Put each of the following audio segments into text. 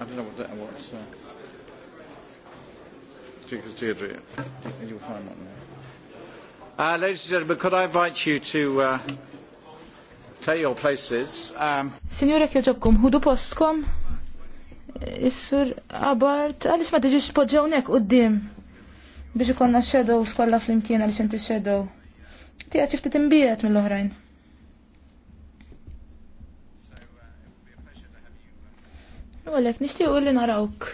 I don't know what that was. Uh, Deirdre, you'll find one there. Uh, ladies and gentlemen, could I invite you to uh, take your places? Um, Signora Kjoġobkom, hudu postcom? Is-sur Abart, għalix ma tiġiġ podġawnek u d-dim biex ikonna shadows kolla fl-imkien għalix inti shadow. Tija ċifti timbijet mill-oħrajn. U għalek nishtiq li narawk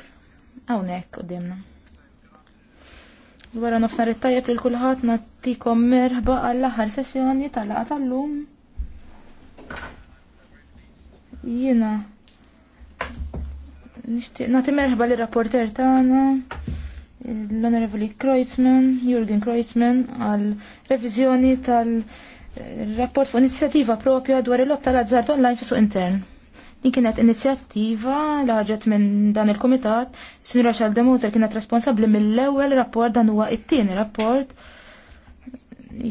għawnek u dimna. Wara nofsan rittajab li l-kulħat nattikom merħba għall-ħar sessjoni tal-laqa tal-lum. Jina. Nishtiq nati merħba li rapporter tagħna l-Onorevoli Kreuzman, Jürgen Kreuzman, għal revizjoni tal- rapport fuq inizjattiva propja dwar il-lob tal-azzart online fis intern. Din kienet inizjattiva li ħarġet minn dan il-Komitat, Sinura Xaldemuzer kienet responsabbli mill-ewwel rapport dan huwa it-tieni rapport.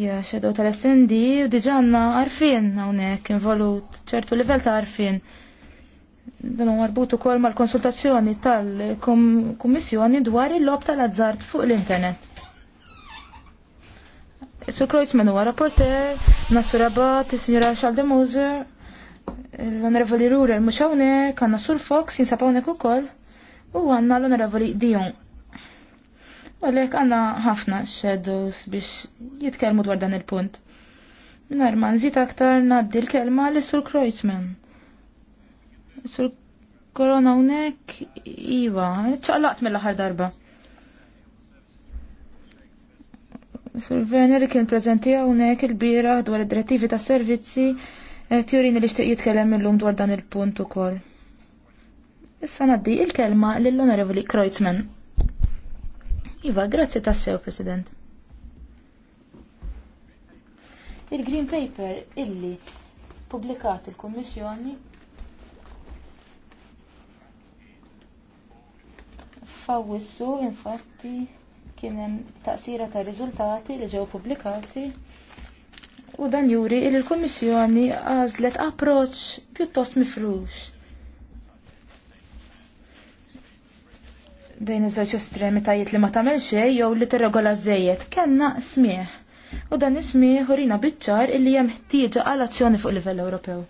Ja, xedow tal-SND u diġanna għarfin hawnhekk involut ċertu livell ta' għarfin. Dan huwa marbut ukoll mal-konsultazzjoni tal-Kummissjoni dwar il-lob tal-azzart fuq l-internet. Sur Kreuzman u rapporter, Nasura Bat, is signora Xaldemuzer, l-onorevoli Rural muxawne hawnhekk, għandna Sur Fox jinsab hawnhekk ukoll u għandna l-onorevoli Dion. U għalhekk għandna ħafna xeddus biex jitkellmu dwar dan il-punt. Narman, zita aktar ngħaddi l-kelma li Sur Kreuzman. Sur Korona hawnhekk iva, ċaqlaqt mill-aħħar darba. Sur Veneri kien preżenti hawnhekk il-bira dwar id-direttivi tas servizzi Eh, Tjurin li xtiq jitkellem illum dwar dan il-punt ukoll. Issa naddi il-kelma lill-Onorevoli Kreutzmann. Iva, grazzi tassew, President. Il-Green Paper illi publikat il-Kommissjoni fawissu infatti kien hemm taqsira ta' riżultati li ġew pubblikati U dan juri il l-Kummissjoni għażlet approċ pjuttost mifrux. Bejn iż-żewġ estremi tajjeb li ma tagħmel xejn jew li tirregola żejjed kellna smieħ. U dan ismieħ urina biċċar illi hemm ħtieġa għal azzjoni fuq livell Ewropew.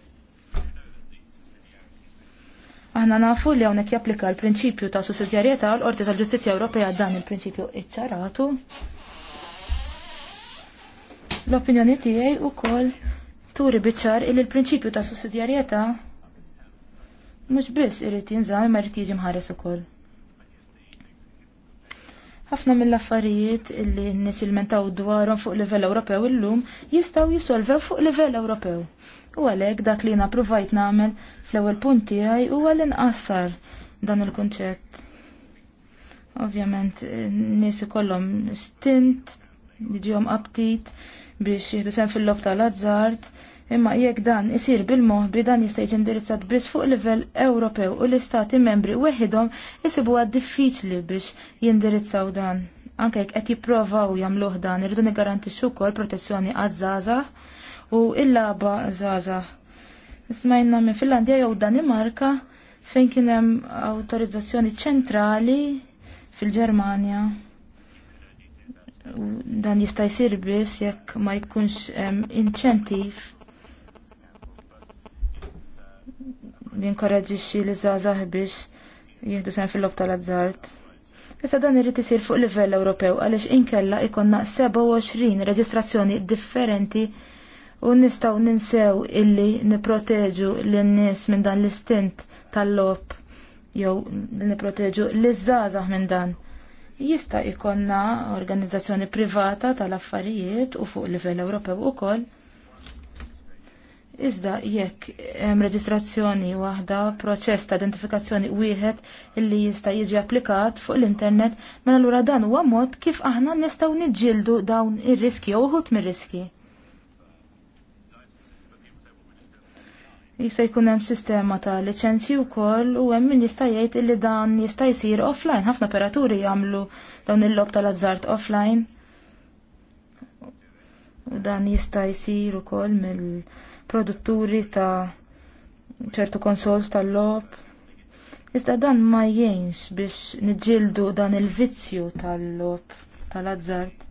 Aħna nafu li hawnhekk japplika l-prinċipju ta' sussidjarjetà l qorti tal-Ġustizzja Ewropea dan il-prinċipju iċċaratu L-opinjoni tiegħi wkoll turi biċċar il l-prinċipju ta' sussidjarjetà mhux biss irid jinżamm imma jrid jiġi mħares ukoll. Ħafna mill-affarijiet li n-nies ilmentaw dwarhom fuq livell Ewropew illum jistgħu jisolvew fuq livell Ewropew. U għalhekk dak li napprovajt nagħmel fl-ewwel punt tiegħi huwa li nqassar dan il-kunċett. Ovvjament, n-nies ikollhom stint, jiġihom aptit, biex jieħdu sem fil-lob tal-azzard, imma jekk dan isir bil-moħbi dan jista' jiġi indirizzat biss fuq livell Ewropew u l-istati membri weħidhom isibuha diffiċli biex jindirizzaw dan. Anke jekk qed jipprovaw jagħmluh dan irridu nigarantixxu wkoll protezzjoni għaż-żgħażagħ u l-laba żgħażagħ. Ismajna minn Finlandja jew Danimarka fejn kien hemm awtorizzazzjoni ċentrali fil-Ġermanja dan jista' jsir biss jekk ma jkunx hemm inċentiv li jinkoraġixxi li żgħażagħ biex jieħdu sehem fil-lob tal-azzart. Issa dan irid isir fuq livell Ewropew għaliex inkella ikonna 27 reġistrazzjoni differenti u nistgħu ninsew illi nipproteġu lin-nies minn dan l-istint tal-lob jew li nipproteġu l-żgħażagħ minn dan jista' ikonna organizzazzjoni privata tal-affarijiet u fuq livell Ewropew ukoll. Iżda jekk hemm reġistrazzjoni waħda, proċess ta' identifikazzjoni wieħed illi jista' jiġi applikat fuq l-internet, mela allura dan huwa mod kif aħna nistgħu niġġieldu dawn ir-riski u uħud mir-riski. jista' jkun hemm sistema ta' liċenzji wkoll u hemm min jista' jgħid illi dan jista' jsir offline. Ħafna operaturi jagħmlu dawn il-lob tal-azzart offline. U dan jista' jsir ukoll mill-produtturi ta' ċertu konsols tal-lob. Iżda dan ma jgħinx biex niġġieldu dan il-vizzju tal-lob tal-azzart.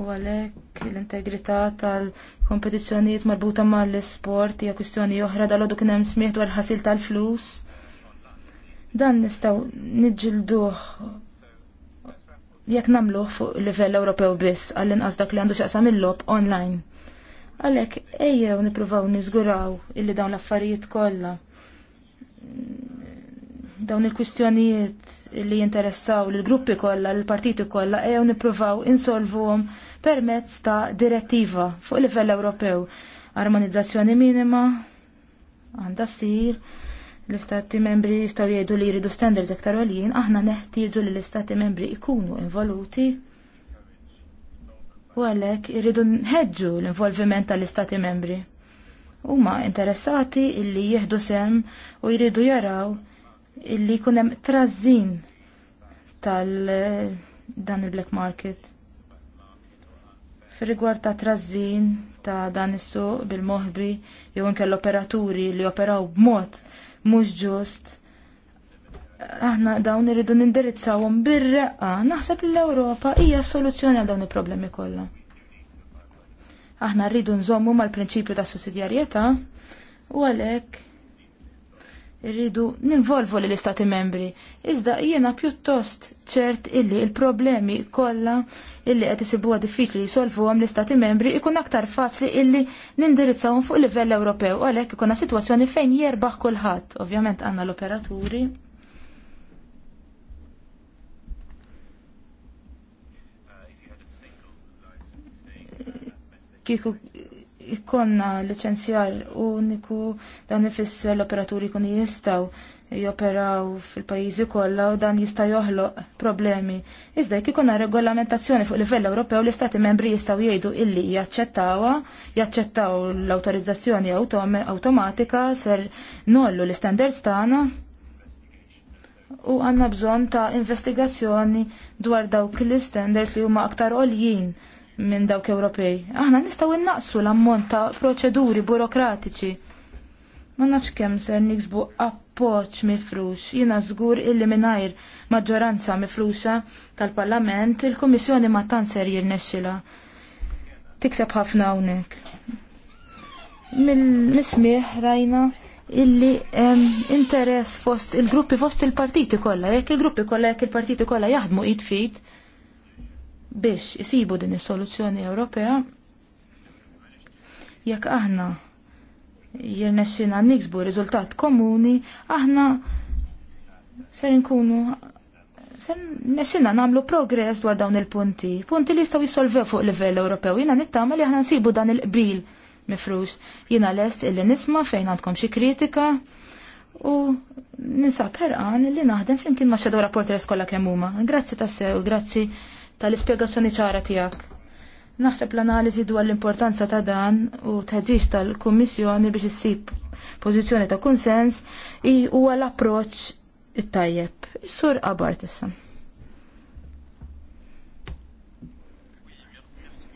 u għalhekk l-integrità tal-kompetizzjonijiet marbuta mal-isport hija kwistjoni oħra dal-għodu kien hemm smieħ dwar ħasil tal-flus. Dan nistgħu niġilduh jekk nagħmluh fuq livell Ewropew biss għall-inqas dak li għandu x'aqsam il-lob online. Għalhekk ejjew nippruvaw niżguraw illi dawn l-affarijiet kollha dawn il-kwistjonijiet li jinteressaw l-gruppi kollha, l-partiti kollha, ejjew nippruvaw insolvuhom permezz ta' direttiva fuq livell Ewropew. Armonizzazzjoni minima għandha ssir l-istati membri jistgħu jgħidu li jridu standards aktar għalijin, aħna neħtieġu li l-istati membri jkunu involuti u għalhekk jridu nħeġġu l-involviment tal-istati membri. Huma interessati illi jieħdu sem u jridu jaraw illi jkun hemm trażin tal eh, dan il-black market. Fir-rigward ta' trażin ta' dan is-suq bil-moħbi jew inkella operaturi li operaw b'mod mhux ġust aħna dawn irridu nindirizzawhom bir-reqqa, naħseb li l-Ewropa hija soluzzjoni għal dawn il-problemi kollha. Aħna rridu nżommu mal-prinċipju ta' sussidjarjetà u għalhekk rridu ninvolvu l istati membri. Iżda jiena pjuttost ċert illi il-problemi kollha illi qed isibuha diffiċli jsolvuhom l-istati membri ikun aktar faċli illi nindirizzawhom fuq livell Ewropew għalhekk ikunna sitwazzjoni fejn jerbaħ kulħadd. Ovvjament għandna l-operaturi kieku ikkonna licenzjar uniku dan ifisser l-operaturi kun jistaw joperaw fil-pajizi kollha u dan jista' joħloq problemi. Iżda jekk ikonna regolamentazzjoni fuq livell Ewropew l-Istati membri jistgħu jgħidu illi jaċċettawha, jaċċettaw l-awtorizzazzjoni awtomatika ser nollu l-istandards tagħna u għanna bżon ta' investigazzjoni dwar dawk l-standards li huma aktar għoljin minn dawk Ewropej. Aħna nistgħu innaqsu l-ammont ta' proċeduri burokratiċi. Ma nafx kemm ser niksbu appoġġ mifrux. Jiena żgur illi mingħajr maġġoranza mifruxa tal-Parlament il-Kummissjoni ma tant ser jirnexxilha. Tikseb ħafna hawnhekk. Mill-ismieħ rajna illi interess fost il-gruppi fost il-partiti kollha, jekk il-gruppi kollha jekk il-partiti kollha jaħdmu id fit biex isibu din is-soluzzjoni Ewropea jekk aħna jirnexxina niksbu riżultat komuni, aħna ser nkunu ser nexxina nagħmlu progress dwar dawn il-punti, punti li jistgħu jissolvew fuq livell Ewropew. Jiena nittama li aħna nsibu dan il-qbil mifrux. Jiena lest illi nisma' fejn għandkom xi kritika u ninsab ħerqan li naħdem flimkien ma' xedow rapporter skola kemm huma. Grazzi tassew, grazzi tal-ispjegazzjoni ċara tiegħek. Naħseb l-analiżi dwar l-importanza ta' dan u teġġiġ tal-Kummissjoni biex issib pożizzjoni ta' kunsens huwa l-approċċ it-tajjeb. Is-sur qabar issa.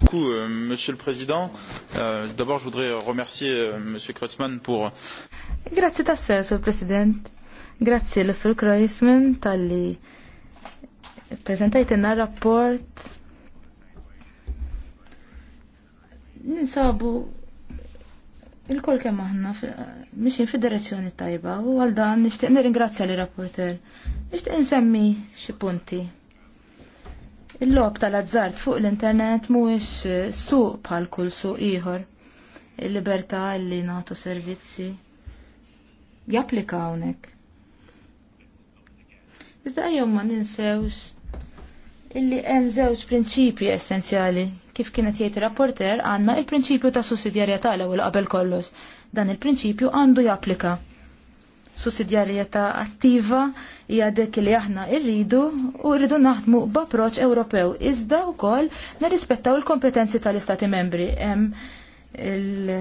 Euh, Monsieur le Président. Euh, D'abord, je voudrais remercier euh, Monsieur Kreutzmann pour. Euh, Grazie tassew, Sur President. Grazie l-Sur Kreutzmann tal Prezentajt inna rapport ninsabu il-kol kem aħna mixin fi direzzjoni tajba u għal dan nixtieq nirringrazzja li rapporter. Nixtieq insemmi xi punti. Il-lob tal-azzart fuq l-internet mhuwiex suq bħal kull suq ieħor. Il-libertà li nagħtu servizzi japplika hawnhekk. Iżda jew ma ninsewx illi hemm żewġ prinċipji essenzjali. Kif kienet jgħid ir-rapporter għandna il-prinċipju ta' sussidjarjetà l-ewwel qabel kollox. Dan il-prinċipju għandu japplika. Sussidjarjetà attiva hija dik li aħna rridu u rridu naħdmu b'approċċ Ewropew iżda wkoll nirrispettaw il-kompetenzi tal-Istati membri. Hemm il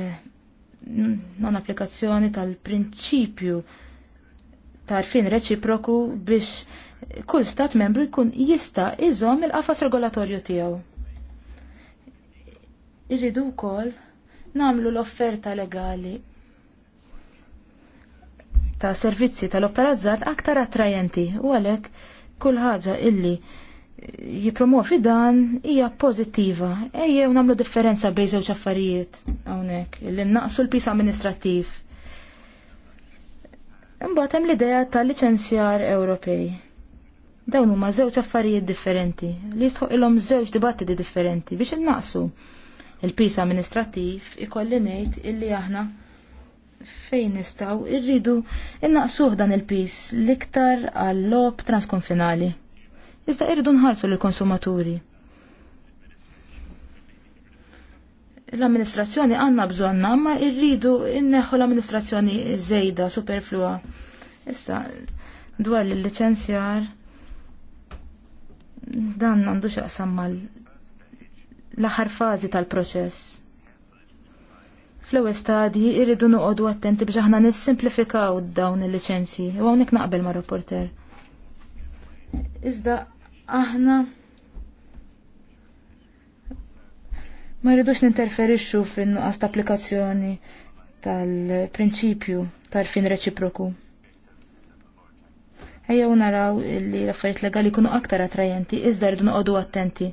non applikazzjoni tal-prinċipju tarfin reċiproku biex kull stat membru jkun jista' iżomm il-qafas regolatorju tiegħu. Irridu wkoll nagħmlu l-offerta legali ta' servizzi tal optar azzard aktar attrajenti u għalhekk kull ħaġa illi jipromofi dan hija pożittiva. Ejjew nagħmlu differenza bejn żewġ affarijiet hawnhekk illi naqsu l-pis amministrattiv. Imbagħad hemm l-idea tal-liċenzjar Ewropej. Dawn huma żewġ affarijiet differenti li jistħu ilhom żewġ dibattiti differenti biex innaqsu il-pis amministrattiv ikolli ngħid illi aħna fejn nistgħu irridu innaqsuh dan il-pis l-iktar għal lob transkonfinali. Iżda irridu nħarsu lill-konsumaturi. l-amministrazzjoni għanna bżonna, ma irridu inneħu l-amministrazzjoni żejda, superflua. Issa, dwar l-licenzjar, dan għandu xaqsam mal l-aħħar fażi tal-proċess. Fl-ewwel stadji irridu noqogħdu attenti biex aħna nissimplifikaw dawn il-liċenzji u hawnhekk naqbel ma' rapporter. Iżda aħna ma rridux ninterferixxu fin-nuqqas ta' applikazzjoni tal-prinċipju tal-fin reċiproku ejjew naraw li l-affarijiet legali jkunu aktar attrajenti, iżda rridu noqogħdu attenti.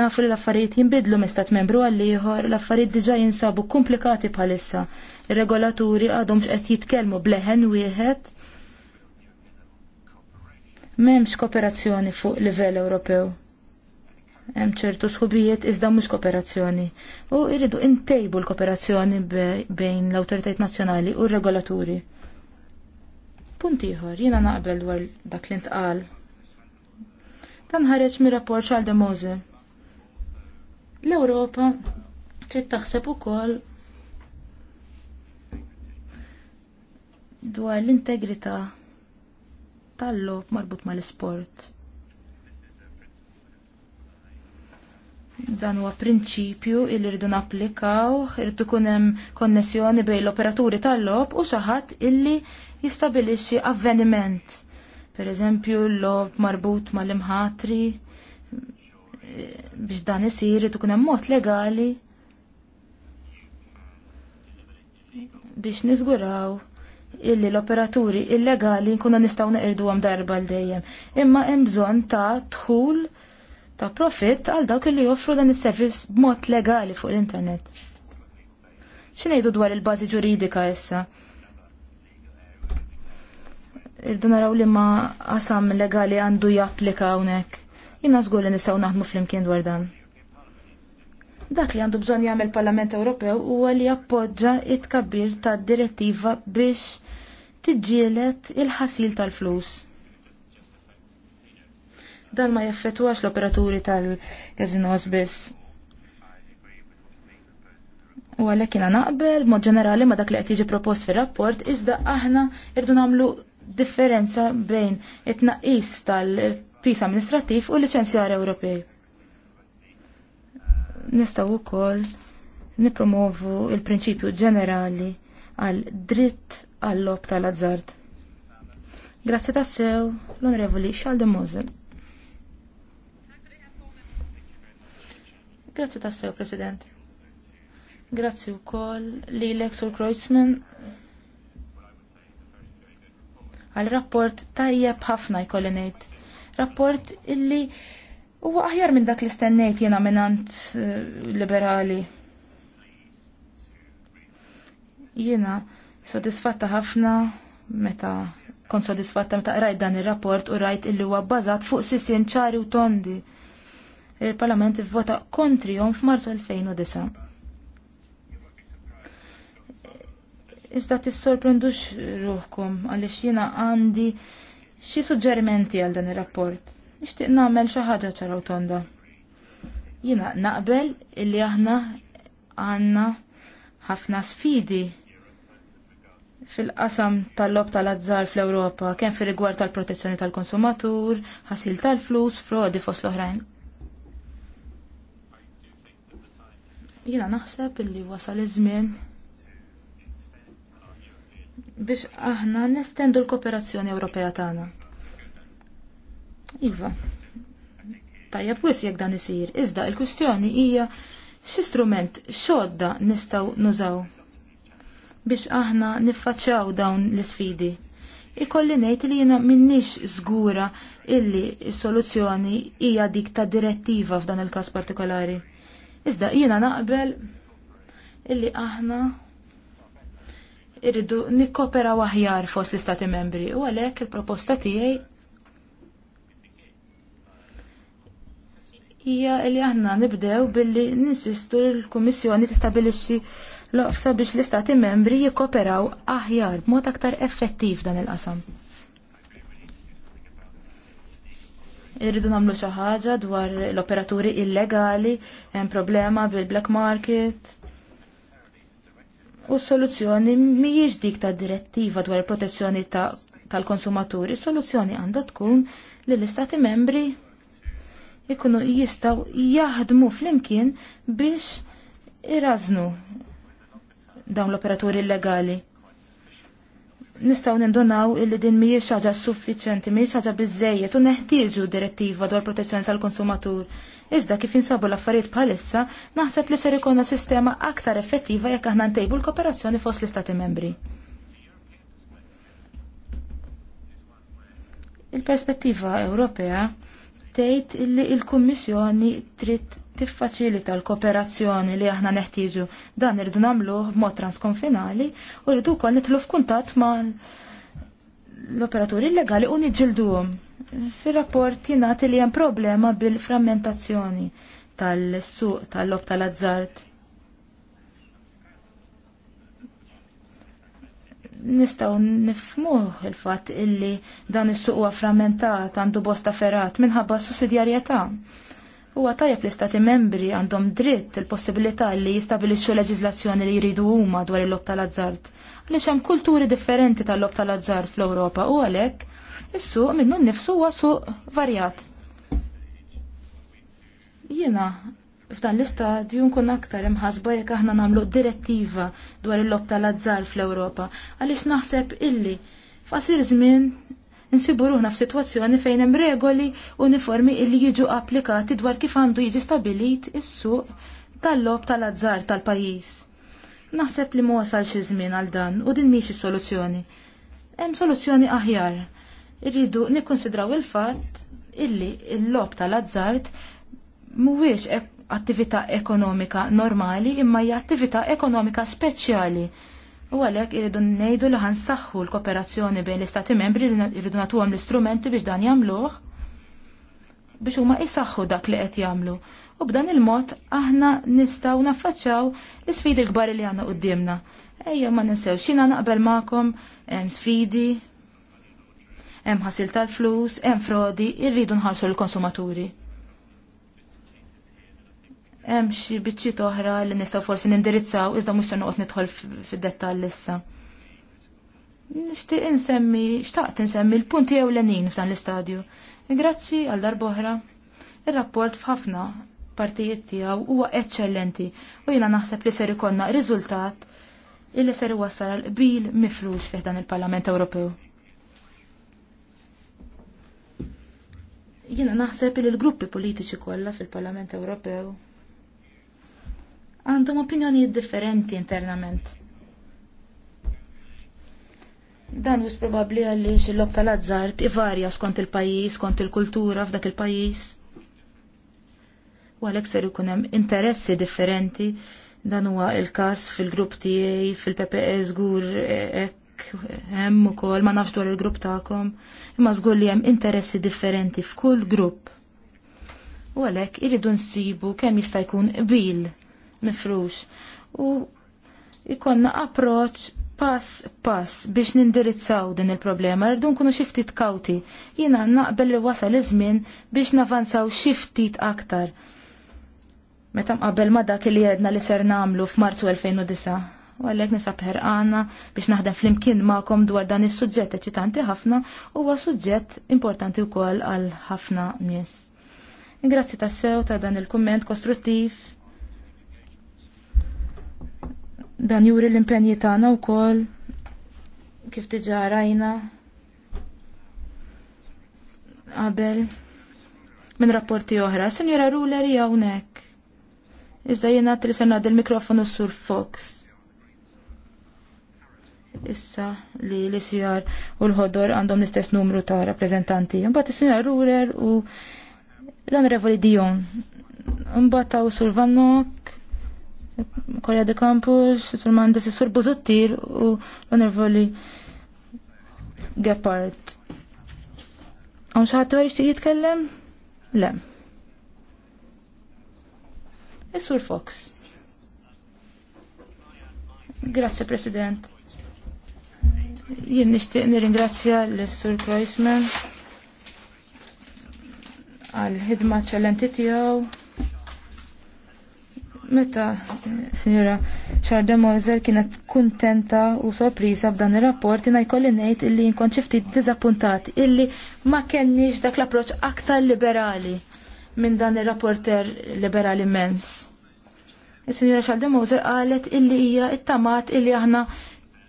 Nafu li l-affarijiet jinbidlu minn stat membru għal ieħor, l-affarijiet diġà jinsabu komplikati bħalissa. Ir-regolaturi għadhom x'qed jitkellmu bleħen wieħed m'hemmx kooperazzjoni fuq livell Ewropew. Hemm ċertu sħubijiet iżda mhux kooperazzjoni. U rridu intejbu l-kooperazzjoni bejn l-awtoritajiet nazzjonali u r-regolaturi. Punt ieħor, jiena naqbel dwar dak li ntqal. Dan ħareġ mir-rapport xal de Mose. L-Ewropa trid taħseb ukoll dwar l-integrità tal-lob marbut mal-isport. dan huwa prinċipju il irridu napplikaw, irridu ikun hemm konnessjoni bejn l-operaturi tal-lob u xi ħadd illi jistabilixxi avveniment. Per eżempju, l-lob marbut mal-imħatri eh, biex dan isir ikun hemm mod legali biex niżguraw illi l-operaturi illegali nkunu nistgħu neqirdu għam darba l dejjem. Imma hemm bżonn ta' dħul ta' profitt għal dawk li joffru dan is-servizz b'mod legali fuq l-internet. X'ngħidu dwar il-bażi ġuridika issa? irdu naraw li ma qasam legali għandu japplika hawnhekk. Jina zgur li nistgħu naħdmu flimkien dwar dan. Dak li għandu bżonn jagħmel Parlament Ewropew huwa li jappoġġa it kabir tad-direttiva biex tiġġielet il-ħasil tal-flus. Dan ma jaffetwax l-operaturi tal-kazinos biss. U għalhekk jiena naqbel, mod ġenerali ma dak li qed jiġi propost fir-rapport, iżda aħna irdu nagħmlu differenza bejn it-naqis tal-pis amministrattiv u l-liċenzjar Ewropej. Nistaw ukoll nipromovu il-prinċipju ġenerali għal dritt għall lob tal-azzard. Grazzi tassew l-Onorevoli Xalde Mosel. Grazzi sew, President. Grazzi u koll li l-Exor Kreuzman għal rapport tajjeb ħafna jkolli ngħid. Rapport illi huwa aħjar minn dak li stennejt jiena minant eh, liberali. Jiena sodisfatta ħafna meta kon sodisfatta meta rajt dan ir-rapport u rajt illi huwa bbażat fuq sisien ċari u tondi. Il-Parlament ivvota kontrihom f'Marzu 2009. Iżda tissorprendux ruħkom għaliex jiena għandi xi suġġerimenti għal dan ir-rapport. Nixtieq nagħmel xi ħaġa ċara tonda. Jiena naqbel illi aħna għandna ħafna sfidi fil-qasam tal-lob tal-azzar fl-Ewropa, kemm fir rigward tal-protezzjoni tal-konsumatur, ħasil tal-flus, frodi fost l-oħrajn. Jina naħseb illi wasal iż-żmien biex aħna nestendu l-kooperazzjoni Ewropea tagħna. Iva. Tajjeb wis jekk dan isir, iżda l-kwistjoni hija x'istrument xodda nistgħu nużaw biex aħna niffaċċjaw dawn l-isfidi. Ikolli ngħid li jiena minnix żgura illi s-soluzzjoni hija dik ta' direttiva f'dan il-każ partikolari. Iżda jiena naqbel illi aħna irridu nikkopera waħjar fost l-istati membri u għalhekk il-proposta tiegħi hija li aħna nibdew billi ninsistu l-Kummissjoni tistabilixxi loqsa biex l-istati membri jikkoperaw aħjar b'mod aktar effettiv dan il-qasam. Irridu nagħmlu xi ħaġa dwar l-operaturi illegali, hemm problema bil-black market, U s-soluzzjoni mhijiex dik ta' direttiva dwar protezzjoni tal-konsumaturi, ta soluzzjoni għandha tkun li l-Istati membri jikunu jistaw jaħdmu fl-imkien biex iraznu dawn l-operaturi illegali nistaw nindunaw illi din mhijiex ħaġa suffiċenti, mhijiex ħaġa bizzejiet u neħtieġu direttiva dwar protezzjoni tal-konsumatur. Iżda kif insabu l-affarijiet bħalissa, naħseb li ser ikonna sistema aktar effettiva jekk aħna ntejbu l-kooperazzjoni fost l-Istati membri. Il-perspettiva Ewropea tgħid li l-Kummissjoni trid tiffaċilita l-kooperazzjoni li aħna neħtieġu dan irridu nagħmluh b'mod transkonfinali u rridu wkoll nitlu f'kuntatt ma' l-operaturi illegali u niġilduhom. Fir-rapport jingħati li hemm problema bil-frammentazzjoni tal-suq tal-lob tal-azzart nistaw nifmuh il-fat illi dan is suqwa huwa frammentat għandu bosta ferat minħabba sussidjarjetà. U tajjeb li stati membri għandhom dritt il-possibilità li jistabilixxu leġiżlazzjoni li jridu huma dwar il-lob tal azzart Għaliex hemm kulturi differenti tal-lob tal azzart fl-Ewropa u għalhekk is-suq minnu nnifsu huwa suq varjat. Jiena F'dan l-istadju nkun aktar imħasba jekk aħna nagħmlu direttiva dwar il-lob tal-azzar fl-Ewropa għaliex naħseb illi f'qasir żmien insibu ruħna f'sitwazzjoni fejn hemm regoli uniformi illi jiġu applikati dwar kif għandu jiġi stabilit is-suq tal-lob tal-azzar tal-pajjiż. Naħseb li ma wasal xi żmien għal dan u din mhix is-soluzzjoni. Hemm soluzzjoni aħjar. Irridu nikkonsidraw il-fatt illi l-lob tal-azzart mhuwiex hekk attività ekonomika normali imma hija attività ekonomika speċjali. U għalhekk iridu ngħidu li ħansaħħu l-kooperazzjoni bejn l-Istati membri li jridu nagħtuhom l-istrumenti biex dan jagħmluh biex huma jisaħħu dak li qed jagħmlu. U b'dan il-mod aħna nistgħu naffaċċaw l-isfidi l-kbar li għandna qudiemna. Ejja ma ninsew xina naqbel magħkom hemm sfidi, hemm ħasil tal-flus, hemm frodi, irridu nħarsu l-konsumaturi hemm xi biċċiet oħra li nistgħu forsi nindirizzaw iżda mhux se noqgħod nidħol fid-dettall issa. Nixtieq insemmi, xtaqt insemmi l-punti ewlenin f'dan l-istadju. Grazzi għal darboħra. Ir-rapport f'ħafna partijiet tiegħu huwa eċċellenti u jiena naħseb li ser ikollna riżultat illi ser iwassal għal qbil mifrux fih dan il-Parlament Ewropew. Jiena naħseb li l-gruppi politiċi kollha fil-Parlament Ewropew għandhom opinjonijiet differenti internament. Dan wis probabli għalli il tal-azzart ivarja skont il-pajjiż, skont il-kultura f'dak il-pajjiż. U għalhekk ser ikun hemm interessi differenti dan huwa il-każ fil-grupp tiegħi fil pps e, żgur hekk hemm ukoll ma nafx dwar il-grupp tagħkom, imma żgur li hemm interessi differenti f'kull grupp. U għalhekk iridu nsibu kemm jista' jkun qbil mifrux u ikonna approċ pass pass biex nindirizzaw din il-problema rridu nkunu xi ftit kawti. Jiena naqbel li wasal iż-żmien biex navanzaw xi ftit aktar. Meta qabel ma dak li jedna li ser nagħmlu f'Marzu 2009. U għalhekk nisab ħerqana biex naħdem flimkien ma'kom dwar dan is-suġġett eċitanti ħafna huwa suġġett importanti wkoll għal ħafna nies. Ingrazzi tassew ta' dan il-kumment kostruttiv Dan juri l-impenji tagħna wkoll kif diġà rajna qabel minn rapporti oħra. Sinjora Ruler hawnhekk. Iżda jiena li se ngħaddi l-mikrofonu sur Fox. Issa li l-isjar u l-ħodor għandhom l-istess numru ta' rappreżentanti. Mbagħad is-sinjora Ruler u l-Onorevoli Dion. Mbagħad taw Sur Vannok Korea de Campus, Sur Mandes, Sur Buzuttir u l-onervoli Gepard. Għon xaħat għarix ti jitkellem? Le. Is-Sur e Fox. Grazie, President. Jien nishtiq nirringrazzja l-Sur Kreisman għal-ħidma ċellenti tiegħu Meta sinjura Xarda Moser kienet kuntenta u sorpriza b'dan ir-rapport jina jkolli ngħid illi nkun xi ftit illi ma kenniex dak l-approċċ aktar liberali minn dan ir-rapporter liberali immens. Is-sinjura Xarda Moser qalet illi hija it-tamat illi aħna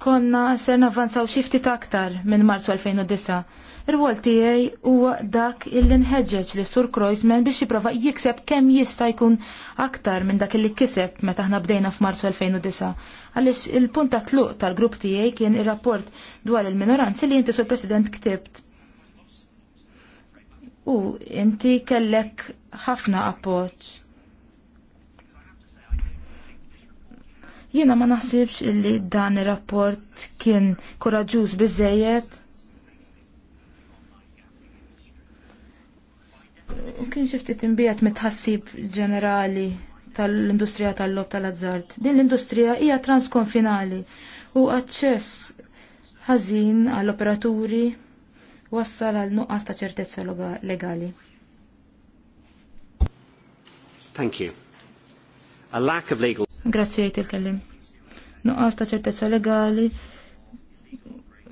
konna serna navanzaw xi ftit aktar minn Marzu 2009 il wol tiegħi huwa dak illi nħeġġeġ li Sur Kreuzman biex jipprova jikseb kemm jista' jkun aktar minn dak illi kiseb meta aħna bdejna f'Marzu 2009. Għaliex il-punt ta' tluq tal-grupp tiegħi kien ir-rapport dwar il-minoranzi li inti Sur President ktibt. U inti kellek ħafna appoġġ. Jiena ma naħsibx illi dan ir-rapport kien koraġuż bizzejiet. U kien xi ftit mit mitħassib ġenerali tal-industrija tal-lob tal-azzard. Din l-industrija hija transkonfinali u aċċess ħażin għall-operaturi wassal għal nuqqas ta' ċertezza legali. Thank you. A lack of legal. Grazie jgħid il-kellim. Nuqqas ta' ċertezza legali,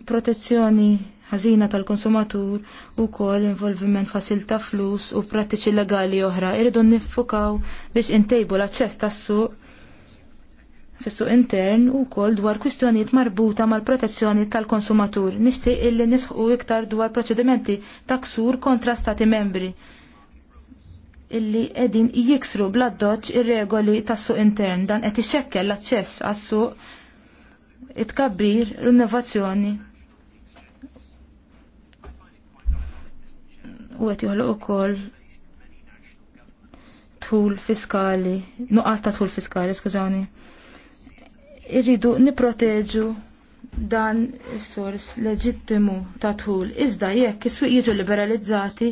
protezzjoni ħażina tal-konsumatur u kol involviment ħasil ta' flus u prattiċi legali oħra irridu nifukaw biex intejbu l-aċċess tas-suq fis-suq intern u kol dwar kwistjonijiet marbuta mal-protezzjoni tal-konsumatur. Nixtieq illi nisħu iktar dwar proċedimenti ta' ksur kontra stati membri illi edin jiksru bladdoċ ir-regoli tas-suq intern dan qed ixekkel l-aċċess għas-suq it-kabbir l-innovazzjoni u għet joħloq ukoll tul fiskali, nuqqas ta' tul fiskali, skużawni. Irridu niproteġu dan is-sors leġittimu ta' tul. Iżda jekk is jiġu liberalizzati,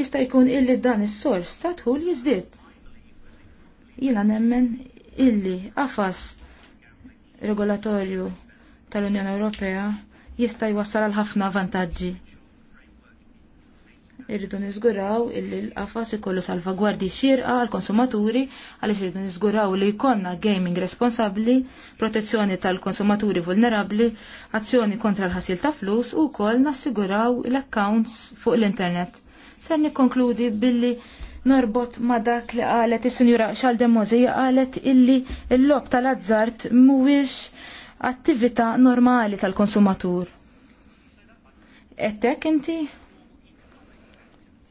jista' jkun illi dan is-sors ta' tul jiżdied. Jiena nemmen illi qafas regolatorju tal-Unjoni Ewropea jista' jwassal għal ħafna vantaġġi irridu niżguraw illi l-qafas ikollu salvagwardi xirqa għall konsumaturi għaliex irridu niżguraw li jkollna gaming responsabbli, protezzjoni tal-konsumaturi vulnerabbli, azzjoni kontra l-ħasil ta' flus u koll nassiguraw l-accounts fuq l-internet. Ser nikkonkludi billi norbot ma dak li qalet is-sinjura Xaldemozija qalet illi l-lob tal-azzart mhuwiex attività normali tal-konsumatur. Ettek inti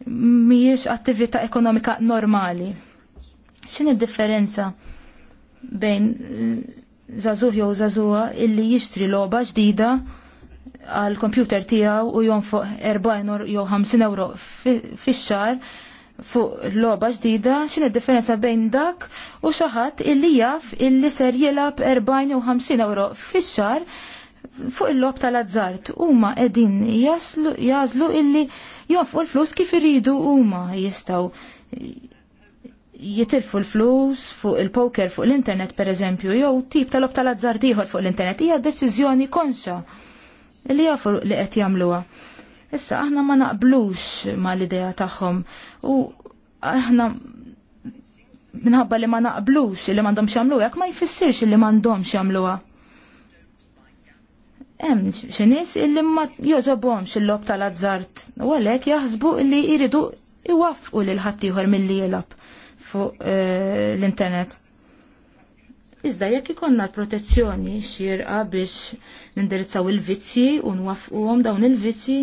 mhijiex attività ekonomika normali. X'inhi differenza bejn zazuh jew zazuha illi jixtri logħba ġdida għal kompjuter tiegħu u jonfoq 40 jew 50 euro fix-xar fuq logħba ġdida, x'inhi differenza bejn dak u xi ħadd illi jaf illi ser jilab 40 jew 50 euro fix-xar fuq il-lob tal-azzart huma qegħdin jażlu illi jonfqu l-flus kif iridu huma jistgħu jitilfu l-flus fuq il-poker fuq l-internet pereżempju jew tip tal-lob tal-azzart ieħor fuq l-internet hija deċiżjoni konxa li jafu li qed jagħmluha. Issa aħna ma naqblux ma l-idea tagħhom u aħna minħabba li ma naqblux li m'għandhomx jagħmluha jekk ma jfissirx li m'għandhomx jagħmluha hemm xi nies illi ma jogħġobhomx il-lob tal-azzart u għalhekk jaħsbu li jridu iwaffqu lil ħaddieħor milli jilab fuq eh, l-internet. Iżda jekk ikonna protezzjoni xirqa biex nindirizzaw il-vizzi u nwaffquhom dawn il-vizzi,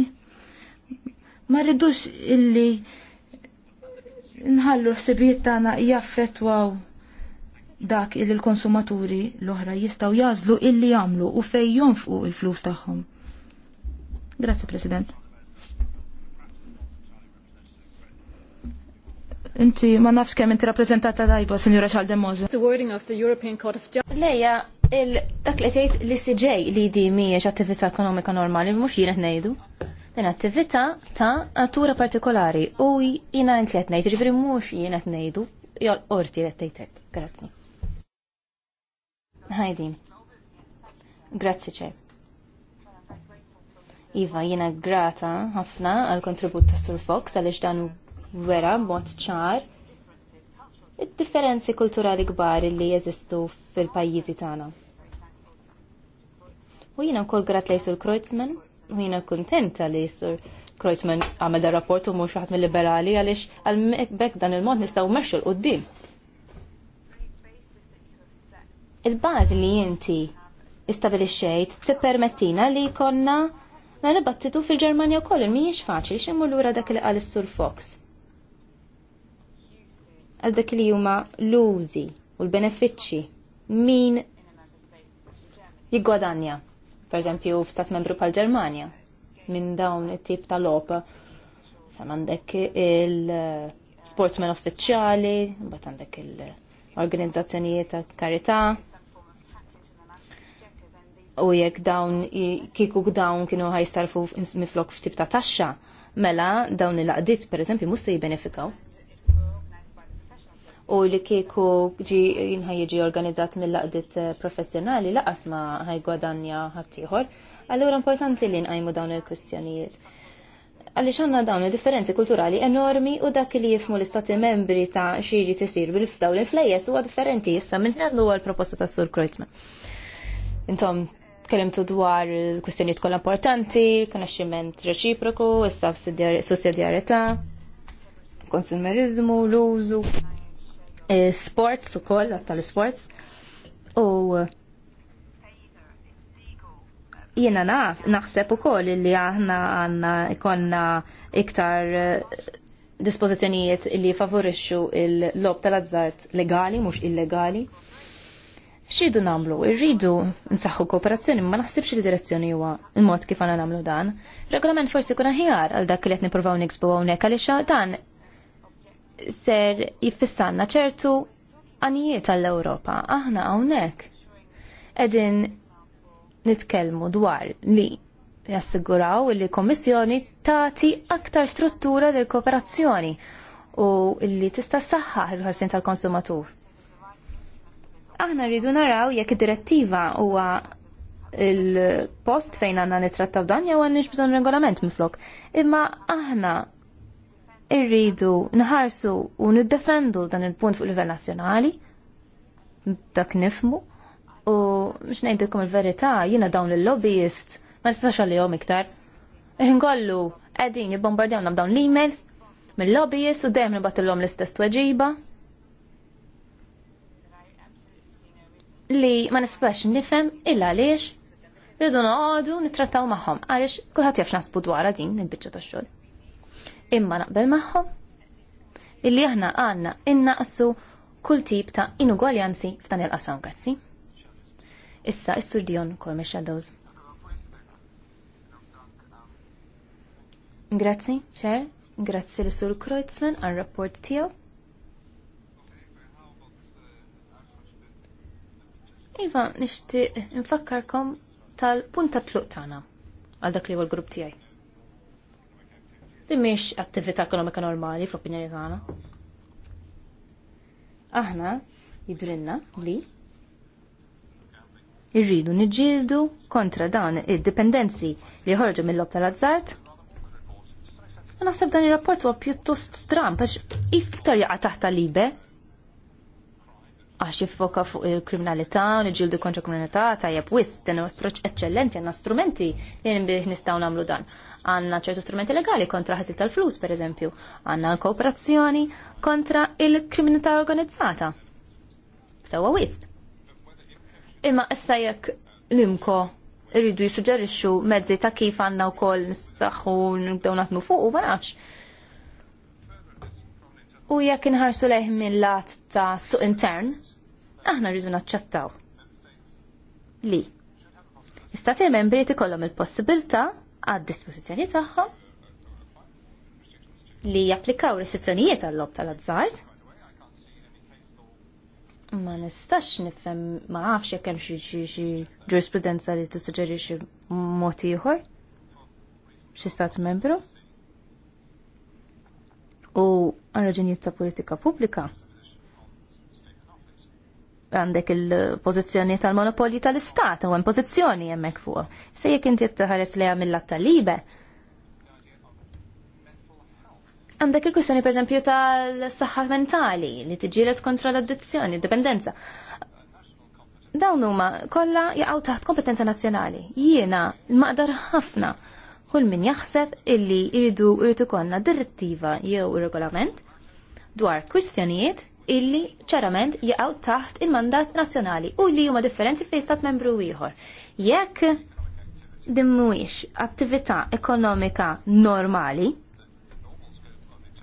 ma rridux illi nħallu ħsibijiet tagħna jaffettwaw dak il l-konsumaturi l-oħra jistaw jazlu illi jamlu u fej jonfqu il-flus tagħhom. Grazie, President. Inti ma nafx kemm inti rappreżentata dajba, Sinjura Xaldemozo. The wording of the European Court of Justice. Leja, dak li tgħid li CJ li di mhijiex attività ekonomika normali mhux jien qed ngħidu. Din attività ta' natura partikolari u jiena inti qed ngħid, jiġifieri mhux jien qed ngħidu, jew orti qed tgħidek. Grazzi. Heidi. Grazzi ċer. Iva, jiena grata ħafna għal kontribut ta' Sur Fox għaliex dan vera mod ċar id-differenzi kulturali kbar li jeżistu fil-pajjiżi tagħna. U jiena wkoll grat lej Sur Kreutzmann u jiena kuntenta li Sur Kreutzmann għamel dar rapport u mhux waħed mill-liberali għaliex għal bekk dan il-mod nistgħu mexxu l-qudiem. il-bażi li inti istabilixxejt tippermettina li jkollna na nibattitu fil-Ġermanja wkoll mhijiex faċli x'immu lura dak li qal is-Sur Fox. Għal dak li huma l-użi u l-benefiċċji min jiggwadanja, per eżempju f'stat membru pal-Ġermanja minn dawn it-tip tal-op. Fem għandek il-sportsmen uffiċjali, bat għandek il-organizzazzjonijiet ta' karità, u jekk dawn kieku dawn kienu ħajstarfu miflok f'tib ta' taxxa, mela dawn il-laqdiet per mhux se jibbenefikaw. U li kieku ġi jinħajġi organizzat mill-laqdiet eh, professjonali laqas ma ħajgwadanja ħattijħor. allura importanti li nqajmu dawn il kustjonijiet Għalli xanna dawn il-differenzi kulturali enormi u dak li jifmu l-istati membri ta' xiri tisir bil-fdaw l u huwa differenti issa minn l proposta ta' Sur Kreutzmann. Intom, Kellimtu dwar il-kwistjonijiet kollha importanti, konoxximent reċiproku, issa sussidjarjetà, konsumerizmu, l-użu, sports ukoll tal-sports. U jiena naf, naħseb ukoll li aħna għandna ikonna iktar eh, dispożizzjonijiet li favorixxu il-lob tal-azzart legali mhux illegali. Xridu namlu, irridu nsaħħu kooperazzjoni, ma naħsibx li direzzjoni huwa il-mod kif għana namlu dan. Regolament forsi kuna ħjar għal dak li qed nippruvaw niksbu hawnhekk għaliex dan ser jiffissanna ċertu għanijiet għall-Ewropa. Aħna hawnhekk qegħdin nitkellmu dwar li jassiguraw li kommissjoni tagħti aktar struttura lill kooperazzjoni u li tista' saħħaħ il-ħarsin tal-konsumatur Aħna rridu naraw jekk id-direttiva huwa il-post fejn għanna nitrattaw dan jew għanniex bżon regolament miflok. Imma aħna irridu nħarsu u niddefendu dan il-punt fuq livell nazzjonali, dak nifmu, u biex ngħidilkom il-verità, jiena dawn il-lobbyist, ma nistax għalihom iktar. Inkollu qegħdin jibbombardjawna b'dawn l-emails mill-lobbyist u dejjem nibgħatilhom l-istess tweġiba li ma nisbax nifhem illa għaliex rridu noqogħdu nittrattaw magħhom għaliex kulħadd jaf x'naħsbu dwar din il-biċċa tax-xogħol. Imma naqbel magħhom illi aħna għandna innaqsu kull tip ta' inugwaljanzi f'dan il-qasam, grazzi. Issa, issur Dion kol Shadows. Grazzi, ċer, grazzi l-sur Kreutzmann għal-rapport tiegħu. Iva, nixtieq infakkarkom tal-punta tluq tagħna għal dak li huwa l-grupp tiegħi. Din mhix attività ekonomika normali fl-opinjoni tagħna. Aħna jidrilna li irridu niġġieldu kontra dan id-dipendenzi li ħorġu mill-lob tal-azzart. Naħseb dan ir-rapport huwa pjuttost stram għax iktar jaqa' taħt libe għax jiffoka fuq il-kriminalità, nġildu kontra kriminalità, tajjeb wist, dan approċ eccellenti, għanna strumenti li nbih nistaw namlu dan. Għanna ċertu strumenti legali kontra ħasil tal-flus, per eżempju. Għanna l-kooperazzjoni kontra il-kriminalità organizzata. Ftawa wist. Imma issa jekk l-imko irridu jisuġġerixxu mezzi ta' kif għanna wkoll nistaħħu nibdew naħdmu fuq u ma nafx u jekk inħarsu leħ mill-lat ta' suq intern, aħna rridu naċċettaw. Li. Istati membri tikollhom il-possibilità għad-dispożizzjoni tagħhom li japplikaw restrizzjonijiet għall-lob tal-azzard. Ma nistax nifhem ma nafx jekk hemm xi ġurisprudenza li tissuġġerixxi mod ieħor xi stat membru u għarraġunijiet ta' politika pubblika. Għandek il-pozizjoni tal-monopolji tal-istat, u għem pozizjoni jemmek fuq. Se jek inti t-ħares li għamil tal-libe. Għandek il-kussjoni per esempio tal-saħħa mentali, li t-ġilet kontra l-addizzjoni, dipendenza dawn huma kollha jaqgħu taħt kompetenza nazzjonali. Jiena maqdar ħafna kull min jaħseb illi jridu jridu konna direttiva jew regolament dwar kwistjonijiet illi ċarament jgħaw taħt il-mandat nazzjonali u li huma differenzi fejn stat membru ieħor. Jekk dimmuix attività ekonomika normali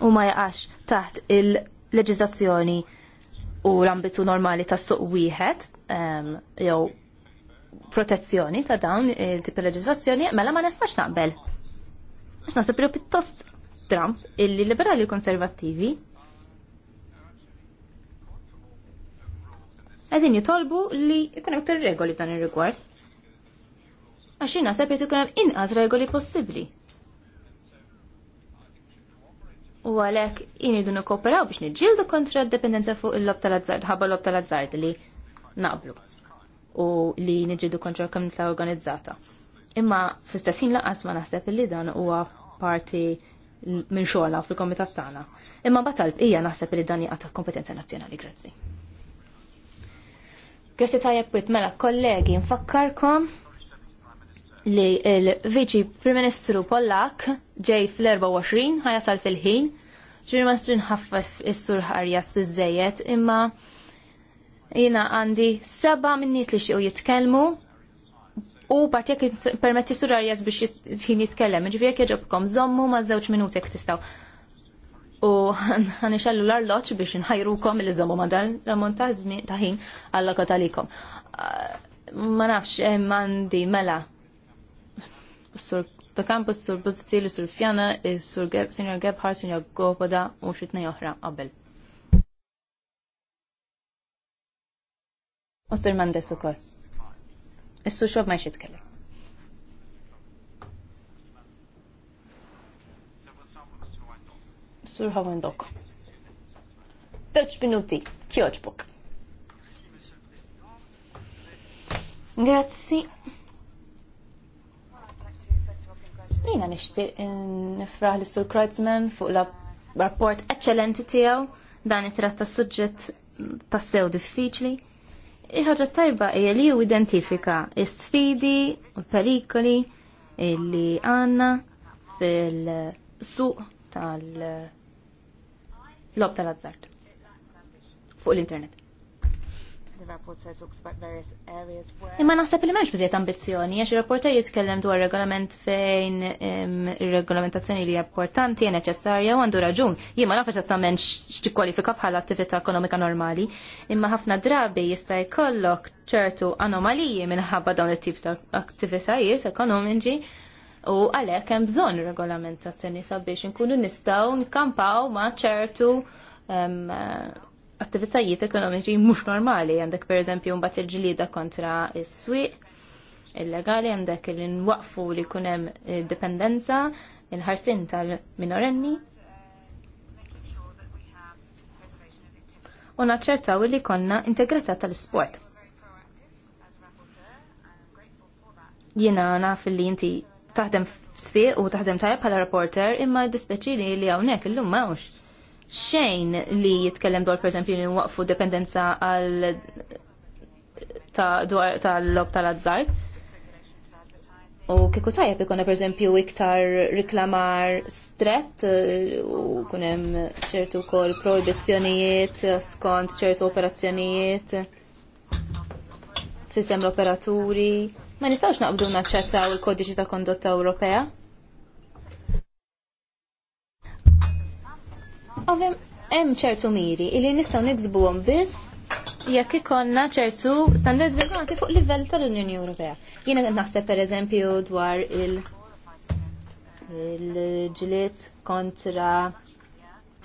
u ma jaqax taħt il-leġiżlazzjoni u l-ambitu normali tas suq wieħed jew protezzjoni ta' dawn il-tip leġislazzjoni, mela ma nistax naqbel. Għax nasib li pittost Trump illi liberali konservativi, għedin jitolbu li jkun iktar regoli dan il rigward Għax jina sepp li jkun hemm inqas regoli possibbli. U għalek jini idu kooperaw biex nġildu kontra d-dependenza fuq il-lob tal-azzard, ħabba l lob tal-azzard li naqblu u li niġidu kontra komunità organizzata. Imma fl-istessin laqas ma naħseb li dan huwa parti minn xogħla fil-komitat tagħna. Imma batalb hija naħseb li dan jaqta' kompetenza nazzjonali, grazzi. Grazzi tajjeb bit mela kollegi nfakkarkom li l-Viċi Prim Ministru Pollak ġej fl-24 ħajasal fil-ħin ġiri ma sġin is-sur ħarja s imma Jina għandi seba minnis li xiju jitkelmu u partijak permetti jaz biex jitkin jitkellem. Ġvijek jġobkom, zommu ma' zewċ minutek tistaw. U għan ixallu l-arloċ biex nħajrukom li zommu ma' dan l-montazmi taħin għalla katalikom. Ah, ma' nafx, eh, mandi mela. Sur ta' kampus, sur Buzzati, sur Fjana, eh, sur Senior Gebhardt, Senior Gopoda u xitnej oħra Abel. U Sir Mendes ukoll. Issu xob ma jitkellem. Sur Hawendok. Tewċ minuti, kjoġbuk. Grazzi. Nina nishti nifraħ li Sur Kreuzman fuq la rapport eccellenti tijaw dan it-tratta suġġet tassew diffiċli ħaġa tajba hija li ju identifika s-sfidi u perikoli li għanna fil-suq tal-lob tal-azzart fuq l-internet. Imma naħseb li m'hemmx biżejjed ambizzjoni, għax ir-rapporter jitkellem dwar regolament fejn ir-regolamentazzjoni li hija importanti, neċessarja u għandu raġun. Jien ma nafx esattament x'tikkwalifika bħala attività ekonomika normali, imma ħafna drabi jista' jkollok ċertu anomaliji minħabba dawn it-tip ta' attivitajiet ekonomiċi u għalhekk hemm bżonn regolamentazzjoni sabiex inkunu nistgħu nkampaw ma' ċertu attivitajiet ekonomiċi mhux normali għandek pereżempju mbagħad il-ġlieda kontra is-swieq illegali għandek li nwaqfu li hemm eh, dipendenza il-ħarsin tal-minorenni. U naċċertaw li konna integrata tal-sport. Jiena naf li inti taħdem sfiq u taħdem tajab bħala reporter imma dispeċini li hawnhekk illum mawx xejn li jitkellem dwar perżempju li waqfu dependenza għal tal-lob tal-azzar. U kieku tajjeb ikun perżempju iktar riklamar strett u kunem hemm ċertu wkoll proibizzjonijiet skont ċertu operazzjonijiet fisem l-operaturi. Ma nistawx naqbdu naċċettaw il-kodiċi ta' kondotta Ewropea Ovvjem, hemm ċertu miri illi nistgħu niksbuhom biss jekk ikonna ċertu standards vinkolanti fuq livell tal-Unjoni Ewropea. Jiena naħseb pereżempju dwar il- il-ġlit kontra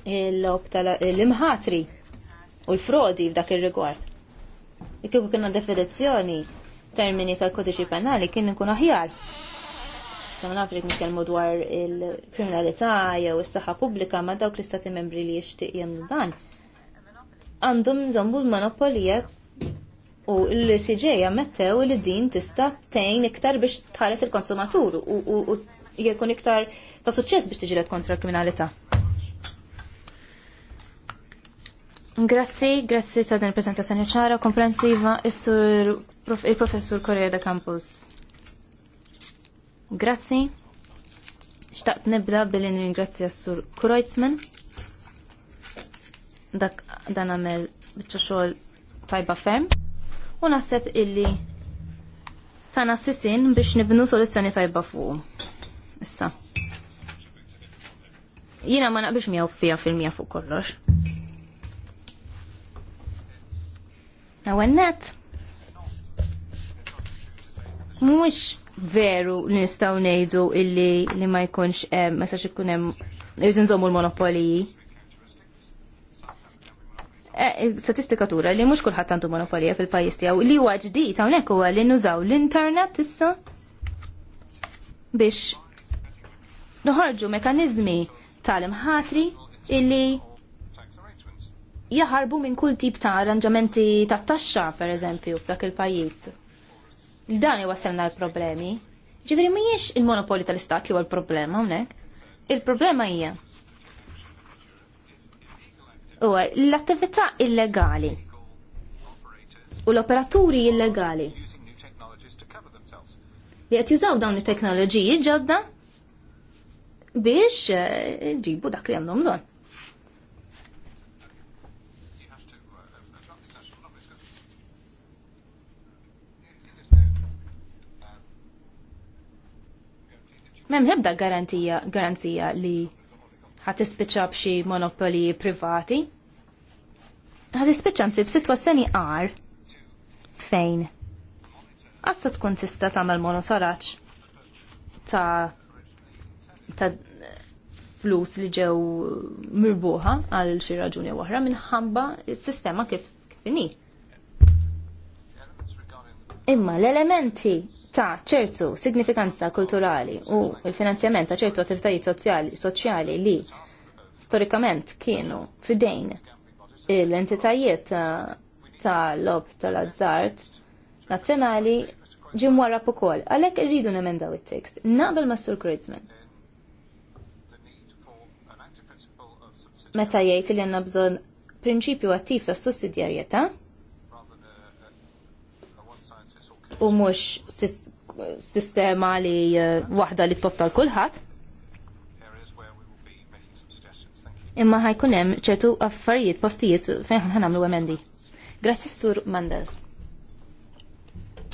l lob tal-imħatri u l-frodi f'dak ir-rigward. Jekk kienu definizzjoni termini tal-kodiċi penali kien ikun aħjar. Issa naf li nitkellmu dwar il-kriminalità jew is-saħħa pubblika ma' dawk l-istati membri li jixtieq jagħmlu dan. Għandhom żombu l-monopolija u l-CJ jammettew li din tista' tgħin iktar biex tħares il-konsumatur u jkun iktar ta' suċċess biex tiġilet kontra l-kriminalità. Grazzi, grazzi ta' din il prezentazzjoni ċara, komprensiva, il-professur Korea da Campus. Grazzi. Xtaqt nibda billi ningrazzja s-sur Kreuzman. Dak dan għamel bieċa xogħol tajba ferm. U naħseb illi tana sisin biex nibnu soluzzjoni tajba fuq. Issa. Jina ma naqbix miegħu fija fil-mija fuq kollox. Nawennet. Mux veru li nistgħu ngħidu illi li ma jkunx eh, ma sax ikun hemm nżommu l-monopoliji. Eh, eh, statistika tura li mhux kulħadd għandu monopolija fil-pajjiż tiegħu li huwa ġdid hawnhekk huwa li nużaw l-internet issa biex noħorġu mekanizmi tal-imħatri illi jaħarbu minn kull tip ta' arranġamenti ta' taxxa, per eżempju, f'dak il-pajjiż. Dan jwasselna l-problemi. Ġifieri mhijiex il-monopoli tal-istat li huwa l-problema hawnhekk. Il-problema hija U l-attività illegali u l-operaturi illegali li qed jużaw dawn il-teknologiji ġodda biex eh, ġibu dak li għandhom bżonn. Mem ebda garantija, garanzija li ħat ispiċċa b'xi monopoli privati. Ħat ispiċċa nsi f'sitwazzjoni għar fejn. Għassa tkun tista' tagħmel monitoraġġ ta' ta' flus li ġew mirbuħa għal xi raġuni oħra minħabba s-sistema kif kif inhi. Imma l-elementi ta' ċertu signifikanza kulturali u l-finanzjament ta' ċertu attivitajiet soċjali li storikament kienu fidejn l-entitajiet ta' lob tal-azzart nazzjonali ġim wara ukoll. Għalhekk irridu nemendaw it-tekst. Nabel ma' Kreuzman. Meta jgħid li għandna bżonn prinċipju attiv ta' sussidjarjetà, u mux sistema li eh, wahda li tottal kulħat. Imma ħajkun hemm ċertu affarijiet postijiet fejn ħan nagħmlu emendi. Grazzi Sur Mandels.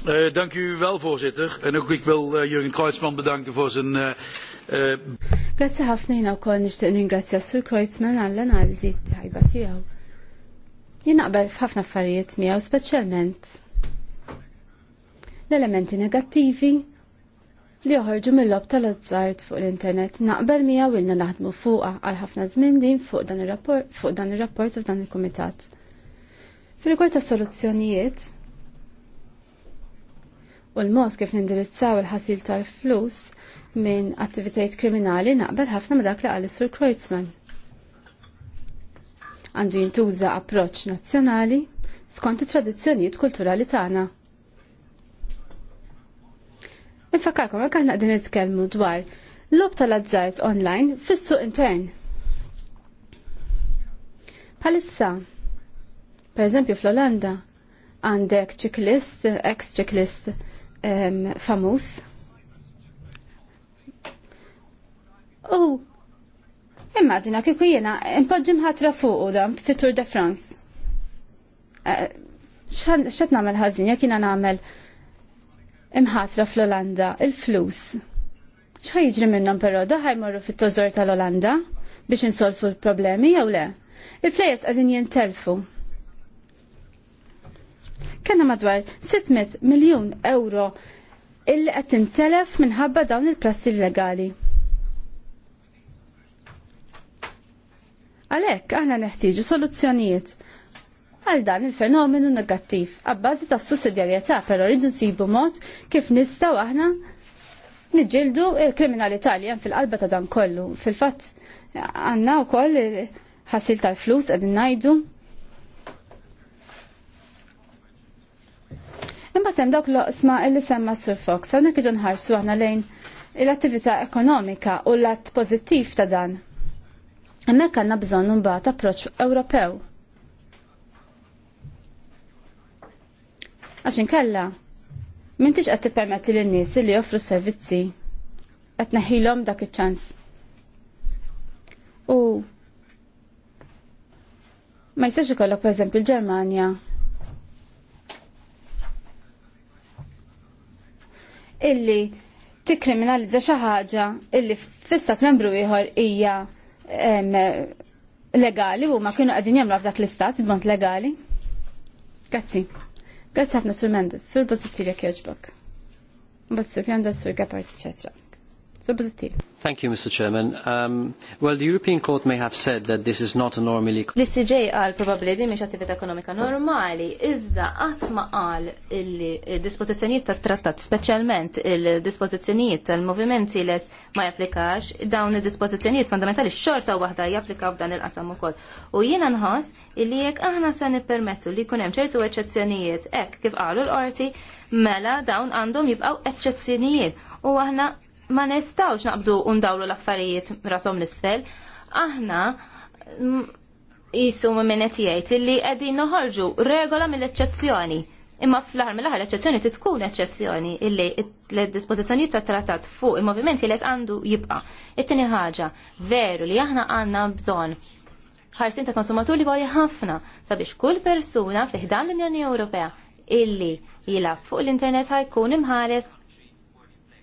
Eh, dank u wel, voorzitter. En ook ik wil uh, Jurgen Kreutzmann bedanken voor zijn... Grazie ħafna jina u kol nishtiq ringrazzja Sur Kreutzmann għall-analizi tajba tijaw. Jina qbel f'ħafna affarijiet miegħu specialment l-elementi negattivi li joħorġu mill-lob tal-azzart fuq l-internet naqbel mija wilna naħdmu fuqa għal ħafna żmien din fuq dan ir-rapport u dan u f'dan il-kumitat. Fil-rigward ta' soluzzjonijiet u l-mod kif nindirizzaw il-ħasil tal-flus minn attivitajiet kriminali naqbel ħafna ma' dak li qal sur Kreutzmann. Għandu jintuża approċċ nazzjonali skont it-tradizzjonijiet kulturali tagħna. Infakarkom, għak għanna it-kelmu dwar l-lob tal-azzart online fis-suq intern. Palissa, per eżempju fl-Olanda, għandek checklist, ex checklist um, famus. U Immaġina kieku jiena impoġim ħatra fuq u dam fit Tour de France. Eh, X'qed nagħmel ħażin jekk jena nagħmel imħatra fl-Olanda, il-flus. jġri minnom pero daħaj morru fit-tożor tal-Olanda biex insolfu l-problemi jew le. Il-flejes għadin jintelfu. Kanna madwar 600 miljon euro illi qed intelef minħabba dawn il-prassi illegali. Għalhekk aħna neħtieġu soluzzjonijiet għal dan il-fenomenu negattiv. Abbażi ta' sussidjarjetà però rridu nsibu mod kif nista' aħna nġildu il-kriminalità li hemm fil-qalba ta' dan kollu. Fil-fatt għandna wkoll ħasil tal-flus qegħdin ngħidu. Imbagħad hemm dawk loqsma li semma s Fox, hawnhekk idu nħarsu aħna lejn l-attività ekonomika u l-att pożittiv ta' dan. Hemmhekk għandna bżonn imbagħad approċċ Ewropew Għax inkella m'intix qed tippermetti lin-nies li joffru servizzi qed neħilhom dak iċ-ċans. U ma jistax ikollok pereżempju l-Ġermanja illi tikkriminalizza xi ħaġa illi fl-istat membru ieħor hija legali u ma kienu qegħdin jagħmlu f'dak l-istat b'mod legali. Grazzi. Grazzi ħafna sur Mendes, sur Bozzittirja Kjoġbok. Bas sur Mendes, sur Gepard, eccetera. Thank you, Mr. Chairman. Um, well, the European Court may have said that this is not a normally... L-ICJ għal probabli di miex attività ekonomika normali, iżda għatma għal d dispozizjoniet ta' trattat, specialment il-dispozizjoniet tal-movimenti lest ma japplikax, dawn il-dispozizjoniet fundamentali xorta waħda japplikaw f'dan il-qasam u koll. U jina nħos illi jek aħna se nippermettu li kunem ċertu eċċezzjonijiet ek kif għalu l-orti, mela dawn għandhom jibqaw eċċezzjonijiet u aħna ma nistawx naqbdu undawlu l-affarijiet rasom l-isfel. Aħna mm, jisum minn qed jgħid illi qegħdin noħorġu regola mill-eċċezzjoni. Imma fl-aħħar mill-aħħar eċċezzjoni tkun eċċezzjoni illi l dispozizjoni tat-trattat fuq il-movimenti li għandu jibqa'. It-tieni ħaġa, veru li aħna għandna bżonn ħarsin ta' konsumatur li għalja ħafna sabiex kull persuna fiħdan l-Unjoni Ewropea illi jilab fuq l-internet ħajkun imħares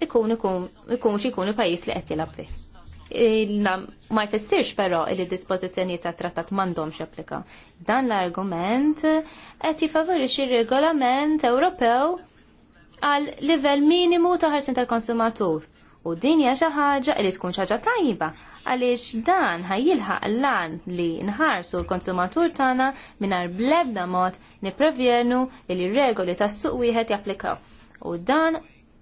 ikun ikun ikun il-pajis li qed jilab fih. Ma jfissirx però li dispozizjoni ta' trattat m'għandhomx applika. Dan l-argument qed jifavorixxi ir-regolament Ewropew għal livell minimu ta' ħarsin tal-konsumatur. U din hija xi ħaġa li tkun xi ħaġa tajba għaliex dan ħajjilħaq lan li nħarsu l-konsumatur tagħna mingħajr blebda mod nipprevjenu li r-regoli tas-suq wieħed japplikaw. U dan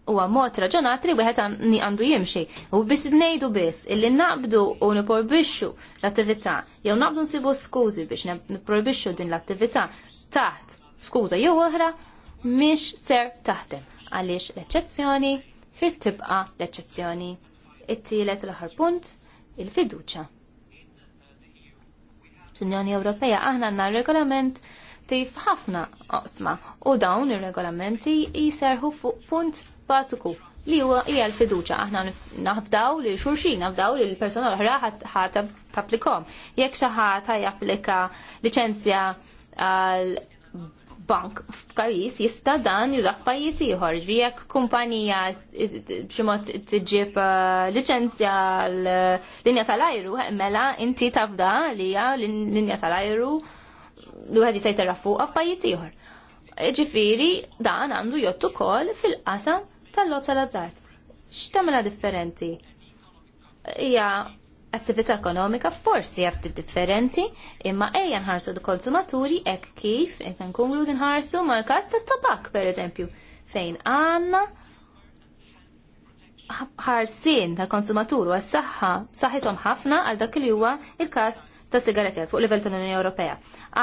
huwa mod raġonat li wieħed għandu jimxi. U biss ngħidu biss illi naqbdu u niporbixxu l-attività jew naqbdu nsibu skużi biex niporbixxu din l-attività taħt skuża jew oħra mhix ser taħdem għaliex l-eċċezzjoni trid tibqa' l-eċċezzjoni. It-tielet l-aħħar punt il-fiduċja. Fl-Unjoni Ewropea aħna għandna regolament tif ħafna oqsma u dawn ir-regolamenti jiserħu fuq punt bażiku li huwa hija l-fiduċa. Aħna nafdaw li xurxin, nafdaw li l-persona l-ħra ħat tapplikom. Jekk xi ħadd japplika liċenzja għal bank f'pajjiż jista' dan jużaf f'pajjiż ieħor. Jekk kumpanija b'xi mod tiġib uh, liċenzja l-linja tal-ajru, mela inti tafda li hija l-linja tal-ajru li wieħed jista' jserra fuqha f'pajjiż ieħor. Ġifieri dan għandu jottu kol fil-qasam tal-lot tal-azzart. X'tamela differenti? Ija attività ekonomika forsi jaft differenti imma ejja nħarsu d konsumaturi ek kif ek nkunu nħarsu mal kas tat tabak per eżempju fejn għanna ħarsin ta' konsumatur u għas-saħħa saħħithom ħafna għal dak li huwa il-każ ta' sigaretti fuq livell tal-Unjoni Ewropea.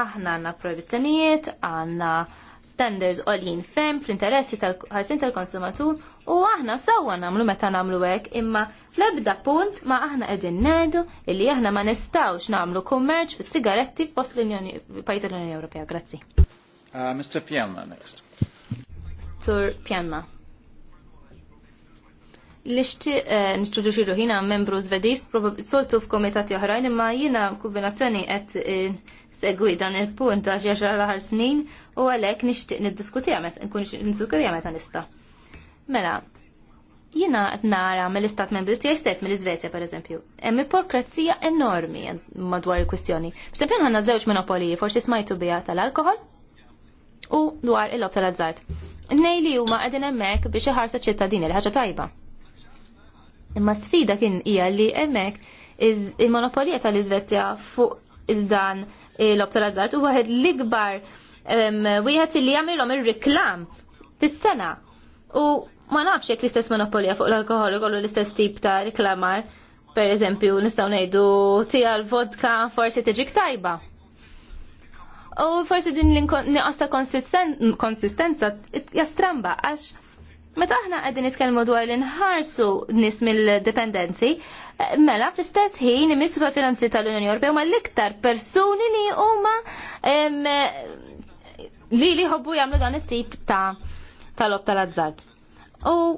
Aħna għandna proibizzjonijiet, għandna standards għolin ferm fl-interessi tal-ħarsin tal-konsumatur u aħna sawwa namlu meta namlu għek imma lebda punt ma aħna qegħdin nedu illi aħna ma nistgħux namlu kummerċ fis-sigaretti fost l-Unjoni pajjiż l unjoni Ewropea. Grazzi. Uh, Mr. Pjanma next. Sur Pjanma. L-ixtiq uh, nixtroduċi ruħina membru Svediż, soltu f'komitati oħrajn imma jina kombinazzjoni qed uh, segwi dan il-punt għax jaxra laħar snin u għalek nishtiq nid diskuti għamet, nkun nid diskuti meta nista. Mela, jina qed nara mill-istat membri tijaj stess mill-Iżvezja pereżempju. Hemm ipokrazija enormi madwar il-kwistjoni. Pereżempju għanna żewġ monopoliji forsi smajtu biha tal-alkohol u dwar il-lob tal-azzart. Nej li huma qegħdin hemmhekk biex iħarsu ċittadini li ħaġa tajba. Imma sfida kien hija li hemmhekk il-monopolija tal-Iżvezja fuq il-dan il dan Eh, l obta l azzart u għahed l-ikbar wieħed li jagħmilhom il riklam fis-sena. U ma nafx jek l-istess monopolija fuq l-alkohol kollu l-istess tip ta' riklamar. Per eżempju, nistgħu ngħidu ti vodka forsi tiġik tajba. U forsi din l-inqas konsistenza jastramba għax Meta aħna qegħdin nitkellmu dwar l-inħarsu nies mill-dependenzi, mela fl-istess ħin il-Ministru tal-Finanzi tal-Unjoni Ewropea huma l-iktar persuni li huma li li ħobbu jagħmlu dan it-tip ta' tal-lob tal-azzard. U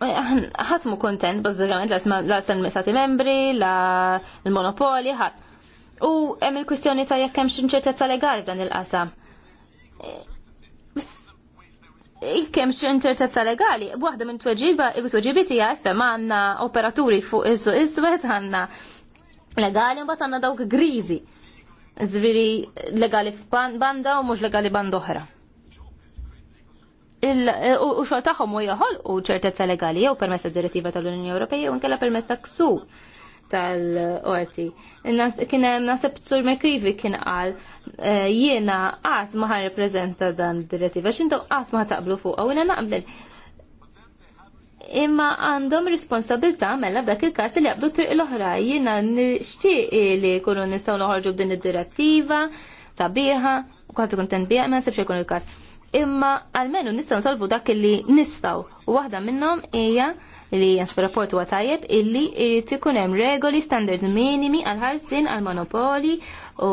m'hu kontent bażikament l-astan membri, l-monopoli, ħadd. U hemm il-kwistjoni ta' jekk hemm xi inċertezza legali f'dan il-qasam kemm ċertezza legali, waħda minn tweġiba, tweġibi tija FM għanna operaturi fuq iżu iżwed għanna legali, mbagħad għanna dawk grizi. Zviri legali f'banda u mhux legali band oħra. U xogħol tagħhom u joħolqu ċertezza legali jew permessa direttiva tal-Unjoni Ewropea jew inkella permessa ta' tal-orti. Kien hemm naħseb Sur McCreevy kien qal Eh, jiena għat ma reprezenta dan direttiva, xintu għat ma taqblu fuq, u jena naqbel. Imma għandhom responsabilta mella b'dak il-kas li għabdu triq l-oħra, jiena nishtiq li kunu nistaw noħorġu b'din id-direttiva, sabiħa, u kontent bija, ma nsibx jkun il-kas imma għalmenu nistgħu nsalvu dak li nistgħu. U waħda minnhom hija li jasper rapport huwa tajjeb illi jrid ikun hemm regoli standard minimi għal ħarsin għal monopoli u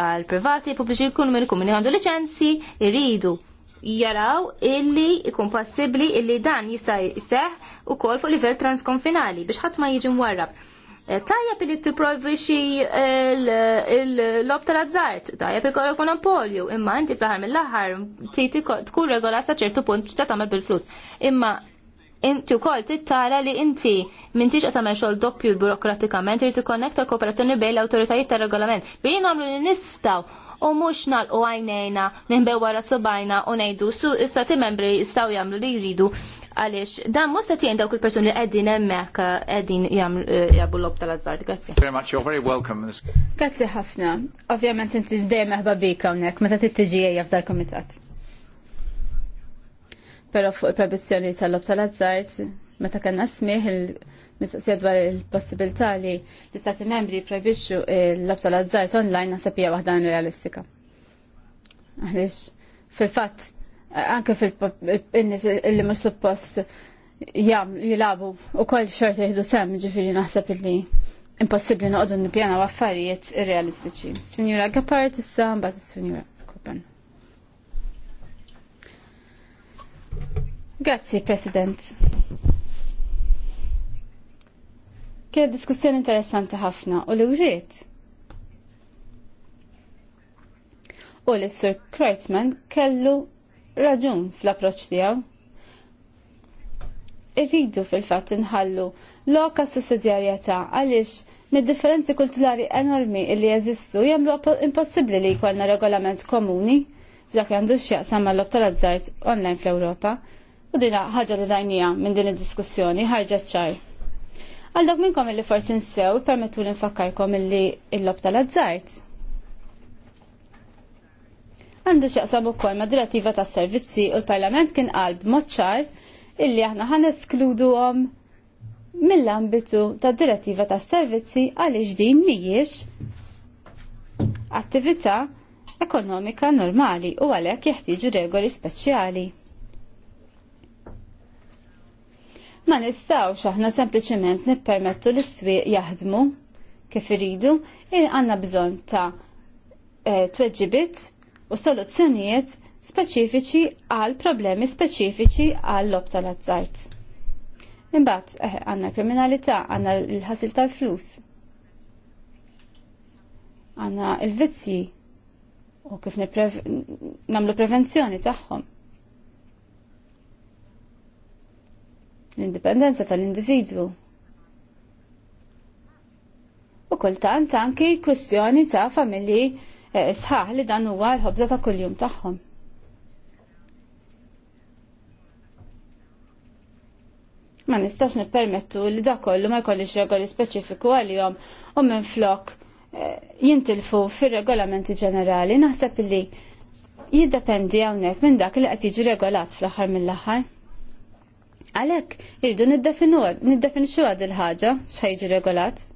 għal privati pubbliċi jkunu minn għandu liċenzi jridu jaraw illi ikun possibbli illi dan jista' jseħħ ukoll fuq livell transkonfinali biex ħadd ma jiġi mwarrab. Eh, tajjeb li t-provi xie eh, l-lob tal-azzart, tajja li kollok monopolju, imma inti fl-ħar mill-ħar titi tkun regolata ċertu punt ta' tamer bil-flus. Imma inti u koll tittara li inti mintix għatame xogħol doppju burokratikament irti konnekta kooperazzjoni bejn l-autoritajiet ta' regolament. Bejn għamlu li nistaw u mux nalqu għajnejna, nimbew wara subajna u nejdu su istati membri staw jamlu li jridu għaliex dan mhux se jgħin dawk il-persuni għeddin qegħdin hemmhekk jgħabu jagħmlu eh, lob tal-azzard. Grazzi. Very much, you're very welcome. Grazzi ħafna. Ovvjament inti dejjem ħba bik hawnhekk meta tittiġija f'dal-kumitat. Però fuq il-proibizzjoni tal-lob tal-azzard, meta kellna smih il-mistoqsija dwar il-possibilità li l-istati membri jipprojbixxu l-lob tal-azzard online naħseb hija waħda realistika. Għalix, fil-fatt anke fil-nis illi ma suppost jam jilabu u koll xort jihdu sem ġifiri naħseb illi impossibli noqdu n-pjana għaffarijiet irrealistiċi. Signora Gapart, issa mbagħad signora Kupen. Grazzi, President. Kien diskussjoni interessanti ħafna u li wriet. U li Sir Kreutzmann kellu raġun fl-approċ tiegħu. Irridu fil-fatt nħallu loka sussidjarjetà għaliex mid-differenzi kulturali enormi li jeżistu jagħmlu impossibbli li jkollna regolament komuni f'dak li għandu x'jaqsam mal-lob tal-azzart online fl-Ewropa. U dina ħaġa li rajnija minn din id-diskussjoni ħarġa ċar. Għal dak minnkom li forsi nsew permettu li nfakkarkom illi l-lob tal-azzart għandu xaqsam ukoll ma' direttiva ta' servizzi u l-Parlament kien qalb moċċar illi aħna ħan għom mill-ambitu ta' direttiva ta' servizzi għaliex din mijiex attività ekonomika normali u għalhekk jeħtieġu regoli speċjali. Ma nistawx aħna sempliċement nippermettu l swieq jaħdmu kif iridu, il għanna bżonn ta' eh, tweġibit u soluzzjonijiet speċifiċi għal problemi speċifiċi għal lob tal-azzart. Imbagħad eh, għandna kriminalità, għandna l-ħasil tal-flus. Għandna l-vizzji u kif prev namlu prevenzjoni tagħhom. L-indipendenza tal-individwu. U kultant anki kwestjoni ta' familji Eh, sħaħ li dan huwa l-ħobza ta' kuljum tagħhom. Ma nistax nippermettu li da kollu ma jkollix regoli speċifiku għalihom u minn flok eh, jintilfu fir-regolamenti ġenerali naħseb li jiddependi hawnhekk minn dak li qed jiġi regolat fl-aħħar mill-aħħar. Għalhekk irridu niddefinixxu għad il-ħaġa x'ħajġi regolat.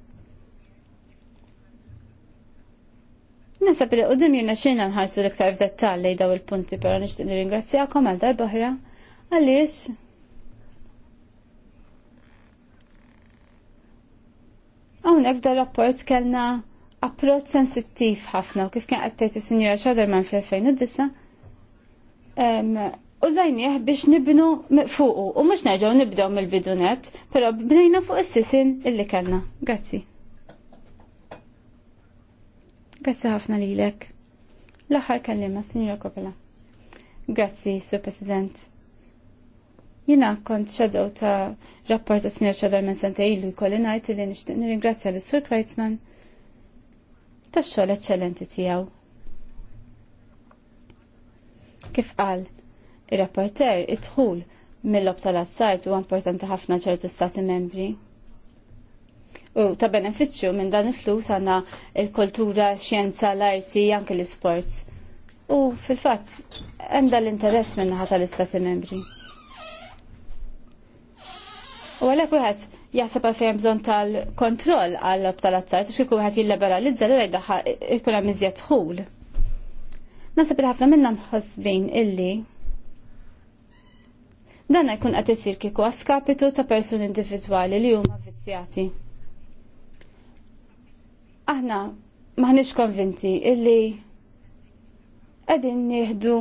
Nasab li qudiem jirna xejna nħarsu l-iktar f'dettall li daw il-punti, però nixtieq nirringrazzjakom għal darb'oħra. Għaliex? Hawnhekk f'dan rapport kellna approċċ sensittiv ħafna u kif kien qed tgħid is-Sinjura fl-2009. Użajnieh biex nibnu fuqu u mhux nerġgħu nibdew mill-bidunet, però bnejna fuq is-sisin illi kellna. Grazzi. Grazzi ħafna lilek. L-aħħar kellima, Signora Coppola. Grazzi, Sur President. Jina kont xadow ta' rapport ta' Sinjor Xadar minn Santa Ilu jkolli ngħid li nixtieq nirringrazzja lis sur Kreitzman tax-xogħol eċċellenti tiegħu. Kif qal, ir-rapporter idħul mill-lob tal-azzart huwa importanti ħafna ċertu stati membri U ta' beneficju minn dan il-flus għanna il-kultura, xjenza, l-arti, anke l-sports. U fil-fatt, hemm l interess minn ħata l-istati membri. U għalek wieħed jaħseb għal fejn bżonn tal-kontroll għal tal-azzar biex kieku jil jilliberalizza l jdaħħa ikun hemm iżjed Nasab il ħafna minna mħosbin illi dan jkun qed isir kieku għaskapitu ta' persuni individwali li huma vizzjati aħna maħniex konvinti illi għedin nieħdu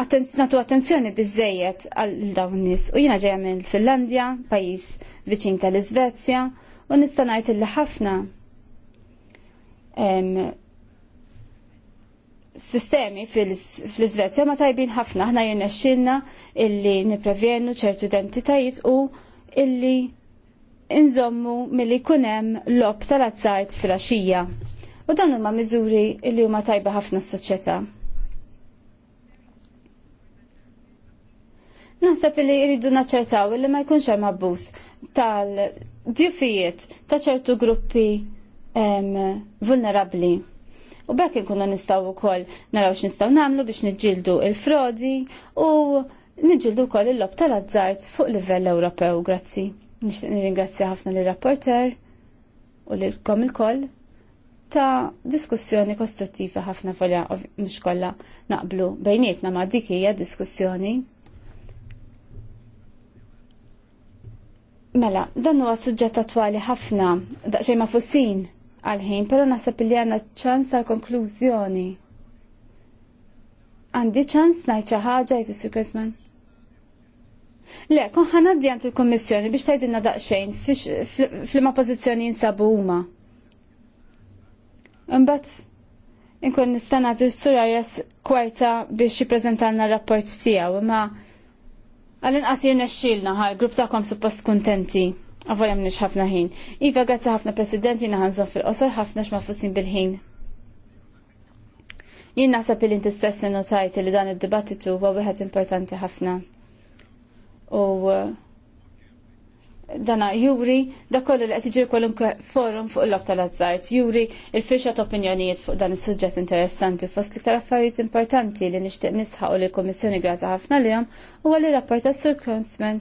natu attenzjoni bizzejiet għal dawn u jina ġeja minn Finlandja, pajis viċin tal-Izvezja u nistanajt illi ħafna sistemi fil izvezja ma tajbin ħafna, ħna jirnexxilna illi niprevjenu ċertu identitajiet u illi inżommu milli kunem lob tal-azzart fil-axija. U dan huma miżuri li huma tajba ħafna s-soċjetà. Naħseb li jridu naċċertaw li ma jkunx hemm abbuż tal-djufijiet ta' ċertu gruppi vulnerabli. U bekk inkunu nistgħu wkoll naraw x'nistgħu nagħmlu biex niġġieldu l frodi u niġġieldu wkoll il-lob tal-azzart fuq livell Ewropew. Grazzi. Nixtieq nirringrazzja ħafna lir rapporter u lilkom ilkoll ta' diskussjoni kostruttiva ħafna folja mhux kollha naqblu bejnietna ma' dik hija diskussjoni. Mela, dan huwa suġġett attwali ħafna daqsxejn ma' fussin għal-ħin, però naħseb li għandna ċans għal konklużjoni. Għandi ċans ngħid xi ħaġa jgħid Chrisman? Le, kon ħanaddi għant il-Kommissjoni biex tajdinna daqxejn fl-ma pozizjoni jinsabu huma. Imbagħad inkun nista' nagħti s-surarjas kwarta biex jippreżentalna r-rapport tiegħu, imma għall-inqas jirnexxielna ħal grupp tagħkom suppost kuntenti. Avolja m'nix ħafna ħin. Iva, grazzi ħafna President, jina ħanżon fil-qosor ħafna x'mafussin bil-ħin. Jien naħseb li inti stess notajt li dan id-dibattitu huwa wieħed importanti ħafna u eh, dana juri da kollu li qed jiġri kwalunkwe forum fuq l lob tal-azzart, juri il-firxa ta' opinjonijiet fuq dan is-suġġett interessanti fost l-iktar affarijiet importanti li nixtieq nisħaq u li l-Kummissjoni grata ħafna lihom huwa li rapport tas-Sur Kronzman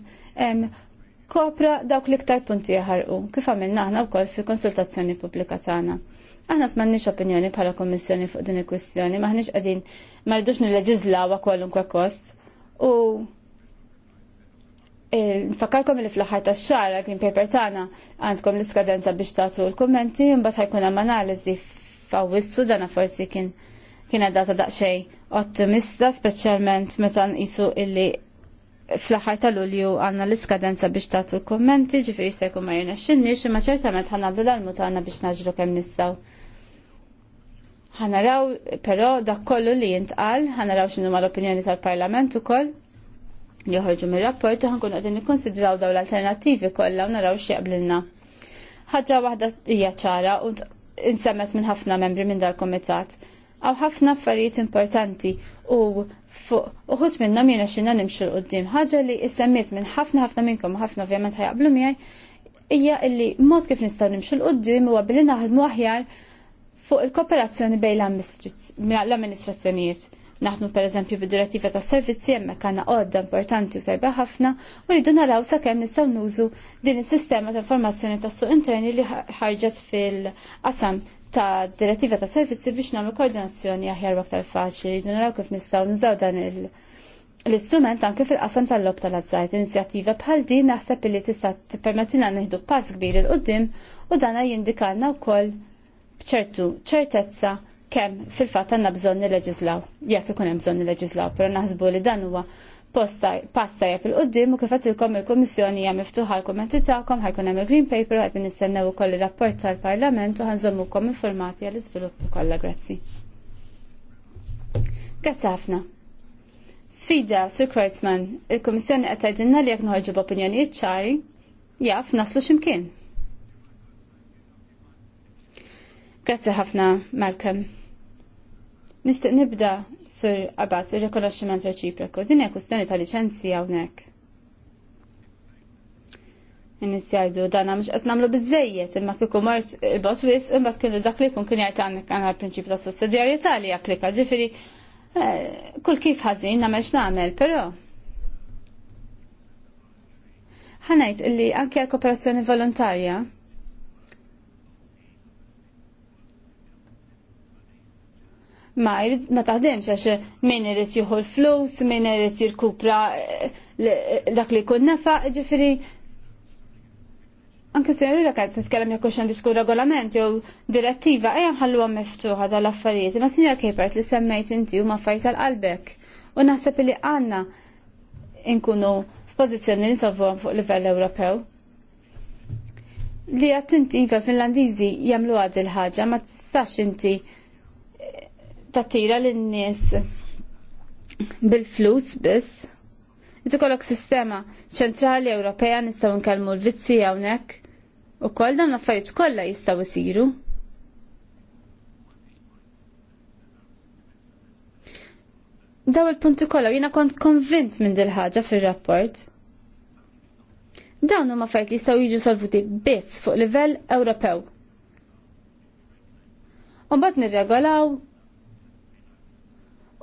kopra dawk l-iktar punti jaħarqu kif għamilna aħna wkoll fil-konsultazzjoni pubblika tagħna. Aħna m'għandniex opinjoni bħala Kummissjoni fuq din il-kwistjoni, maħniex qegħdin ma rridux nilleġiżlawha kwalunkwe kost u Eh, nfakkarkom li fl-aħħar tax xar Green Paper tagħna għandkom l-iskadenza biex tagħtu l-kummenti mbagħad ħajkun hemm analiżi f'Awwissu dana forsi kien kienet data daqsxejn ottimista speċjalment meta nqisu illi fl-aħħar ta' Lulju għandna l-iskadenza biex tagħtu l-kummenti, ġifieri se jkun ma jirnexxinniex imma ċertament ħanablu l għandna biex naġru kemm nistgħu ħanaraw, pero dak kollu li jintqal, ħanaraw xinu ma l-opinjoni tal-parlament ukoll. koll, joħorġu mir-rapport u ħankun qegħdin nikkonsidraw dawn l-alternattivi kollha u naraw x'jaqblilna. Ħaġa waħda hija ċara u insemmet minn ħafna membri minn dal-kumitat. Għaw ħafna affarijiet importanti u fuq uħut minnhom jiena x'inna nimxu l qudiem Ħaġa li issemmiet minn ħafna ħafna minnkom u ħafna ovvjament ħajqblu miegħi hija illi mod kif nistgħu nimxu l qudiem huwa billi naħdmu aħjar fuq il-kooperazzjoni bejn l-amministrazzjonijiet. Naħnu per eżempju bid-direttiva ta' servizzi hemmhekk għandna għodda importanti u tajba ħafna u rridu naraw sakemm nistgħu nużu din is-sistema ta' informazzjoni tas suq interni li ħarġet fil-qasam ta' direttiva ta' servizzi biex nagħmlu koordinazzjoni aħjar aktar faċli, rridu naraw kif nistgħu nużaw dan il- L-istrument anke fil-qasam tal-lob tal-azzajt inizjattiva bħal din naħseb li tista' tippermettilna nieħdu pass kbir il qudiem u dana jindikalna wkoll b'ċertu ċertezza kemm fil-fatt għandna bżonn nilleġislaw. Jekk ikun hemm bżonn leġizlaw però naħsbu li dan huwa pasta jek il-qoddim u kifat il-kom il-komissjoni hija miftuħa l-kommenti tagħkom ħajkun hemm il-green paper qed nistennew ukoll ir-rapport tal-Parlament u kom informati għall iżvilupp kollha grazzi. Grazzi ħafna. Sfida, Sir Kreutzmann, il-Komissjoni qed tgħidilna li jekk noħorġu b'opinjonijiet ċari, jaf naslu x'imkien. Grazzi ħafna, Malcolm. Nixtieq nibda sur qabad ir-rikonoxximent reċiproku. Din hija kwistjoni ta' liċenzji hawnhekk. Nis jgħidu mhux qed nagħmlu biżejjed imma kieku mort il-boss wis imbagħad kienu dak li jkun kien jgħid għandek għandha l-prinċipju ta' sussidjarjetà li japplika. Ġifieri eh, kull kif ħażin nagħmel x'nagħmel, però ħanajt illi anke kooperazzjoni volontarja ma jrid ma taħdemx għax min irid jieħu l-flus, min irid jirkupra eh, dak li jkun nefaq, ġifieri Anke se jirra kħed t jekk xan disku regolament jew direttiva, ejja nħalluha miftuħa tal-affarijiet. Ma sinjor Kejpert li semmejt inti huma fajt tal-qalbek. U naħseb li għandna inkunu f'pożizzjoni li nsolvuhom fuq livell Ewropew. Li għattinti jiva finlandizi Finlandiżi għad il ħaġa ma tistax inti tatira lin-nies bil-flus biss. kollok sistema ċentrali Ewropea nistgħu nkellmu l-vizzi hawnhekk u koll dawn l kolla kollha jistgħu Daw il-punti kollha jiena kont konvint minn dil ħaġa fir-rapport. Dawn huma fajt li jistgħu jiġu solvuti biss fuq livell Ewropew. U mbagħad nirregolaw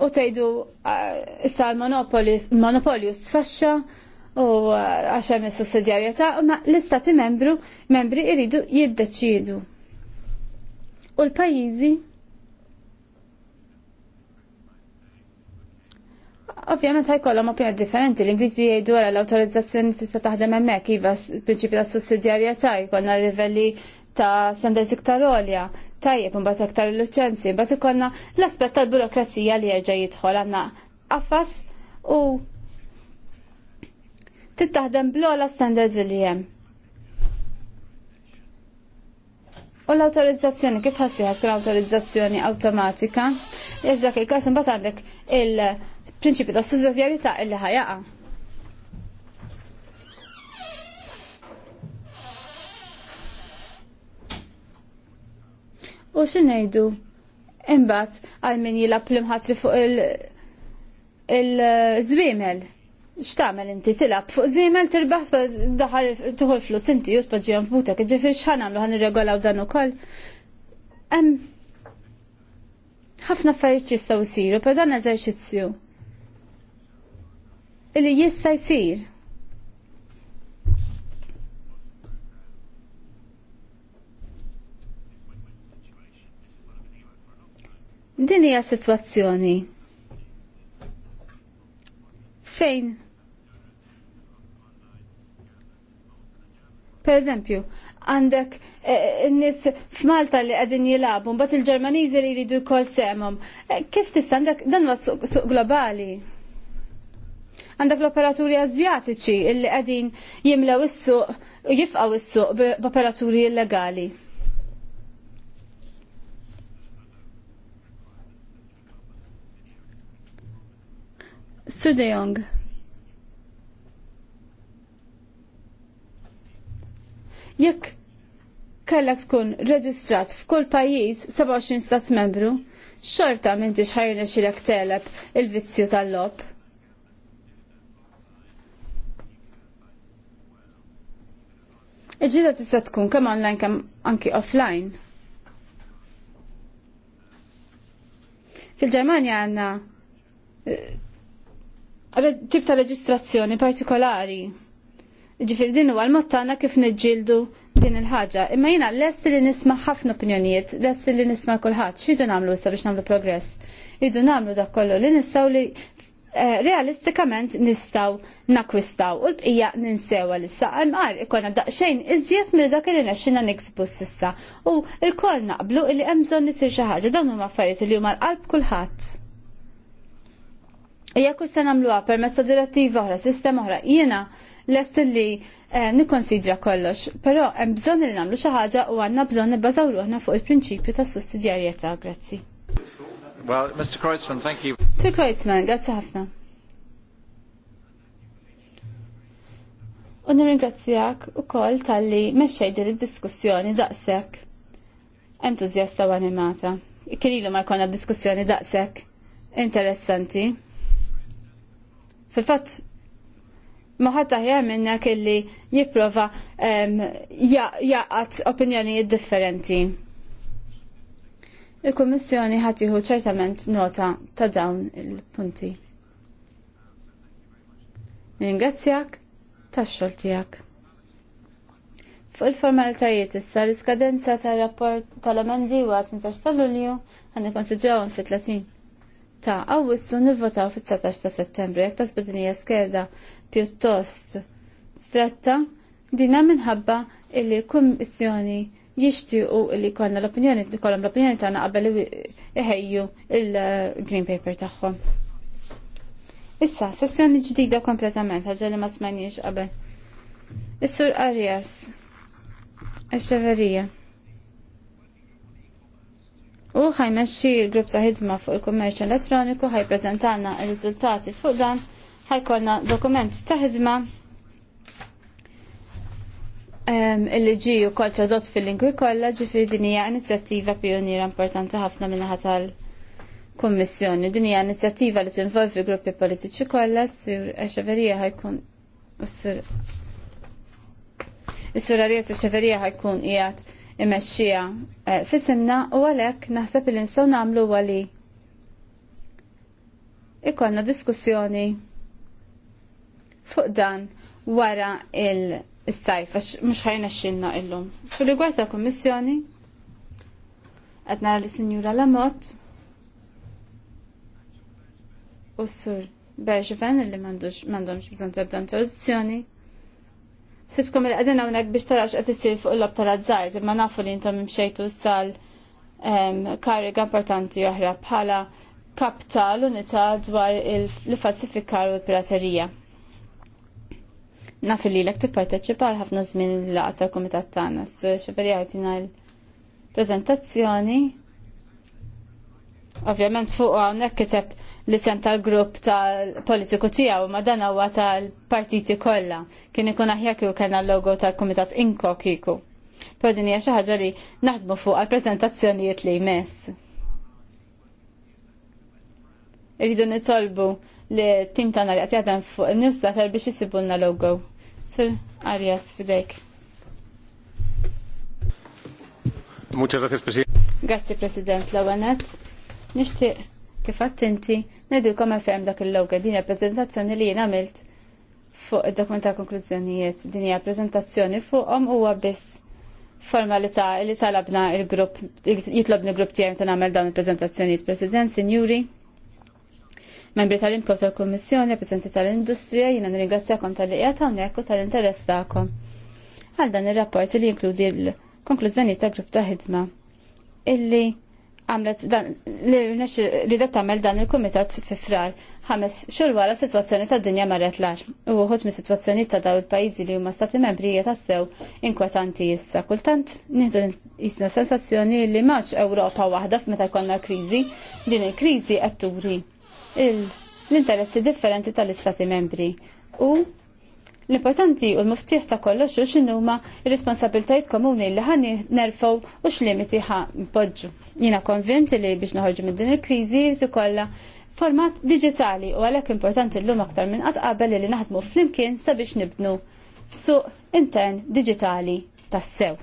u tgħidu ah, issa l-monopolju sfaxxa u ah, għax hemm is-sussidjarjetà ma l-istati membru membri jridu jiddeċiedu. U l-pajjiżi Ovvjament kollom opinjoni differenti. L-Ingliżi jgħidu wara l-awtorizzazzjoni tista' taħdem hemmhekk iva prinċipju ta' sussidjarjetà jkollna livelli ta' standards iktar għolja tajjeb mbagħad aktar il-liċenzi, mbagħad ikollna l-aspett tal-burokrazija li jerġa' jidħol għandna qafas u tittaħdem blola standards li hemm. U l-autorizzazzjoni, kif ħassiħat kull autorizzazzjoni automatika? Jax dak il-kas imbagħad għandek il-prinċipju ta' sussidjarjetà illi ħajaqa' u xinejdu imbat għal min jilab l-imħatri fuq il-zwimel. x'tamel inti tilab fuq żiemel tirbaħ daħal tuħol flus inti jus ġejhom f'butek, ġifier x'ħanamlu ħan irregolaw dan ukoll. Em, ħafna affarijiet jistgħu jsiru per dan eżerċizzju. Illi jista' jsir. Din hija sitwazzjoni fejn Per eżempju, għandek eh, n-nis f'Malta li għadin jilabu, bat il-Ġermaniżi li jridu kol semhom. Eh, kif tista' għandek dan ma suq globali? Għandek l-operaturi azjatiċi li qegħdin jimlew is-suq jifqgħu is-suq b'operaturi illegali. Sir De Jong. Jekk kellek tkun reġistrat f'kull pajjiż 27 stat membru, xorta m'intix ħajrna xilek teleb il-vizzju tal-lob. Iġida tista tkun kemm online kemm anki offline. Fil-Ġermanja għandna eh, tip ta' reġistrazzjoni partikolari. Ġifir din huwa l mottana kif niġġieldu din il-ħaġa. Imma jiena lest li nisma' ħafna opinjonijiet, lest li nisma' kulħadd. xidu nagħmlu issa biex nagħmlu progress? Ridu nagħmlu dak kollu li nistgħu li eh, realistikament nistaw nakwistaw u l-bqija ninsewa l-issa għar ikonna daqxejn iżjed minn dak li nexxina niksbu s-sissa u l-koll naqblu il hemm bżonn nisir xi ħaġa dawn huma affarijiet li huma l-qalb kulħadd. Jekk kus se nagħmluha per ta' direttiva oħra, sistema oħra, jiena lest li eh, nikkonsidra kollox, però hemm bżonn li nagħmlu xi ħaġa u għandna bżonn nibbażaw ruħna fuq il-prinċipju tas-sussidjarjetà. Grazzi. Well, Mr. Kreutzmann, thank you. Sir Kreutzmann, grazzi ħafna. U nirringrazzjak u koll tal-li meċċej l id-diskussjoni daqsek. Entuzjasta u animata. Kirilu ma jkollna diskussjoni daqsek. Interessanti. Fil-fatt, maħat taħjar minnek illi jiprofa jaqat opinjonijiet differenti. Il-Kommissjoni ħatiħu ċertament nota ta' dawn il-punti. Ringrazzjak ta' xoltijak. Fuq il-formalitajiet issa l-iskadenza tal-rapport tal-amendi għat 18 ta' lulju għandi konsidġawan fit 30 ta' għawissu nivvotaw fit-19 ta' settembru jekk tasbet hija skeda pjuttost stretta dina minħabba illi kummissjoni jixtiequ illi konna l-opinjoni kollhom l-opinjoni ta' qabel iħejju il-green paper tagħhom. Issa, sessjoni ġdida kompletament, ħaġa li ma smajniex qabel. Is-sur Arias, eċeverija. U ħajmexxi l-grupp ta' ħidma fuq il-kummerċ elettroniku ħajpreżentalna r-riżultati fuq dan ħajkolna dokument ta' ħidma illi ġi u kol tradott fil-lingwi kollha ġifieri din hija inizjattiva pioniera importanti ħafna minnaħa tal-Kummissjoni. Din hija inizjattiva li tinvolvi gruppi politiċi kollha, s-sur Eċeverija ħajkun s-sur Is-sur Arias Xeverija ħajkun qiegħed imexxija eh, fisimna u għalhekk naħseb li nistgħu nagħmlu għali ikonna diskussjoni fuq dan wara il-sajf għax mhux ħajna xinna illum. Fu rigward tal kummissjoni qed nara li Sinjura Lamott u Sur Berġven li m'għandhomx bżonn tebda introduzzjoni. Sibtkom il-qadin għonek biex taraw xqed isir fuq il-lob tal-azzar, imma nafu li intom imxejtu sal kariga importanti oħra bħala kapta l unità dwar il-falsifikar u l-piraterija. Nafu li l-ek tipparteċipa ħafna żmien l għata tal-kumitat tagħna, s xeveri l-prezentazzjoni. Ovvjament fuq għonek kiteb l-isem tal-grupp tal-politiku tijaw ma dan huwa tal-partiti kollha. Kien ikun aħjar kieku kellna l-logo tal-Kumitat Inko kiku. Pero din hija xi ħaġa li naħdmu fuq għall-preżentazzjonijiet li jmess. Irridu nitolbu li tim tana li qed fuq in-nifsa biex jisibulna logo. Sir Arias fidejk. Muchas gracias, Presidente. Grazie, President Lawanet. Nishtiq kif attenti, nedilkom għafem dak il-loga din hija prezentazzjoni li jien għamilt fuq id-dokument konklużjonijiet din hija prezentazzjoni fuqhom huwa biss formalità li talabna il-grupp jitlobni grupp tiegħi ta' nagħmel dawn il-preżentazzjonijiet President, Sinjuri, membri tal-Imkom tal-Kummissjoni, rappreżenti tal-Industrija, jiena nirringrazzjakom tal-li qiegħed hawnhekk u tal-interess tagħkom għal dan ir-rapport li jinkludi l-konklużjonijiet ta' grupp ta' ħidma illi għamlet dan li da tagħmel dan il-kumitat fi frar ħames xur wara sitwazzjoni tad-dinja marret l l-ar. U wħud mis sitwazzjoni ta' daw il-pajjiżi li huma stati membri hija tassew inkwetanti issa. Kultant nieħdu jisna sensazzjoni li maċ Ewropa waħda f'meta jkollna kriżi, din il-kriżi qed turi l-interessi differenti tal-istati membri. U L-importanti u l-muftiħ ta' kollox u x'inhuma r responsabiltajt komuni li ħan nerfgħu u x'limiti ħan npoġġu. Jina konvinti li biex noħorġu minn din il-kriżi li format digitali u għalhekk importanti llum aktar minn qatt qabel li naħdmu flimkien sabiex nibnu suq intern digitali tassew.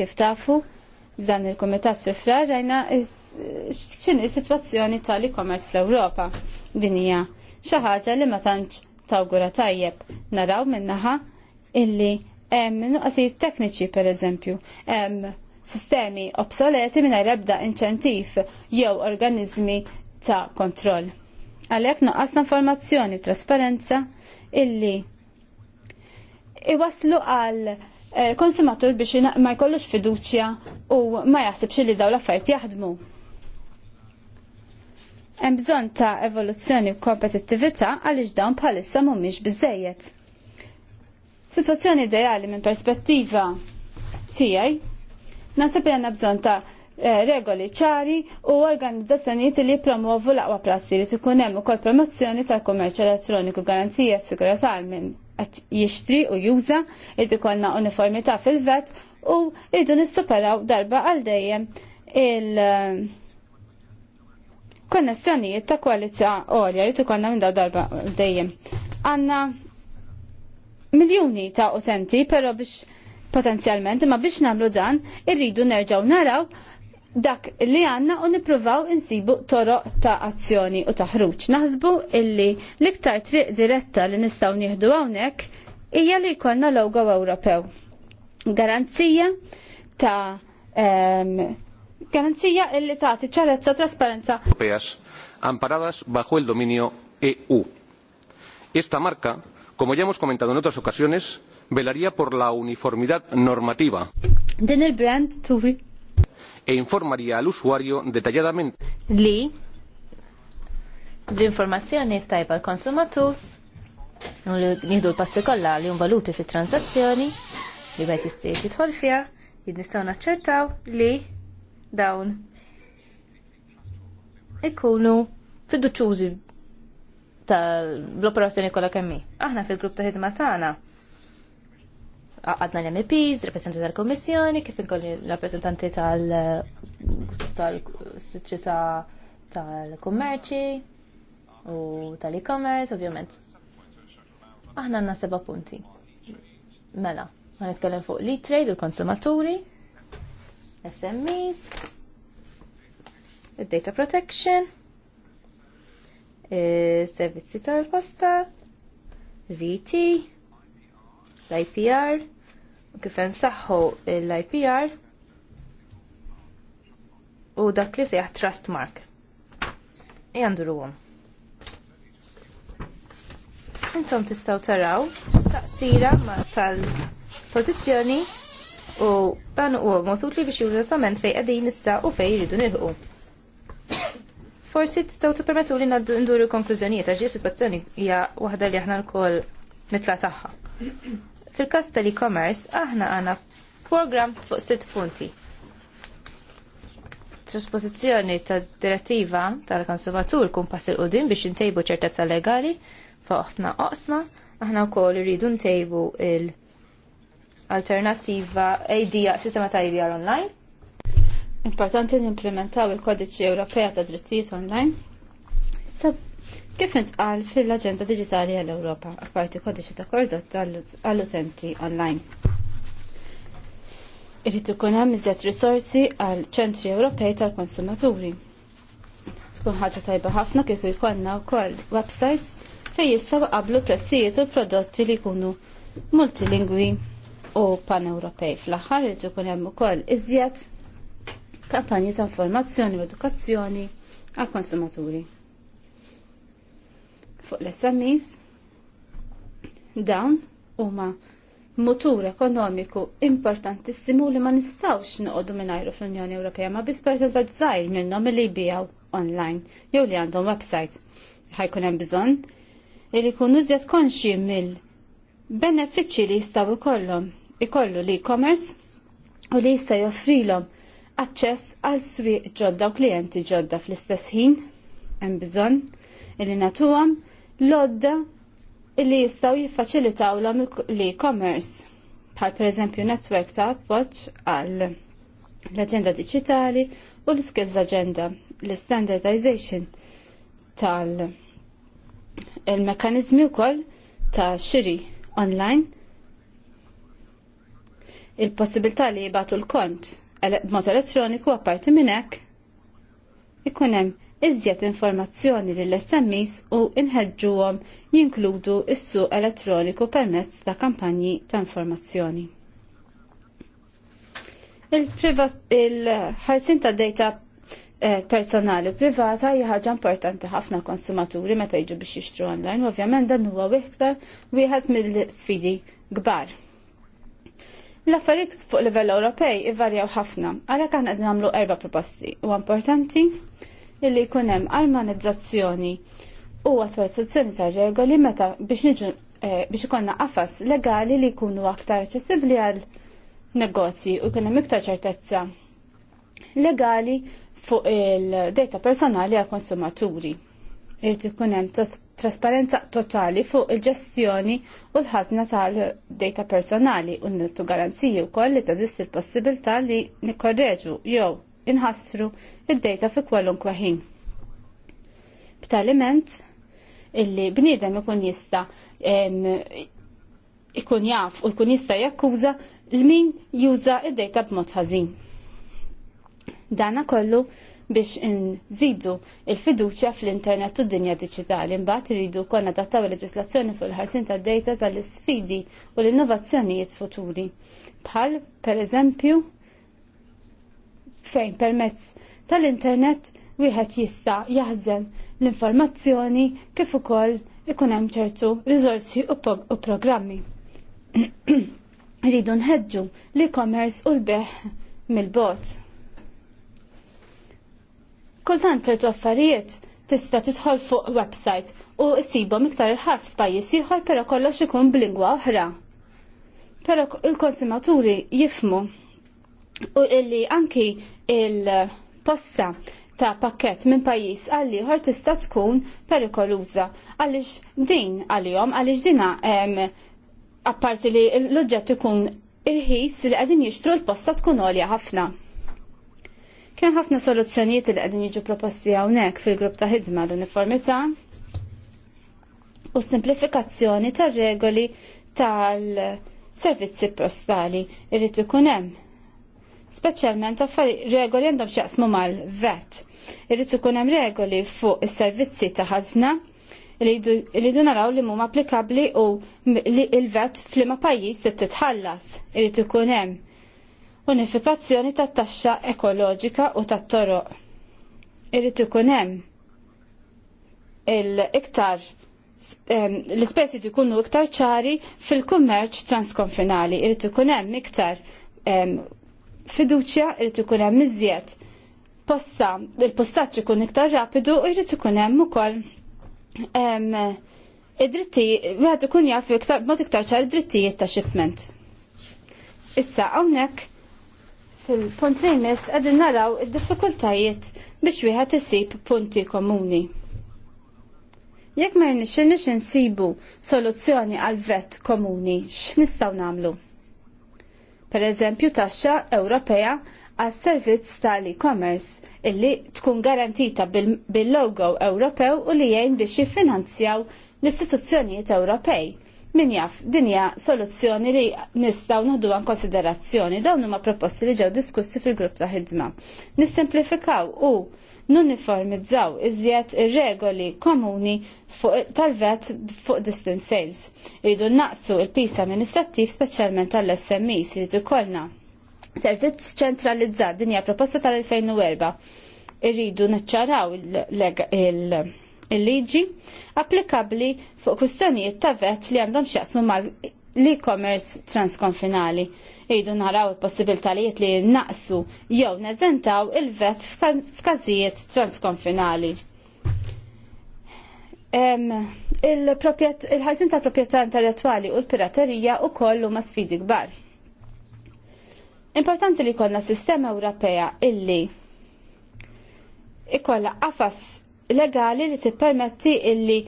Kif tafu, f'dan il-Kumitat fi frar rajna x'inhi is-sitwazzjoni tal-e-commerce fl-Ewropa. Din hija xi ħaġa li ma tantx tawgura tajjeb. Naraw minnaħa illi hemm nuqqasijiet tekniċi pereżempju, hemm sistemi obsoleti minn ebda inċentiv jew organizmi ta' kontroll. Għalhekk noqqasna informazzjoni u trasparenza illi iwaslu għal eh, konsumatur biex ma jkollux fiduċja u ma jaħsibx li dawn l-affarijiet jaħdmu. Hemm bżonn ta' evoluzzjoni u kompetittività għaliex dawn bħalissa mhumiex biżejjed. Situazzjoni ideali minn perspettiva tiegħi Nasab li għanna bżon ta' eh, regoli ċari u organizzazzjonijiet li promuovu l-aqwa prassi li tkun hemm ukoll promozzjoni tal-kummerċ elettroniku garanzija sigurata għal minn qed jixtri u juża irid ikollna uniformità fil-vet u rridu nissuperaw darba għal dejjem il eh, konnessjonijiet ta' kwalità għolja li ikollna minn daw darba għal dejjem. Għandna miljuni ta' utenti, però biex potenzjalment, imma biex namlu dan, irridu nerġaw naraw dak li għanna u nipruvaw insibu toro ta' azzjoni u ta' ħruġ. Naħsbu illi l-iktar triq diretta li nistaw nieħdu hawnhekk hija li jkollna logo Ewropew. Garanzija ta' um, garanzija illi tagħti ċarezza trasparenza. Europeas amparadas bajo il dominio EU. Esta marka, como ya hemos comentado en otras ocasiones, velaría por la uniformidad normativa. Din il-brand turi. E informaría al usuario detalladamente. Li l-informazzjoni tajba l-konsumatur u nieħdu l-passi kollha li valuti fit-transazzjoni li bħajt jistgħu jidħol fiha, nistgħu naċċertaw li dawn ikunu fiduċużi tal operazzjoni kollha kemm Aħna fil-grupp ta' ħidma tagħna għadna l-MPs, rappresentanti tal-Kommissjoni, kif inkolli rappresentanti tal-Soċjetà tal-Kummerċi u tal-e-commerce, ovvjament. Aħna għandna seba' punti. Mela, għan nitkellem fuq li trade u konsumaturi SMEs, data protection, servizzi tal-posta, VT, l-IPR u kif nsaħħu l-IPR u dak li sejħ trust mark. Jandruhom. Intom tistaw taraw taqsira tal-pozizjoni u dan u motul li biex jużatament fej għadin issa u fej jridu nilħu forsi tistaw tippermettu li nduru konklużjonijiet għax situazzjoni hija waħda li aħna lkoll mitla tagħha. Fil-kas tal-e-commerce, aħna għana program fuq sitt punti. Trasposizjoni ta' direttiva tal-konsumatur kun pass il-qudin biex intejbu ċertezza legali fuq ħafna oqsma, aħna wkoll irridu ntejbu il-alternativa idea sistema ta' ADR online. Importanti n-implementaw il-kodiċi Ewropea ta' drittijiet online Kif intqal fil-Aġenda Digitali għall-Ewropa, apparti kodiċi ta' kordot għall-utenti online. Irrid ikun hemm iżjed risorsi għal ċentri Ewropej tal-konsumaturi. Tkun ħaġa tajba ħafna kif jkollna wkoll websites fejn jistgħu qablu prezzijiet u prodotti li jkunu multilingwi u pan-Ewropej. Fl-aħħar irid ikun hemm ukoll iżjed kampanji ta' informazzjoni u edukazzjoni għal konsumaturi fuq l-SMEs. Dawn huma motur ekonomiku importantissimu li ma nistawx noqogħdu mingħajru fl-Unjoni Ewropea ma biss parti ta' żgħir minnhom li jbijaw online jew li għandhom website. Ħajkun hemm bżonn li jkunu iżjed konxi mill-benefiċċji li jistgħu ikollhom ikollu l-e-commerce u li jista' joffrilhom aċċess għal swieq ġodda u klijenti ġodda fl-istess ħin hemm bżonn li natuhom lodda li jistaw jiffaċilitaw l-e-commerce bħal pereżempju netwerk ta' appoġġ għal l-aġenda Digitali u l-skills agenda l-standardization tal- il-mekanizmi wkoll ta' xiri online il-possibilità li jibatu l-kont mod elettroniku apparti minn hekk ikun hemm iżjed informazzjoni lill smis u inħedġuhom jinkludu s-suq elettroniku permezz ta' kampanji ta' informazzjoni. Il-ħarsin il ta' data eh, personali privata hija ħaġa importanti ħafna konsumaturi meta jiġu biex jixtru online, ovvjament dan huwa wieħed wieħed mill-sfidi kbar. L-affarijiet fuq livell Ewropej ivarjaw ħafna, għalhekk aħna qed nagħmlu erba' proposti. Huwa importanti illi jkun hemm armonizzazzjoni u attwalizzazzjoni tar-regoli meta biex nġu eh, biex ikonna qafas legali li jkunu aktar aċċessibbli għal negozji u jkun hemm iktar ċertezza legali fuq il-data personali għal konsumaturi. Irid ikun hemm trasparenza totali fuq il-ġestjoni u l-ħazna tal-data personali u n-nittu garanziji u koll li tażist il-possibilità li nikorreġu jew inħassru id-data fi kwalunkwe ħin. B'taliment illi bniedem ikun jista ikun jaf u jkun jista jakkuża l-min juża id-data b'mod ħażin. Dana kollu biex nżidu il-fiduċja fl-internet u d-dinja diġitali mbagħad iridu kon dattaw il-leġislazzjoni fuq il-ħarsin tad-data tal-isfidi u l-innovazzjonijiet futuri. Bħal pereżempju fejn permezz tal-internet wieħed jista' jaħżen l-informazzjoni kif ukoll ikun hemm ċertu riżorsi u programmi. Rridu nħeġġu l-e-commerce u l-beħ mill-bot. Kultant ċertu affarijiet tista' tidħol fuq website u ssibhom iktar irħas f'pajjiż ieħor però kollox ikun b'lingwa oħra. Però il-konsumaturi jifmu u illi anki il-posta ta' pakket minn pajis għalli ħor tista' tkun perikoluża għaliex din għalihom għaliex dina apparti li l-oġġett ikun irħis li qegħdin jixtru l-posta tkun għolja ħafna. Kien ħafna soluzzjonijiet li qegħdin jiġu proposti hawnhekk fil-grupp ta' ħidma l-uniformità u simplifikazzjoni tar-regoli tal-servizzi postali irrid ikun hemm speċjalment affarijiet regoli għandhom x'jaqsmu mal-vet. Irrid ikun hemm regoli fuq is-servizzi ta' ħażna li jdu naraw li mhum applikabbli u li il-vet flima pajjiż trid titħallas. Irrid ikun hemm unifikazzjoni tat-taxxa ekoloġika u ta' toroq Irrid ikun hemm il-iktar l-ispessi jkunu iktar ċari fil-kummerċ transkonfinali. Irrid ikun hemm iktar fiduċja irrid ikun hemm iżjed. Posta, il-postaġġ ikun iktar rapidu u jrid ikun hemm ukoll id-dritti, wieħed ikun jaf iktar mod iktar ċar id-drittijiet ta' shipment. Issa hawnhekk fil-punt li jmiss qegħdin naraw id-diffikultajiet biex wieħed isib punti komuni jekk ma rnixxilniex insibu soluzzjoni għal vett komuni, x'nistgħu nagħmlu? per eżempju taxxa Ewropea għas servizz tal-e-commerce illi tkun garantita bil-logo bil Ewropew u li jgħin biex jiffinanzjaw l-istituzzjonijiet Ewropej. Min jaf, dinja soluzzjoni li nistaw naħdu għan konsiderazzjoni dawn huma proposti li ġew diskussi fil-grupp ta' ħidma. Nissimplifikaw u nuniformizzaw iżjed ir-regoli komuni tal-vet fuq distance sales. Irridu naqsu il-pis amministrattiv speċjalment tal-SMEs irridu kollna. Servizz ċentralizzat dinja proposta tal-2004. Irridu naċċaraw il-liġi applikabli fuq kustanijiet ta' vet li għandhom xjaqsmu mal l-e-commerce transkonfinali jridu naraw il-possibilitalijiet li naqsu jew neżentaw il-vet f'każijiet transkonfinali. Il-ħajsin tal proprjetà intellettwali u l-piraterija u kollu ma sfidi kbar. Importanti li kollna sistema Ewropea illi ikolla qafas legali li tippermetti illi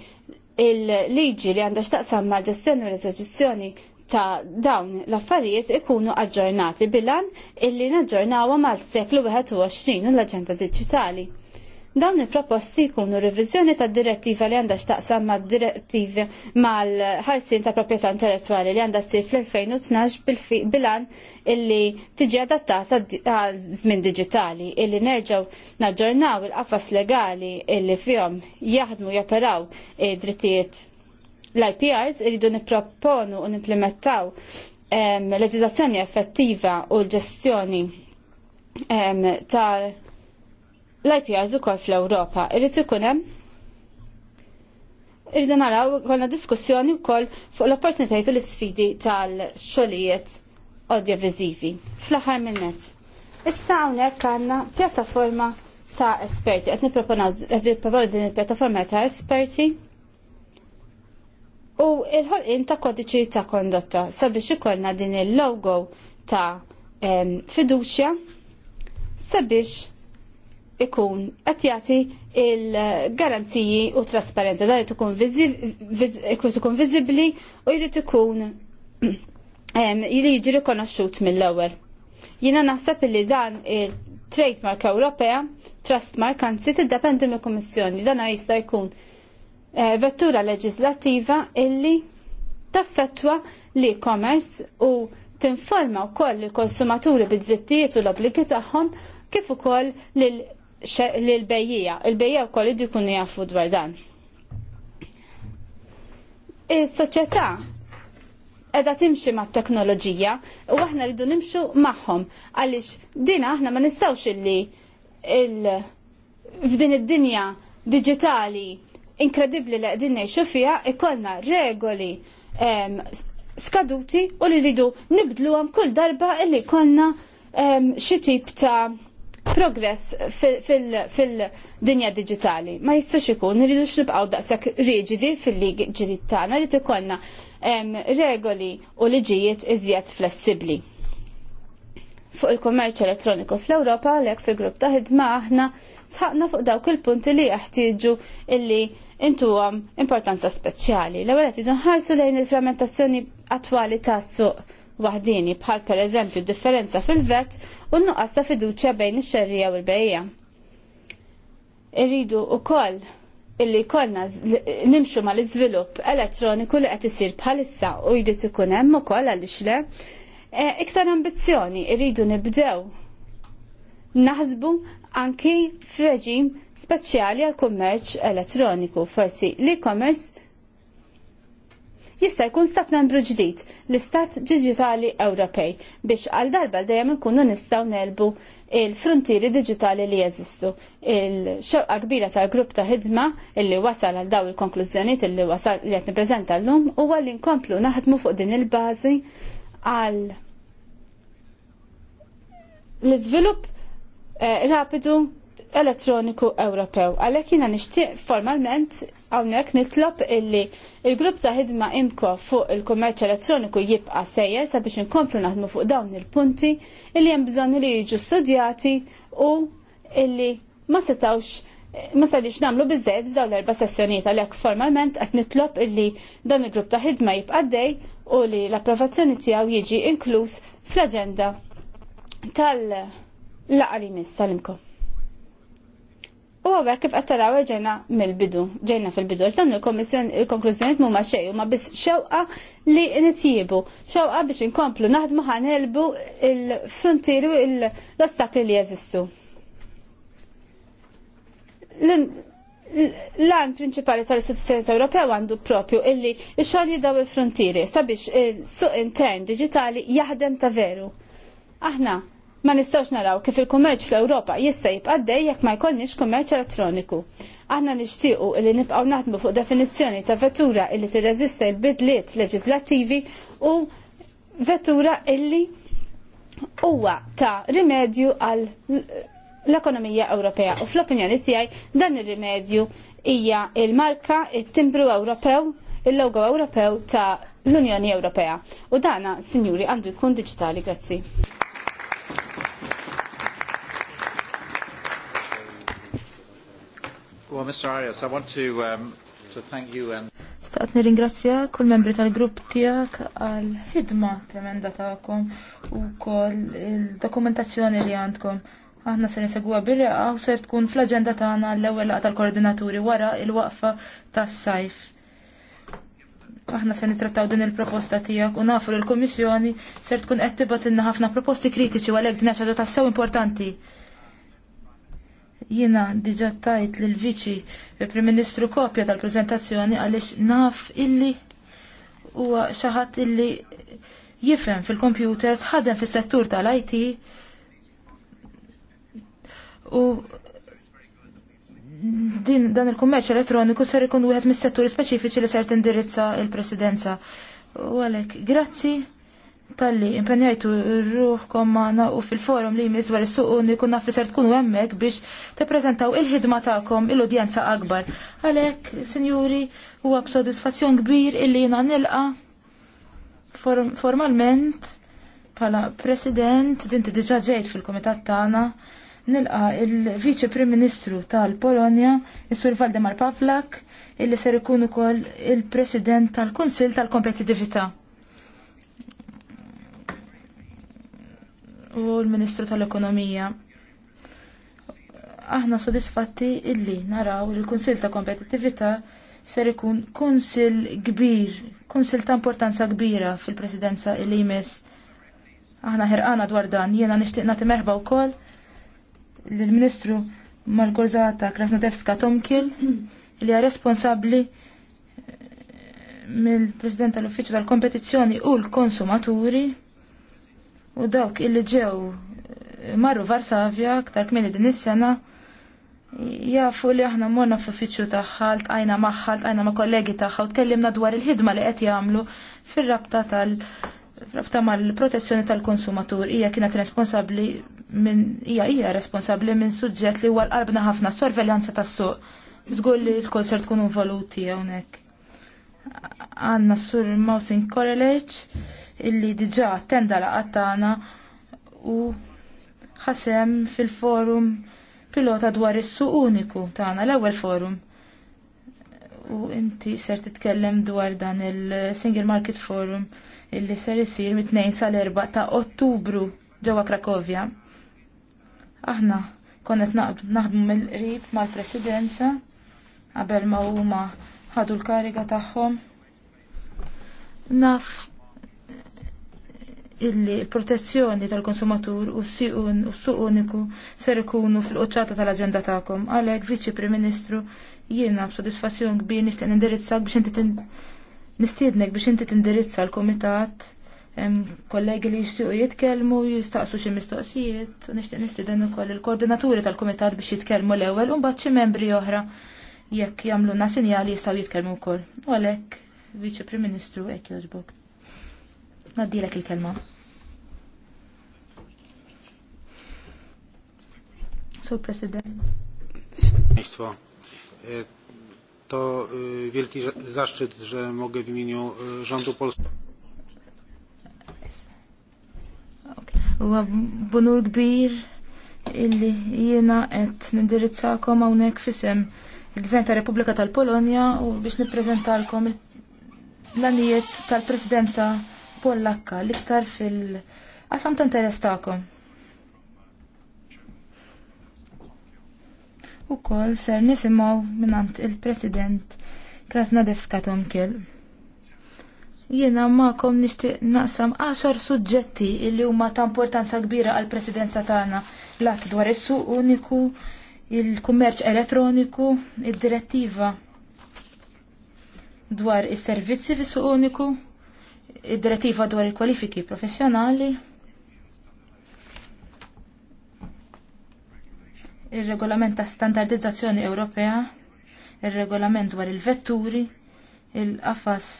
il-liġi li għandha x'taqsam mal ġestjoni u l-eżekuzzjoni ta' dawn l-affarijiet ikunu aġġornati bilan illi naġġornawa mal-seklu 21 u l-aġenda digitali. Dawn il-proposti jkunu revizjoni ta' direttiva li għandha x'taqsam ma' direttivi mal-ħarsin ta' proprjetà intellettwali li għandha ssir fl-2012 bilan illi tiġi adattata sa' żmien diġitali illi nerġgħu naġġornaw il-qafas legali illi fihom jaħdmu id drittijiet l-IPRs iridu nipproponu u nimplementaw leġizazzjoni effettiva u l-ġestjoni ta' l-IPRs ukoll fl-Ewropa. Irid kunem Irridu naraw kolna diskussjoni wkoll fuq l opportunitajt u l-isfidi tal-xogħlijiet audiovisivi. Fl-aħħar minnet. Issa hawnhekk għandna pjattaforma ta' esperti. Għetni proponaw din il-pjattaforma ta' esperti u il-ħolqin ta' kodiċi ta' kondotta sabiex ikollna din il-logo ta' fiduċja sabiex ikun qed jagħti il-garanziji u trasparenti dan jrid ikun viżibbli u jrid ikun jrid jiġi rikonoxxut mill-ewwel. Jiena naħseb li dan il-trademark Ewropea, trustmark anzi tiddependi mill-Kummissjoni, dan jista' jkun Eh, vettura leġislattiva illi taffettwa li commerce u tinforma wkoll il-konsumaturi bid-drittijiet u l-obbligi tagħhom kif ukoll lill-bejjija. Il-bejjija wkoll idu jkunu jafu dwar dan. Is-soċjetà edha timxi ma' teknoloġija u aħna rridu nimxu magħhom għaliex dina aħna ma nistgħux illi il f'din id-dinja digitali inkredibli li għedin ngħixu fiha ikollna regoli skaduti u li ridu nibdluhom kull darba li konna xi tip ta' progress fil-dinja digitali. Ma jistax ikun rridu xnibqgħu daqsak riġidi fil-ligi ġdid tagħna li ikollna regoli u liġijiet iżjed flessibbli. Fuq il-kommerċ elettroniku fl-Ewropa għalhekk fil-grupp ta' ħidma aħna sħaqna fuq dawk il-punti li jaħtieġu illi intuhom importanza speċjali. L-ewwel qed nħarsu lejn il-frammentazzjoni attwali tas-suq waħdini bħal pereżempju differenza fil-vet u nuqqas ta' fiduċja bejn ix-xerrija u l-bejja. Irridu koll illi kollna nimxu mal iżvilupp elettroniku li qed isir bħalissa u jrid ikun hemm ukoll għaliexle. le e, iktar ambizzjoni irridu nibdew naħsbu anki f'reġim speċjali għal kummerċ elettroniku. Forsi l-e-commerce jista' jkun stat membru ġdid, l-Istat Digitali Ewropej, biex għal darba dejjem nkunu nistgħu nelbu il-frontieri digitali li jeżistu. Il-xewqa kbira tal-grupp ta' ħidma illi wasal għal daw il-konklużjonijiet illi wasal li qed nippreżenta llum huwa li nkomplu naħdmu fuq din il-bażi għal l-iżvilupp eh, rapidu elettroniku Ewropew. Għalhekk jiena nixtieq formalment hawnhekk nitlob illi il-grupp ta' ħidma imko fuq il-kummerċ elettroniku jibqa' sejjer sabiex inkomplu naħdmu fuq dawn il-punti illi hemm bżonn li jiġu studjati u illi ma setawx ma sadix namlu bizzed f'daw l-erba sessjoniet għalhekk formalment qed nitlob illi dan il-grupp ta' ħidma dej u li l-approvazzjoni tiegħu jiġi inkluż fl-aġenda tal-laqali mis tal-imkom. U għabek kif għattaraw ġejna mill-bidu, ġejna fil-bidu, ġdan il-konklużjoniet mu ma xej, ma biex xewqa li nitjibu, xewqa biex inkomplu naħdmu ħanelbu il frontiru l-ostakli li jazistu. L-għan prinċipali tal-istituzzjoni Ewropew għandu propju illi xogħol jidaw il-frontieri sabiex il-suq intern digitali jaħdem ta' veru. Aħna, Ma nistawx naraw kif il-kummerċ fl-Ewropa jista' jibqaddej jekk ma jkollniex kummerċ elettroniku. Aħna nixtiequ li nibqgħu naħdmu fuq definizzjoni ta' vettura illi tirreżista l-bidliet leġislattivi u vettura illi huwa ta' rimedju għal l-ekonomija Ewropea u fl-opinjoni tiegħi dan ir-rimedju hija il-marka it-timbru Ewropew, il-logo Ewropew ta' l-Unjoni Ewropea. U dana, sinjuri, għandu jkun diġitali, grazzi. Well, Mr. Arias, I want to, um, to thank you and... Staqt nirringrazzja kull membri tal-grupp tijak għal-ħidma tremenda ta'kom u kol il-dokumentazzjoni li għandkom. Aħna se nisegwa birreqa u ser tkun fl-agenda tagħna l-ewwel laqgħa tal-koordinaturi wara il-waqfa tas-sajf. Aħna se nitrattaw din il-proposta tiegħek u nafu l-Kummissjoni ser tkun qed tibatilna ħafna proposti kritiċi għalhekk din xaġa tassew importanti Jiena diġà tajt lil viċi eh, prim Ministru kopja tal-preżentazzjoni għaliex naf illi huwa xi ħadd illi jifhem fil-computers, ħadem fis-settur tal-IT u din dan il-kummerċ elettroniku ser ikun wieħed mis-setturi speċifiċi li ser tindirizza il-Presidenza. U għalhekk, grazzi tal-li impenjajtu rruħkom maħna u fil-forum li jmiss dwar is-suq uniku naf li ser tkunu hemmhekk biex prezentaw il-ħidma tagħkom il-udjenza akbar. Għalhekk, sinjuri, huwa b'sodisfazzjon kbir illi jina nilqa formalment bħala President dinti diġà ġejt fil-kumitat tagħna nilqa il-Viċi Prim Ministru tal-Polonja, is-Sur Valdemar Pavlak, illi ser ikun ukoll il-President tal kunsil tal-Kompetitività. u l-Ministru tal-Ekonomija. Aħna sodisfatti illi naraw il kunsill ta' Kompetittività ser ikun kunsill kbir, kunsill ta' importanza kbira fil-presidenza illi jmiss. Aħna ħerqana dwar dan, jiena nixtieq nagħti merħba wkoll lill-Ministru Margorzata Krasnodevska Tomkil li hija responsabbli mill-President tal-Uffiċċju tal-Kompetizzjoni u l-Konsumaturi U dawk illi ġew marru Varsavja aktar kmieni din is-sena jafu li aħna morna f'uffiċċju tagħha, ltqajna magħha, ltqajna ma' kollegi tagħha u tkellimna dwar il-ħidma li qed jagħmlu fir-rabta tal rabta mal-protezzjoni tal-konsumatur hija kienet responsabbli minn hija hija responsabbli minn suġġett li huwa l-qalbna ħafna sorveljanza tas-suq. Żgur li l-kol ser tkun involuti hawnhekk. Għandna sur Mousing Correlage illi diġà attenda laqgħat tagħna u ħasem fil-forum pilota dwar is-suq uniku tagħna l-ewwel forum. U inti ser titkellem dwar dan il-Single Market Forum illi ser isir mit-2 sal-4 ta' Ottubru ġewwa Krakovja. Aħna konnet naħdmu mill-qrib mal-Presidenza qabel ma huma ħadu l-kariga tagħhom. Naf illi l-protezzjoni tal-konsumatur u s-suq uniku ser ikunu fil-qoċċata tal-aġenda tagħkom. Għalhekk Viċi Prim Ministru jiena b-sodisfazzjon kbir nixtieq nindirizzak biex inti nistiednek biex inti tindirizza l-kumitat kollegi li jistgħu jitkellmu, jistaqsu xi mistoqsijiet, u nixtieq nistieden ukoll il-koordinaturi tal-kumitat biex jitkellmu l-ewwel u mbagħad xi membri oħra jekk jagħmlu na sinjali jistgħu jitkellmu wkoll. Għalek, għalhekk Viċi Prim Ministru hekk jogħġbok. Naddilek il-kelma. Sur President. Państwo, e, to e, wielki zaszczyt, że mogę w imieniu e, rządu polskiego. Huwa bunur kbir illi jiena qed nindirizzakom hawnhekk f'isem il-Gvern ta' Repubblika tal-Polonja u biex nippreżentalkom l-għanijiet tal-Presidenza tal presidenza Pollakka l-iktar fil-qasam ta' interess tagħkom. kol ser nisimgħu minant il-President Krasnadevska Tomkel. Jiena kom nixtieq naqsam għaxar suġġetti li huma ta' importanza kbira għall presidenza tagħna l-att dwar is-suq uniku, il-kummerċ elettroniku, id-direttiva dwar is-servizzi fis-suq uniku, id-direttiva dwar il-kwalifiki professjonali, il-regolament ta' standardizzazzjoni Ewropea, il-regolament dwar il-vetturi, il-qafas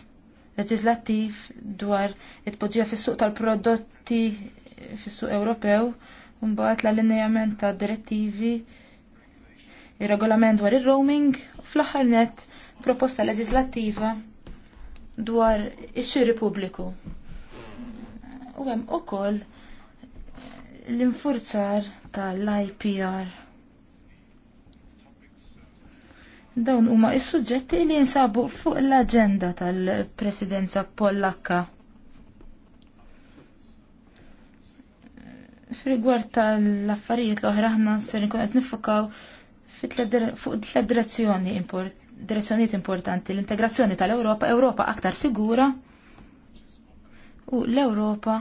leġislattiv dwar it-poġġija fis-suq tal-prodotti fis-suq Ewropew, mbagħad l-allineament ta' direttivi, il-regolament dwar il-roaming, u fl-aħħar net proposta leġislattiva dwar ix-xiri pubbliku. U hemm ukoll l-infurzar tal-IPR. Dawn huma s-suġġetti li jinsabu fuq l-aġenda tal-Presidenza Pollakka. Frigward tal-affarijiet l-oħra ħna ser nkun qed nifokaw fuq tliet direzzjoni import direzzjoniet importanti l-integrazzjoni tal-Ewropa, Ewropa aktar sigura u l-Ewropa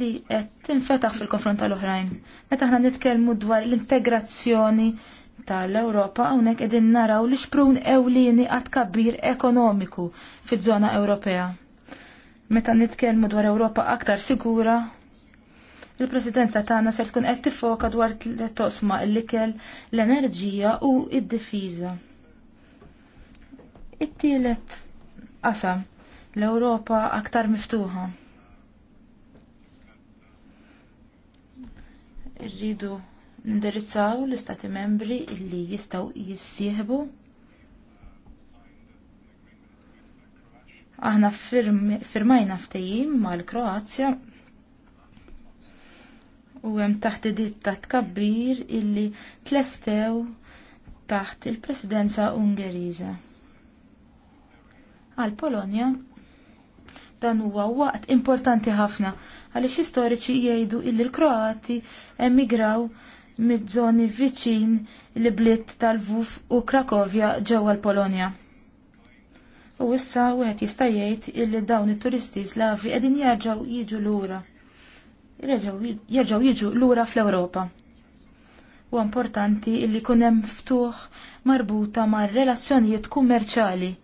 li qed tinfetaħ fil-konfront tal-oħrajn. Meta aħna nitkellmu dwar l-integrazzjoni tal-Ewropa hawnhekk qegħdin naraw li xprun ewlieni għad kabbir ekonomiku fiż-żona Ewropea. Meta nitkellmu dwar Ewropa aktar sigura, il-presidenza tagħna ser tkun qed tiffoka dwar tliet toqsma l-ikel, l-enerġija u d-difiża. It-tielet qasam l-Ewropa aktar miftuħa. Irridu nindirizzaw l-istati membri illi jistaw jissieħbu aħna firmajna ftejim mal-Kroazja u hemm taħt ta' tkabbir illi tlestew taħt il-Presidenza Ungeriża għal Polonja dan huwa waqt importanti ħafna għaliex istoriċi jgħidu illi l-Kroati emigraw mid-żoni viċin li bliet tal-Vuf u Krakovja ġewwa l-Polonja. U issa wieħed jista' jgħid illi dawn it-turisti slavi qegħdin jerġgħu jiġu lura. Jerġgħu jiġu lura fl-Ewropa. U importanti illi kun hemm ftuħ marbuta mar relazzjonijiet kummerċali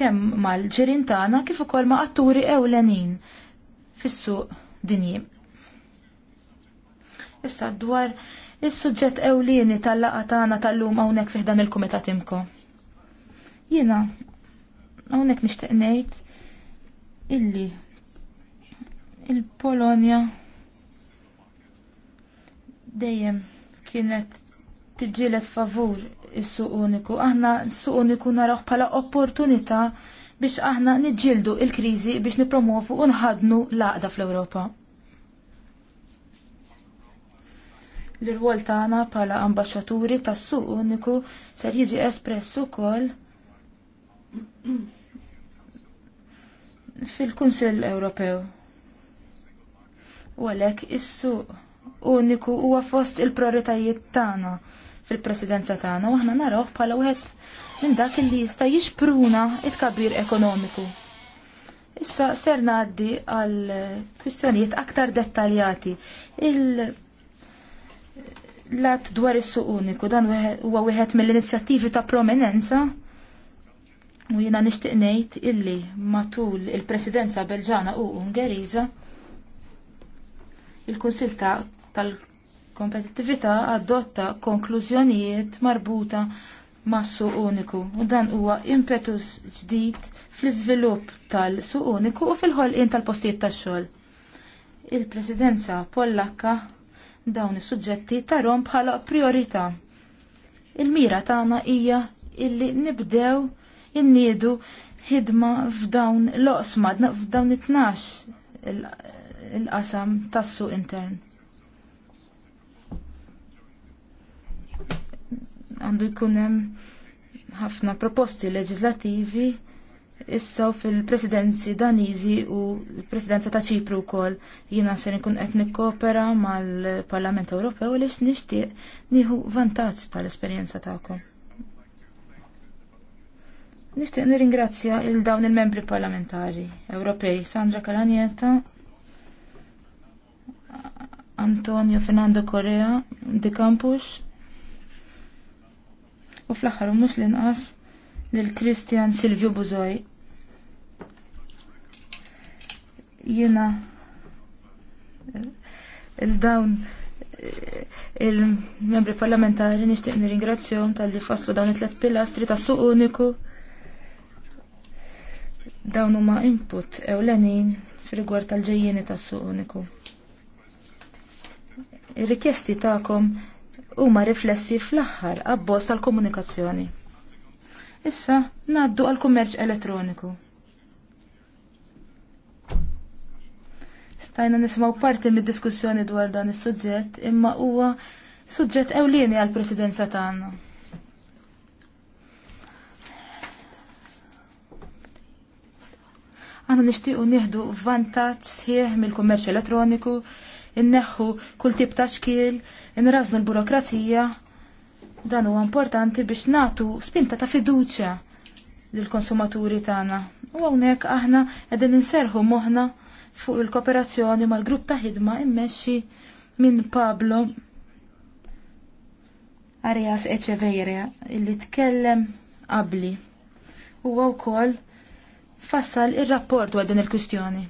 kemm mal-ġirin tagħna kif ukoll ma' atturi ewlenin fis-suq dinji. Issa dwar is-suġġett ewlieni tal-laqgħa tagħna tal-lum hawnhekk fih dan il-kumitat imko. Jiena hawnhekk nixtieq ngħid illi il-Polonja dejjem kienet tiġġieled favur is-suq uniku. Aħna s-suq uniku naraw bħala opportunità biex aħna niġġieldu il-kriżi biex nipromovu u nħadnu l-għaqda fl-Ewropa. L-irwol tagħna bħala ambaxxaturi tas-suq uniku ser jiġi espress ukoll fil-Kunsill Ewropew. U għalhekk is-suq uniku huwa fost il-prioritajiet tagħna fil-presidenza tagħna u aħna narawh bħala wieħed minn dak li jista' jixpruna it-kabir ekonomiku. Issa ser ngħaddi għal kwistjonijiet aktar dettaljati. Il lat dwar is-suq uniku dan huwa wieħed mill-inizjattivi ta' prominenza U jiena nixtieq ngħid illi matul il-Presidenza Belġana u Ungeriża il-Kunsil tal kompetittività adotta konklużjonijiet marbuta mas-suq uniku u dan huwa impetus ġdid fl-iżvilupp tal-suq uniku u fil-ħolqien tal-postijiet tax-xogħol. Il-Presidenza Pollakka dawn is-suġġetti tarhom bħala priorità. Il-mira tagħna hija illi nibdew inniedu ħidma f'dawn l-oqsma, f'dawn it-tnax il-qasam tas-suq intern. għandu jkun hemm ħafna proposti leġislattivi issa fil-presidenzi Daniżi u l-presidenza ta' Ċipru wkoll jiena se nkun qed nikkopera mal-Parlament Ewropew lix nixtieq nieħu vantaġġ tal-esperjenza tagħkom. Nixtieq nirringrazzja il dawn il-membri parlamentari Ewropej Sandra Kalanieta, Antonio Fernando Correa, De Campus, u fl-aħħar u mhux l-inqas lil Christian Silvio Buzoj. Jiena eh, il-dawn eh, il-membri parlamentari nixtieq nirringrazzjahom tal-li faslu dawn it-tlet pilastri tas suq uniku dawn huma input ewlenin fir-rigward tal-ġejjieni tas-suq uniku. Ir-rikjesti tagħkom huma riflessi fl-aħħar abbozz tal-komunikazzjoni. Issa ngħaddu għall kummerċ elettroniku. Stajna nismaw parti mid-diskussjoni dwar dan is-suġġett imma huwa suġġett ewlieni għall presidenza tagħna. Għanna nixtiequ nieħdu vantaġġ sħiħ mill-kummerċ elettroniku inneħħu kull tip ta' xkiel, inrażnu l-burokrazija. Dan huwa importanti biex natu spinta ta' fiduċja lill-konsumaturi tagħna. U hawnhekk aħna qegħdin inserħu moħħna fuq il-kooperazzjoni mal-grupp ta' ħidma immexxi minn Pablo Arias Echeverria illi tkellem qabli. Huwa wkoll fassal ir-rapport dwar din il-kwistjoni.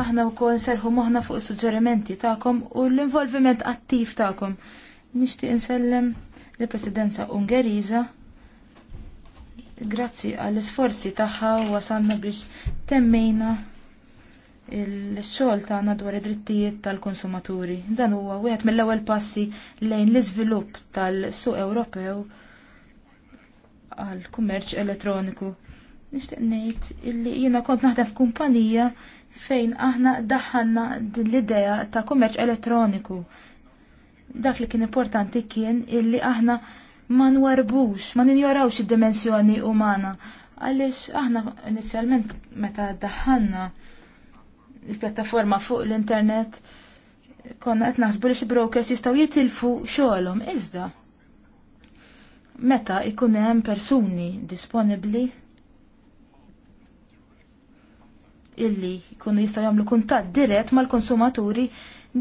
Aħna wkoll serħu moħna fuq is-suġġerimenti tagħkom u l-involviment attiv tagħkom. Nixtieq insellem l-Presidenza Ungeriża grazzi għall-isforzi tagħha wasalna biex temmejna il-xogħol tagħna dwar id-drittijiet tal-konsumaturi. Dan huwa wieħed mill-ewwel passi lejn l-iżvilupp tal-suq Ewropew għall kummerċ elettroniku. Nixtieq ngħid illi jiena kont naħdem f'kumpanija fejn aħna daħħalna din l-idea ta' kummerċ elettroniku. Dak li kien importanti kien illi aħna ma nwarbux, ma ninjorawx id-dimensjoni umana. Għaliex aħna inizjalment meta daħħalna il-pjattaforma fuq l-internet konna qed naħsbu li xi brokers jistgħu jitilfu xogħolhom iżda. Meta ikun hemm persuni disponibbli illi jkunu jistgħu jagħmlu kuntatt dirett mal-konsumaturi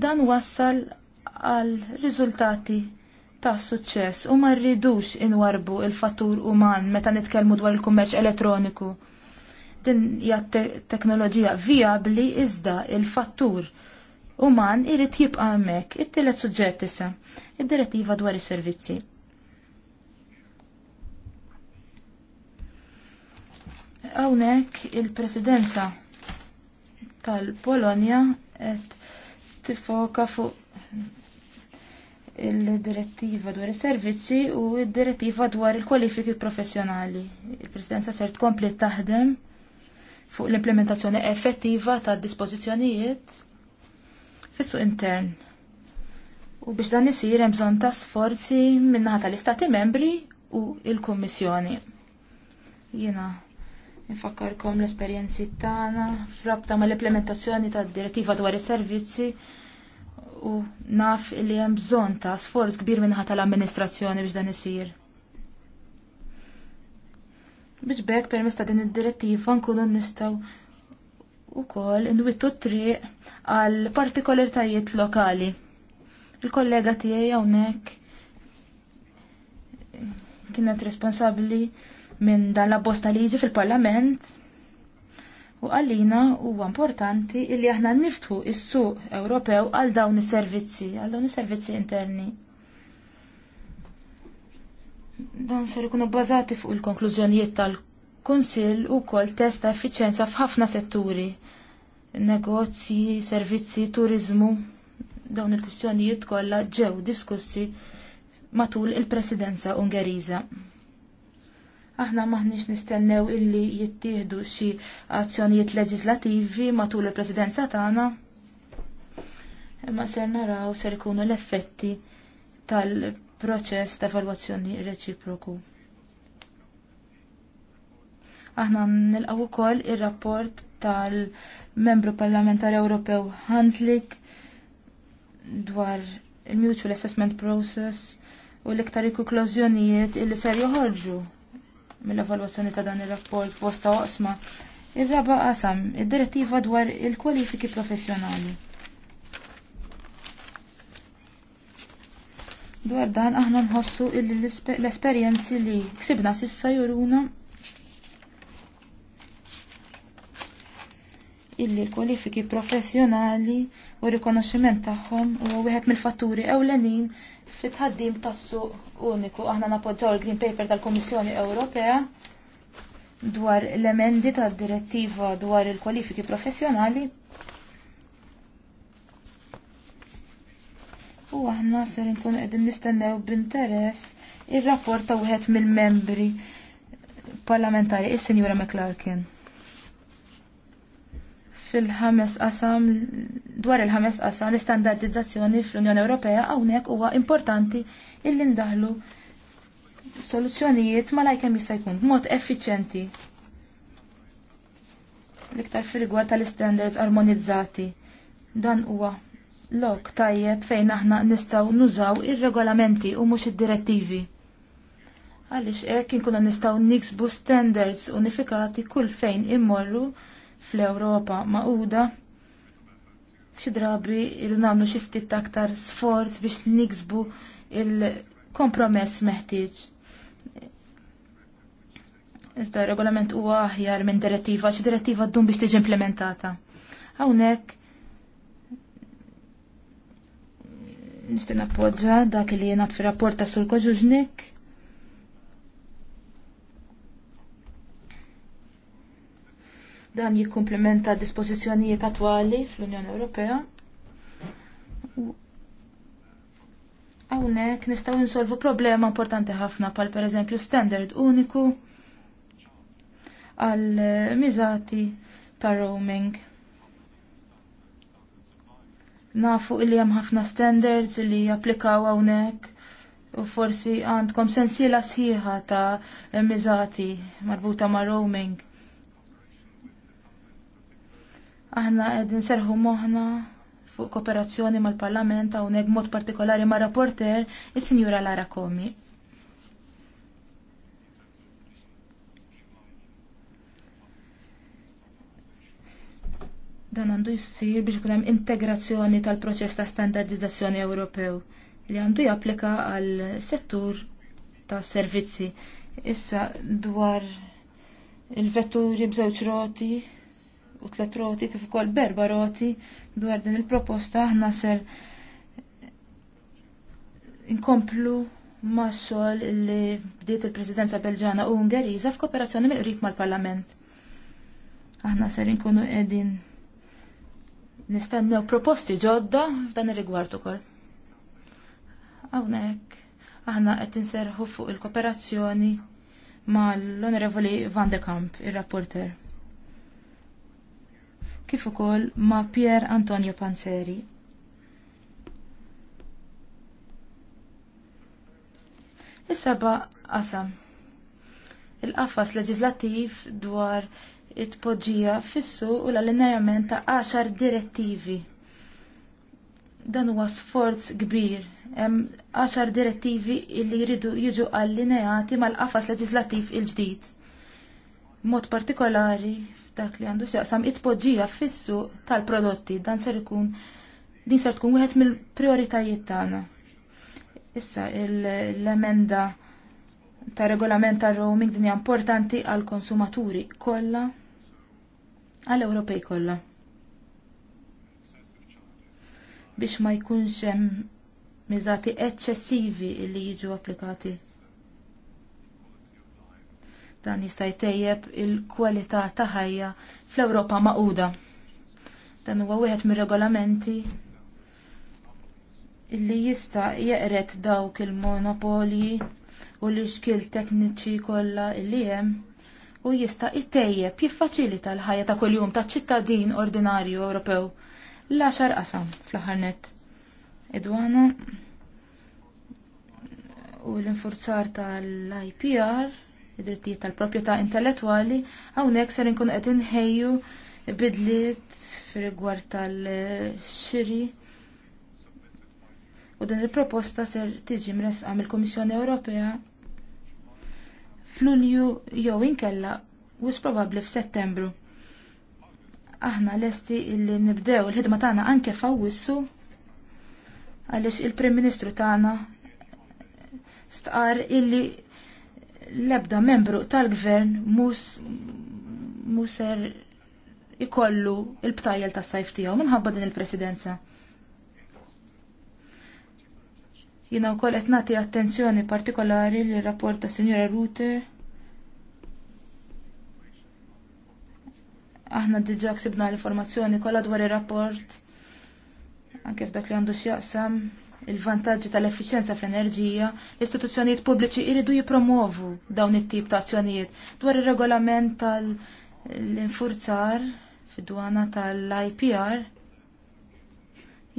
dan wassal għal riżultati ta' suċċess u ma rridux inwarbu il-fattur uman meta nitkellmu dwar il-kummerċ elettroniku. Din hija teknoloġija viabli iżda il-fattur uman irid jibqa' hemmhekk. It-tielet suġġett issa, id-direttiva dwar is-servizzi. Hawnhekk il-Presidenza tal-Polonja qed tifoka fuq il-direttiva dwar is-servizzi u d-direttiva dwar il-kwalifiki professjonali. Il-Presidenza ser tkompli taħdem fuq l-implementazzjoni effettiva tad dispożizzjonijiet fis-suq intern. U biex dan isir hemm bżonn ta' sforzi min-naħa tal-Istati membri u l kummissjoni Jiena Nfakkarkom l-esperjenzi tagħna frabta mal implementazzjoni tad direttiva dwar is-servizzi u naf li hemm bżonn ta' sforz kbir minħa tal-amministrazzjoni biex dan isir. Biex bekk permezz ta' din id-direttiva nkunu nistgħu wkoll nwittu triq għal partikolaritajiet lokali. Il-kollega tiegħi hawnhekk kienet responsabbli minn dan l-abbosta liġi fil-Parlament u għallina huwa importanti illi aħna niftħu is-suq Ewropew għal dawn is-servizzi, għal dawn is-servizzi interni. Dan ser ikunu bbażati fuq il-konklużjonijiet tal-Kunsill ukoll test testa effiċjenza f'ħafna setturi, negozji, servizzi, turizmu, dawn il-kwistjonijiet kollha ġew diskussi matul il-Presidenza Ungeriża aħna maħniex nistennew illi jittieħdu xi azzjonijiet leġislativi matul il-presidenza tagħna. Imma ser naraw ser ikunu l-effetti tal-proċess ta' evalwazzjoni reċiproku. Aħna nilqaw ukoll ir-rapport tal-Membru Parlamentari Ewropew Hanslik dwar il-Mutual Assessment Process u l-iktar ikku klożjonijiet illi ser joħorġu mill-evalwazzjoni ta' dan ir-rapport bosta oqsma. Ir-raba qasam, id-direttiva dwar il-kwalifiki professjonali. Dwar dan aħna nħossu l-esperjenzi li ksibna sissa juruna illi l-kwalifiki professjonali u r rikonoxximent tagħhom huwa wieħed mill-fatturi ewlenin fit ħaddim tas-suq uniku aħna napoġġaw il-Green Paper tal kummissjoni Ewropea dwar l-emendi tad-direttiva dwar il-kwalifiki professjonali. U aħna ser nkun qegħdin nistennew b'interess ir-rapport ta' wieħed mill-membri parlamentari, is-Sinjura McClarkin fil-ħames qasam dwar il-ħames qasam l-istandardizzazzjoni fl-Unjoni Ewropea hawnhekk huwa importanti illi ndaħlu soluzzjonijiet ma lajkem jista' jkun b'mod effiċjenti. L-iktar fil-rigward tal-standards armonizzati. Dan huwa lok tajjeb fejn aħna nistgħu nużaw ir-regolamenti u mhux id-direttivi. Għaliex hekk inkunu nistgħu niksbu standards unifikati kull fejn immorru fl-Ewropa maquda xi drabi il nagħmlu xi ftit aktar sforz biex niksbu il-kompromess meħtieġ. Iżda regolament huwa aħjar minn direttiva, xi direttiva ddum biex tiġi implementata. Hawnhekk nixtieq nappoġġa dak li jingħad fir-rapport ta' Koġuġnik Dan jikkumplementa dispożizzjonijiet attwali fl-Unjoni Ewropea. Hawnhekk nistgħu nsolvu problema importanti ħafna pal pereżempju standard uniku għal miżati ta' roaming. Nafu li hemm ħafna standards li japplikaw hawnhekk u forsi għandkom sensiela sħiħa ta' miżati marbuta ma' roaming. Aħna qegħdin serħu moħħna fuq kooperazzjoni mal-Parlament hawnhekk mod partikolari ma' rapporter is-Sinjura Lara Komi. Dan għandu jissir biex kunem hemm integrazzjoni tal-proċess ta' standardizzazzjoni Ewropew li għandu japplika għal settur ta' servizzi. Issa dwar il-vetturi b'żewġ roti u tlet roti kif ukoll berba roti dwar din il-proposta aħna ser inkomplu mas-sol li bdiet il-Presidenza Belġana u Ungeriża f'kooperazzjoni mill-qrib mal-Parlament. Aħna ser inkunu qegħdin nistennew proposti ġodda f'dan ir-rigward ukoll. Hawnhekk aħna qed inserħu fuq il-kooperazzjoni mal-Onorevoli Van de Kamp, ir-rapporter kif ukoll ma' Pier Antonio Panzeri. Is-seba qasam. Il-qafas leġislattiv dwar it-tpoġġija fissu u l-allinjament ta' 10 direttivi. Dan huwa sforz kbir hemm 10 direttivi li jridu jiġu allineati mal-qafas leġislattiv il-ġdid. Mod partikolari dak li għandu xaqsam it-poġġija fissu tal-prodotti dan ser ikun din ser tkun wieħed mill-prioritajiet tagħna. Issa l-emenda ta' regolament ta' roaming dinja importanti għal konsumaturi kollha għal Ewropej kollha. Biex ma jkunx hemm miżati eċċessivi li jiġu applikati Dan jista' jtejjeb il-kwalità ta' ħajja fl-Ewropa maquda. Dan huwa wieħed mir-regolamenti illi jista' jeqret dawk il-monopoli u l-ixkil tekniċi kollha illi hemm u jista' jtejjeb jiffaċilita l-ħajja ta' kuljum taċ ċittadin ordinarju Ewropew l-għaxar qasam fl aħħar nett. Idwana u l-infurzar tal-IPR id-drittijiet tal-proprjetà intellettwali hawnhekk ser inkun qed inħejju bidliet fir-rigward tal-xiri. U din il-proposta ser tiġi mresqa mill-Kummissjoni Ewropea f'Lulju jew inkella u probabbli f'Settembru. Aħna lesti illi nibdew il-ħidma tagħna anke f'Awwissu għaliex il-Prim Ministru tagħna stqar illi l-ebda membru tal-gvern muser ikollu il-btajjel tas sajf tiegħu minħabba din il-presidenza. Jina wkoll qed nagħti attenzjoni partikolari lir rapport ta' Sinjora Ruter. Aħna diġà ksibna l-informazzjoni kollha dwar ir-rapport anke f'dak li għandu x'jaqsam il-vantaġġi tal-effiċenza fl-enerġija, l-istituzzjonijiet pubbliċi jridu jipromovu dawn it-tip ta' azzjonijiet dwar ir-regolament tal-infurzar fid-dwana tal-IPR.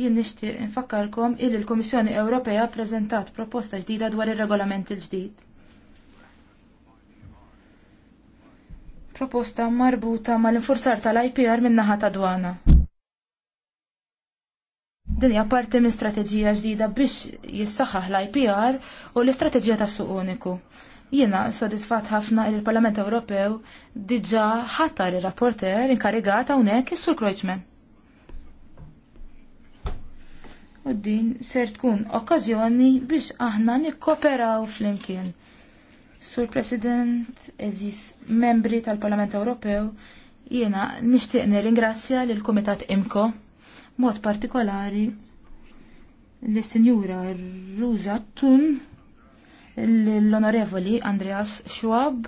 Jien nixtieq infakkarkom il l-Kummissjoni Ewropea preżentat proposta ġdida dwar ir-regolament il-ġdid. Proposta marbuta mal-infurzar tal-IPR min-naħa ta' dwana. Din hija parti minn strateġija ġdida biex jissaħħaħ l-IPR u l-istrateġija tas suq uniku. Jiena sodisfat ħafna il parlament Ewropew diġà ħatar ir-rapporter inkarigat hawnhekk is-Sur Kreuzmann. U din ser tkun okkażjoni biex aħna nikkoperaw flimkien. Sur President, eżis membri tal-Parlament Ewropew, jiena nixtieq nirringrazzja lill-Kumitat IMCO mod partikolari l sinjura Ruza Tun, l-Onorevoli Andreas Schwab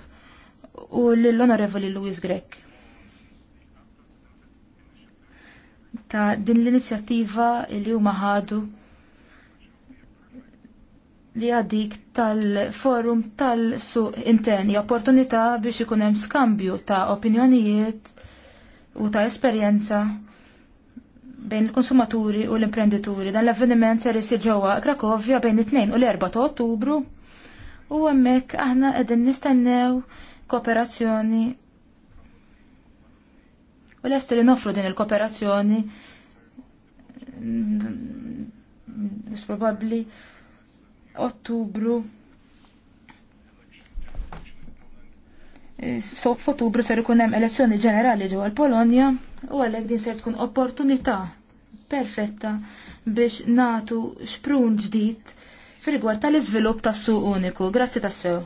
u l-Onorevoli Louis Grek. Ta' din l-inizjattiva li huma ħadu li għadik tal-forum tal-suq interni, opportunità biex ikun hemm skambju ta' opinjonijiet u ta' esperjenza bejn il-konsumaturi u l-imprenditori. Dan l-avveniment ser jisir ġewwa Krakovja bejn it-2 u l-4 ta' Ottubru u hemmhekk aħna qegħdin nistennew kooperazzjoni u lest li nofru din il-kooperazzjoni mm, probabbli Ottubru eh, Ottubru ser ikun hemm elezzjoni ġenerali ġewwa l-Polonja u għalek din ser tkun opportunità perfetta biex natu xprun ġdid fil-rigward tal-iżvilupp tas su uniku. Grazzi tassew.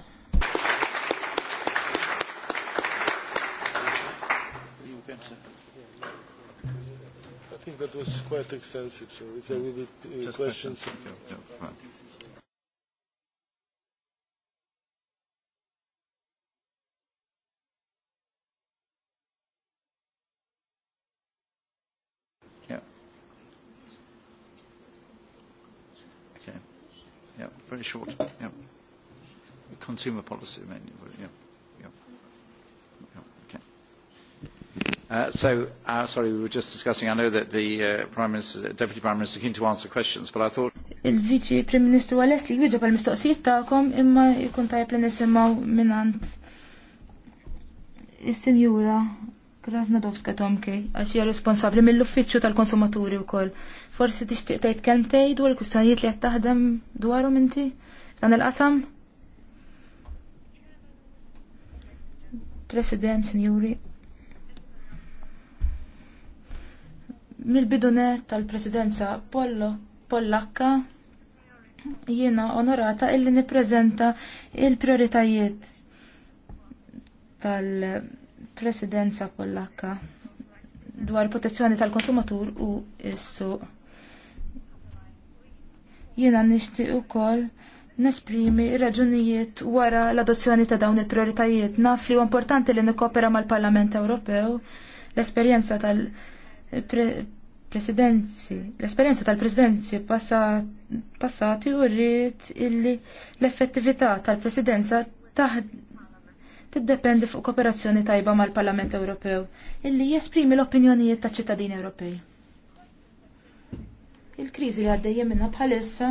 I think that was quite extensive, so if there will be questions. questions. Yeah, yeah, very short. Yeah. Consumer policy menu. Yeah. yeah. yeah. Okay. Uh, so, uh, sorry, we were just discussing. I know that the uh, Prime Minister, Deputy Prime Minister, keen to answer questions, but I thought. Il-Viċi Prim Ministru għalles li jwieġa pal mistoqsijiet tagħkom imma jkun tajb li nisimgħu minant is-Sinjura Krasnodowska Tomkej, għax hija responsabbli mill-uffiċċju tal-konsumaturi wkoll. Forsi tixtieq tgħid kemm tgħidu dwar il li qed taħdem dwarhom inti f'dan il-qasam? President, Sinjuri. Mill-bidunet tal-Presidenza Pollo Pollakka jiena onorata illi nippreżenta il-prioritajiet tal- presidenza pollakka dwar protezzjoni tal-konsumatur u issu. suq Jiena u kol nesprimi raġunijiet wara l-adozzjoni ta' dawn il-prioritajiet. Naf li huwa importanti li nikkopera mal-Parlament Ewropew l-esperjenza tal- presidenzi, l-esperienza tal-presidenzi passati u rrit illi l-effettività tal-presidenza taħdem tiddependi fuq kooperazzjoni tajba mal-Parlament Ewropew illi jesprimi l-opinjonijiet ta' ċittadini Ewropej. Il-kriżi li għaddejja minna bħalissa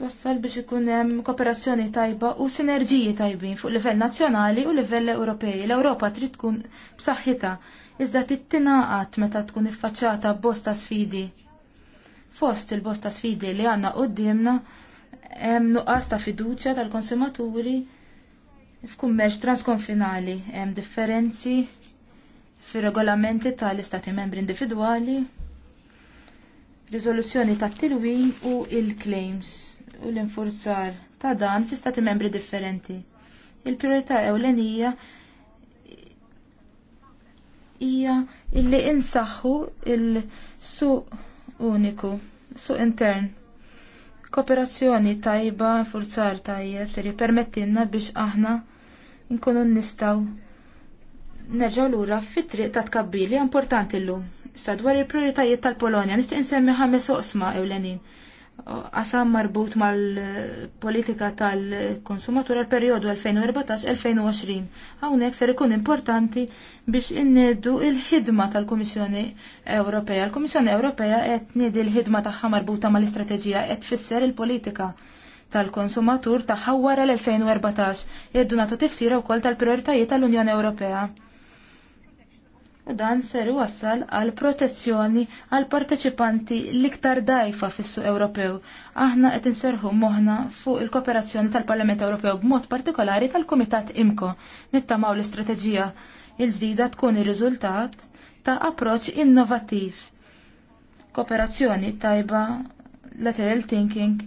twassal biex ikun hemm kooperazzjoni tajba u sinerġiji tajbin fuq livell nazzjonali u livell Ewropej. L-Ewropa trid tkun b'saħħitha iżda tittinaqat meta tkun iffaċċjata b'bosta sfidi. Fost il-bosta sfidi li għandna qudiemna hemm nuqqas ta' fiduċja tal-konsumaturi f'kummerċ transkonfinali hemm differenzi fir-regolamenti tal-istati membri individwali, riżoluzzjoni tat-tilwim u il-claims u l-infurzar ta' dan fi stati membri differenti. Il-priorità ewlenija hija illi insaħħu il-suq uniku, suq intern Kooperazzjoni tajba, forzar tajjeb, ser jipermettinna biex aħna nkunu nistaw nerġaw lura fit-triq ta' tkabbili importanti llum. Sa dwar il-prioritajiet tal-Polonja nistgħu insemmi ħames oqsma ewlenin qasam marbut mal-politika tal-konsumatur għal periodu 2014-2020. Hawnhekk ser ikun importanti biex inneddu il-ħidma tal-Kummissjoni Ewropea. Il-Kummissjoni Ewropea qed tniedi l-ħidma tagħha marbuta mal-istrateġija qed tfisser il-politika tal-konsumatur tagħha wara l-2014 irdu nagħtu tifsira wkoll tal prioritajiet tal-Unjoni Ewropea u dan ser wassal għal protezzjoni għal parteċipanti l-iktar dajfa fis-suq Ewropew. Aħna qed inserħu moħħna fuq il-kooperazzjoni tal-Parlament Ewropew b'mod partikolari tal-Kumitat IMCO. Nittamaw l-istrateġija il-ġdida tkun ir-riżultat ta' approċċ innovattiv. Kooperazzjoni tajba, lateral thinking,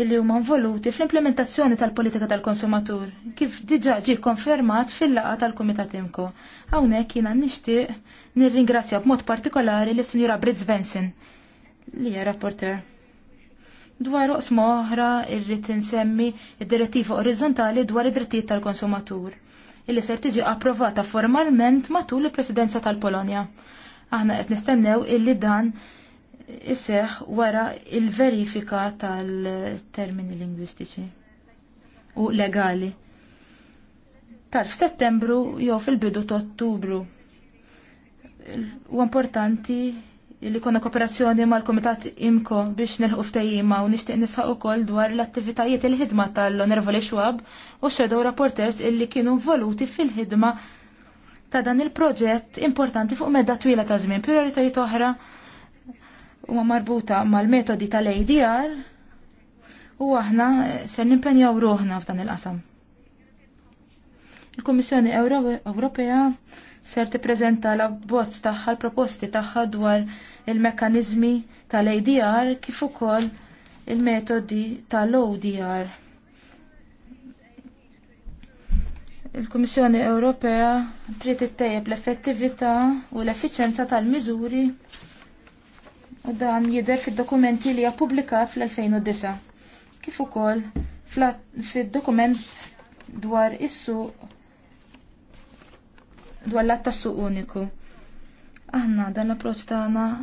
illi huma involuti fl-implementazzjoni tal-politika tal-konsumatur, kif diġa ġi konfermat fil-laqa tal-Kumitat Imko. Hawnhekk jiena nixtieq nirringrazzja b'mod partikolari lis sinjura Britz Benson li hija rapporter. Dwar oqsma oħra irrid insemmi id-direttiva orizzontali dwar id-drittijiet tal-konsumatur illi ser tiġi approvata formalment matul il-presidenza tal-Polonja. Aħna qed nistennew illi dan iseħ wara il-verifika tal-termini lingwistiċi u legali. Tar f'Settembru jew fil-bidu ta' Ottubru. U importanti li konna kooperazzjoni mal-Komitat Imko biex nilħu ftejjima u nixtieq nisħaq ukoll dwar l-attivitajiet il-ħidma tal onervali Schwab u Shadow Rapporters illi kienu voluti fil-ħidma ta' dan il-proġett importanti fuq medda twila ta' żmien, prioritajiet oħra huma marbuta mal-metodi tal-ADR u aħna eh, ser nimpenjaw ruħna f'dan il-qasam. Il-Kummissjoni Ewropea ser tippreżenta l-abbozz tagħha l-proposti tagħha dwar il-mekkaniżmi tal-ADR kif ukoll il-metodi tal-ODR. Il-Kummissjoni Ewropea trid ittejjeb l-effettività u l-effiċenza tal-miżuri U dan jidher fid-dokumenti li ppubblikat fl-2009. Kif ukoll fid-dokument dwar is-suq dwar l-att tas-suq uniku. Aħna dan l-approċċ tagħna eh,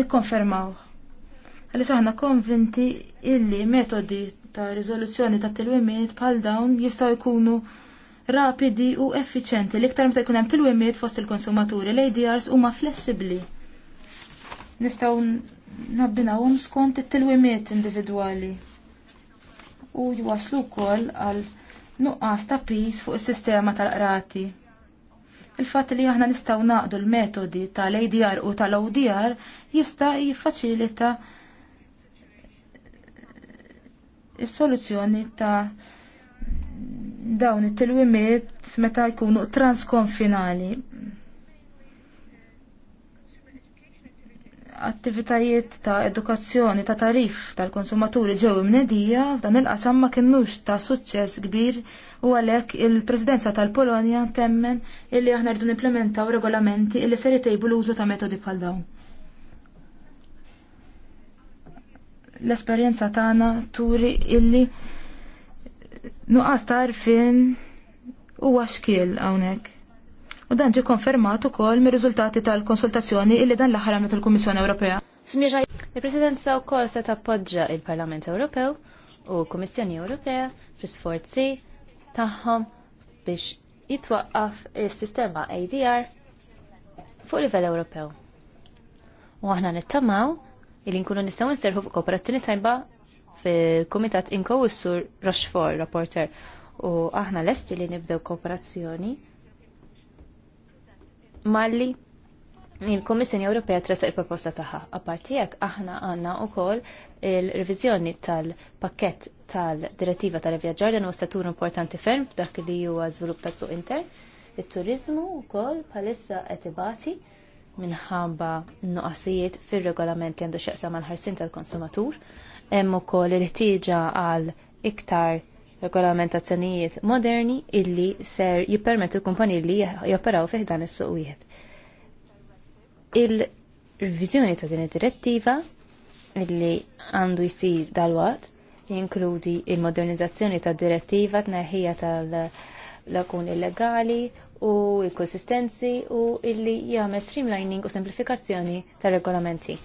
nikkonfermaw. Għaliex aħna konvinti illi metodi ta' riżoluzzjoni ta' tilwimiet bħal dawn jistgħu jkunu rapidi u effiċenti l-iktar meta jkun hemm tilwimiet fost il-konsumaturi l-ADRs huma flessibbli nistaw nabbinawhom skont it-tilwimiet individwali u jwaslu wkoll għal nuqqas ta' pis fuq is-sistema tal-qrati. Il-fatt li aħna nistgħu naqdu l-metodi tal-ADR u tal-ODR jista' jiffaċilita is-soluzzjoni ta' dawn it-tilwimiet meta jkunu transkonfinali. attivitajiet ta' edukazzjoni ta' tarif tal-konsumaturi ġew imnedija f'dan il-qasam ma kinux ta' suċċess kbir u għalhekk il-Presidenza tal-Polonja temmen illi aħna rridu nimplementaw regolamenti illi ser jtejbu l-użu ta' metodi bħal dawn. L-esperjenza tagħna turi illi nuqqas tarfin huwa xkiel hawnhekk U dan ġi konfermat ukoll mir-riżultati tal-konsultazzjoni illi dan l-aħħar għamlet il-Kummissjoni Ewropea. Il-Presidenza wkoll se tappoġġa il-Parlament Ewropew u l-Kummissjoni Ewropea fl-sforzi tagħhom biex jitwaqqaf is-sistema ADR fuq livell Ewropew. U aħna nittamaw illi nkunu nistgħu nserħu fuq kooperazzjoni tajba fil-Kumitat Inko u s-Sur Rochefort, rapporter. U aħna lesti li nibdew kooperazzjoni malli il-Komissjoni Ewropea tresa il-proposta taħħa. partijak aħna għanna u koll il-revizjoni tal-pakket tal-direttiva tal-vjaġġar dan u statur importanti ferm f'dak li huwa żvilupp tas-suq Inter, it-turizmu wkoll bħalissa qed ibati minħabba nuqasijiet fir-regolamenti għandu x'jaqsam mal ħarsin tal-konsumatur, hemm ukoll il-ħtieġa għal iktar regolamentazzjonijiet moderni illi ser jippermettu kumpaniji li jopperaw fih dan is-suq wieħed. Il-revizjoni ta' din id-direttiva illi għandu jisir dal-waqt jinkludi il-modernizzazzjoni ta' direttiva tneħħija tal-lakun illegali u l-konsistenzi u illi jagħmel streamlining u semplifikazzjoni tar regolamenti.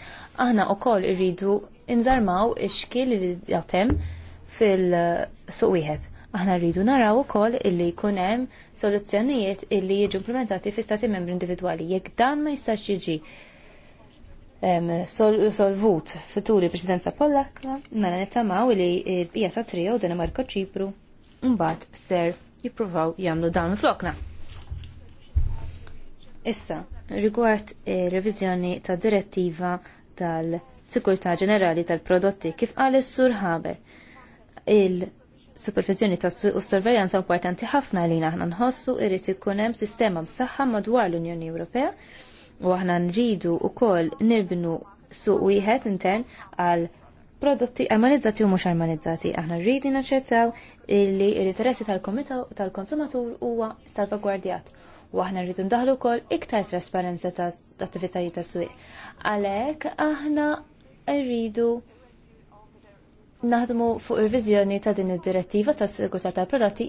Aħna wkoll irridu inżarmaw ix-xkil li jatem fil-suq wieħed. Aħna rridu naraw ukoll illi jkun hemm soluzzjonijiet illi jiġu implementati fi stati membri individwali. Jekk dan ma jistax jiġi solvut fit-turi presidenza Pollakka, mela nittamaw li bija ta' trio Danimarka Ċipru mbagħad ser jippruvaw jagħmlu dan flokna. Issa, rigward reviżjoni ta' direttiva tal sikurta Ġenerali tal-Prodotti kif qal is-Sur Haber il-supervizjoni ta' u sorveljanza importanti ħafna li naħna nħossu irrid ikun hemm sistema msaħħa madwar l-Unjoni Ewropea u aħna nridu wkoll nirbnu suq wieħed intern għal prodotti armonizzati u mhux armonizzati. Aħna rridu naċċettaw li l-interessi tal-konsumatur tal huwa salvagwardjat u aħna rridu ndaħlu wkoll iktar trasparenza ta' attivitajiet ta' swieq. Għalhekk aħna rridu naħdmu fuq il-vizjoni ta' din id-direttiva ta' sigurtà tal prodotti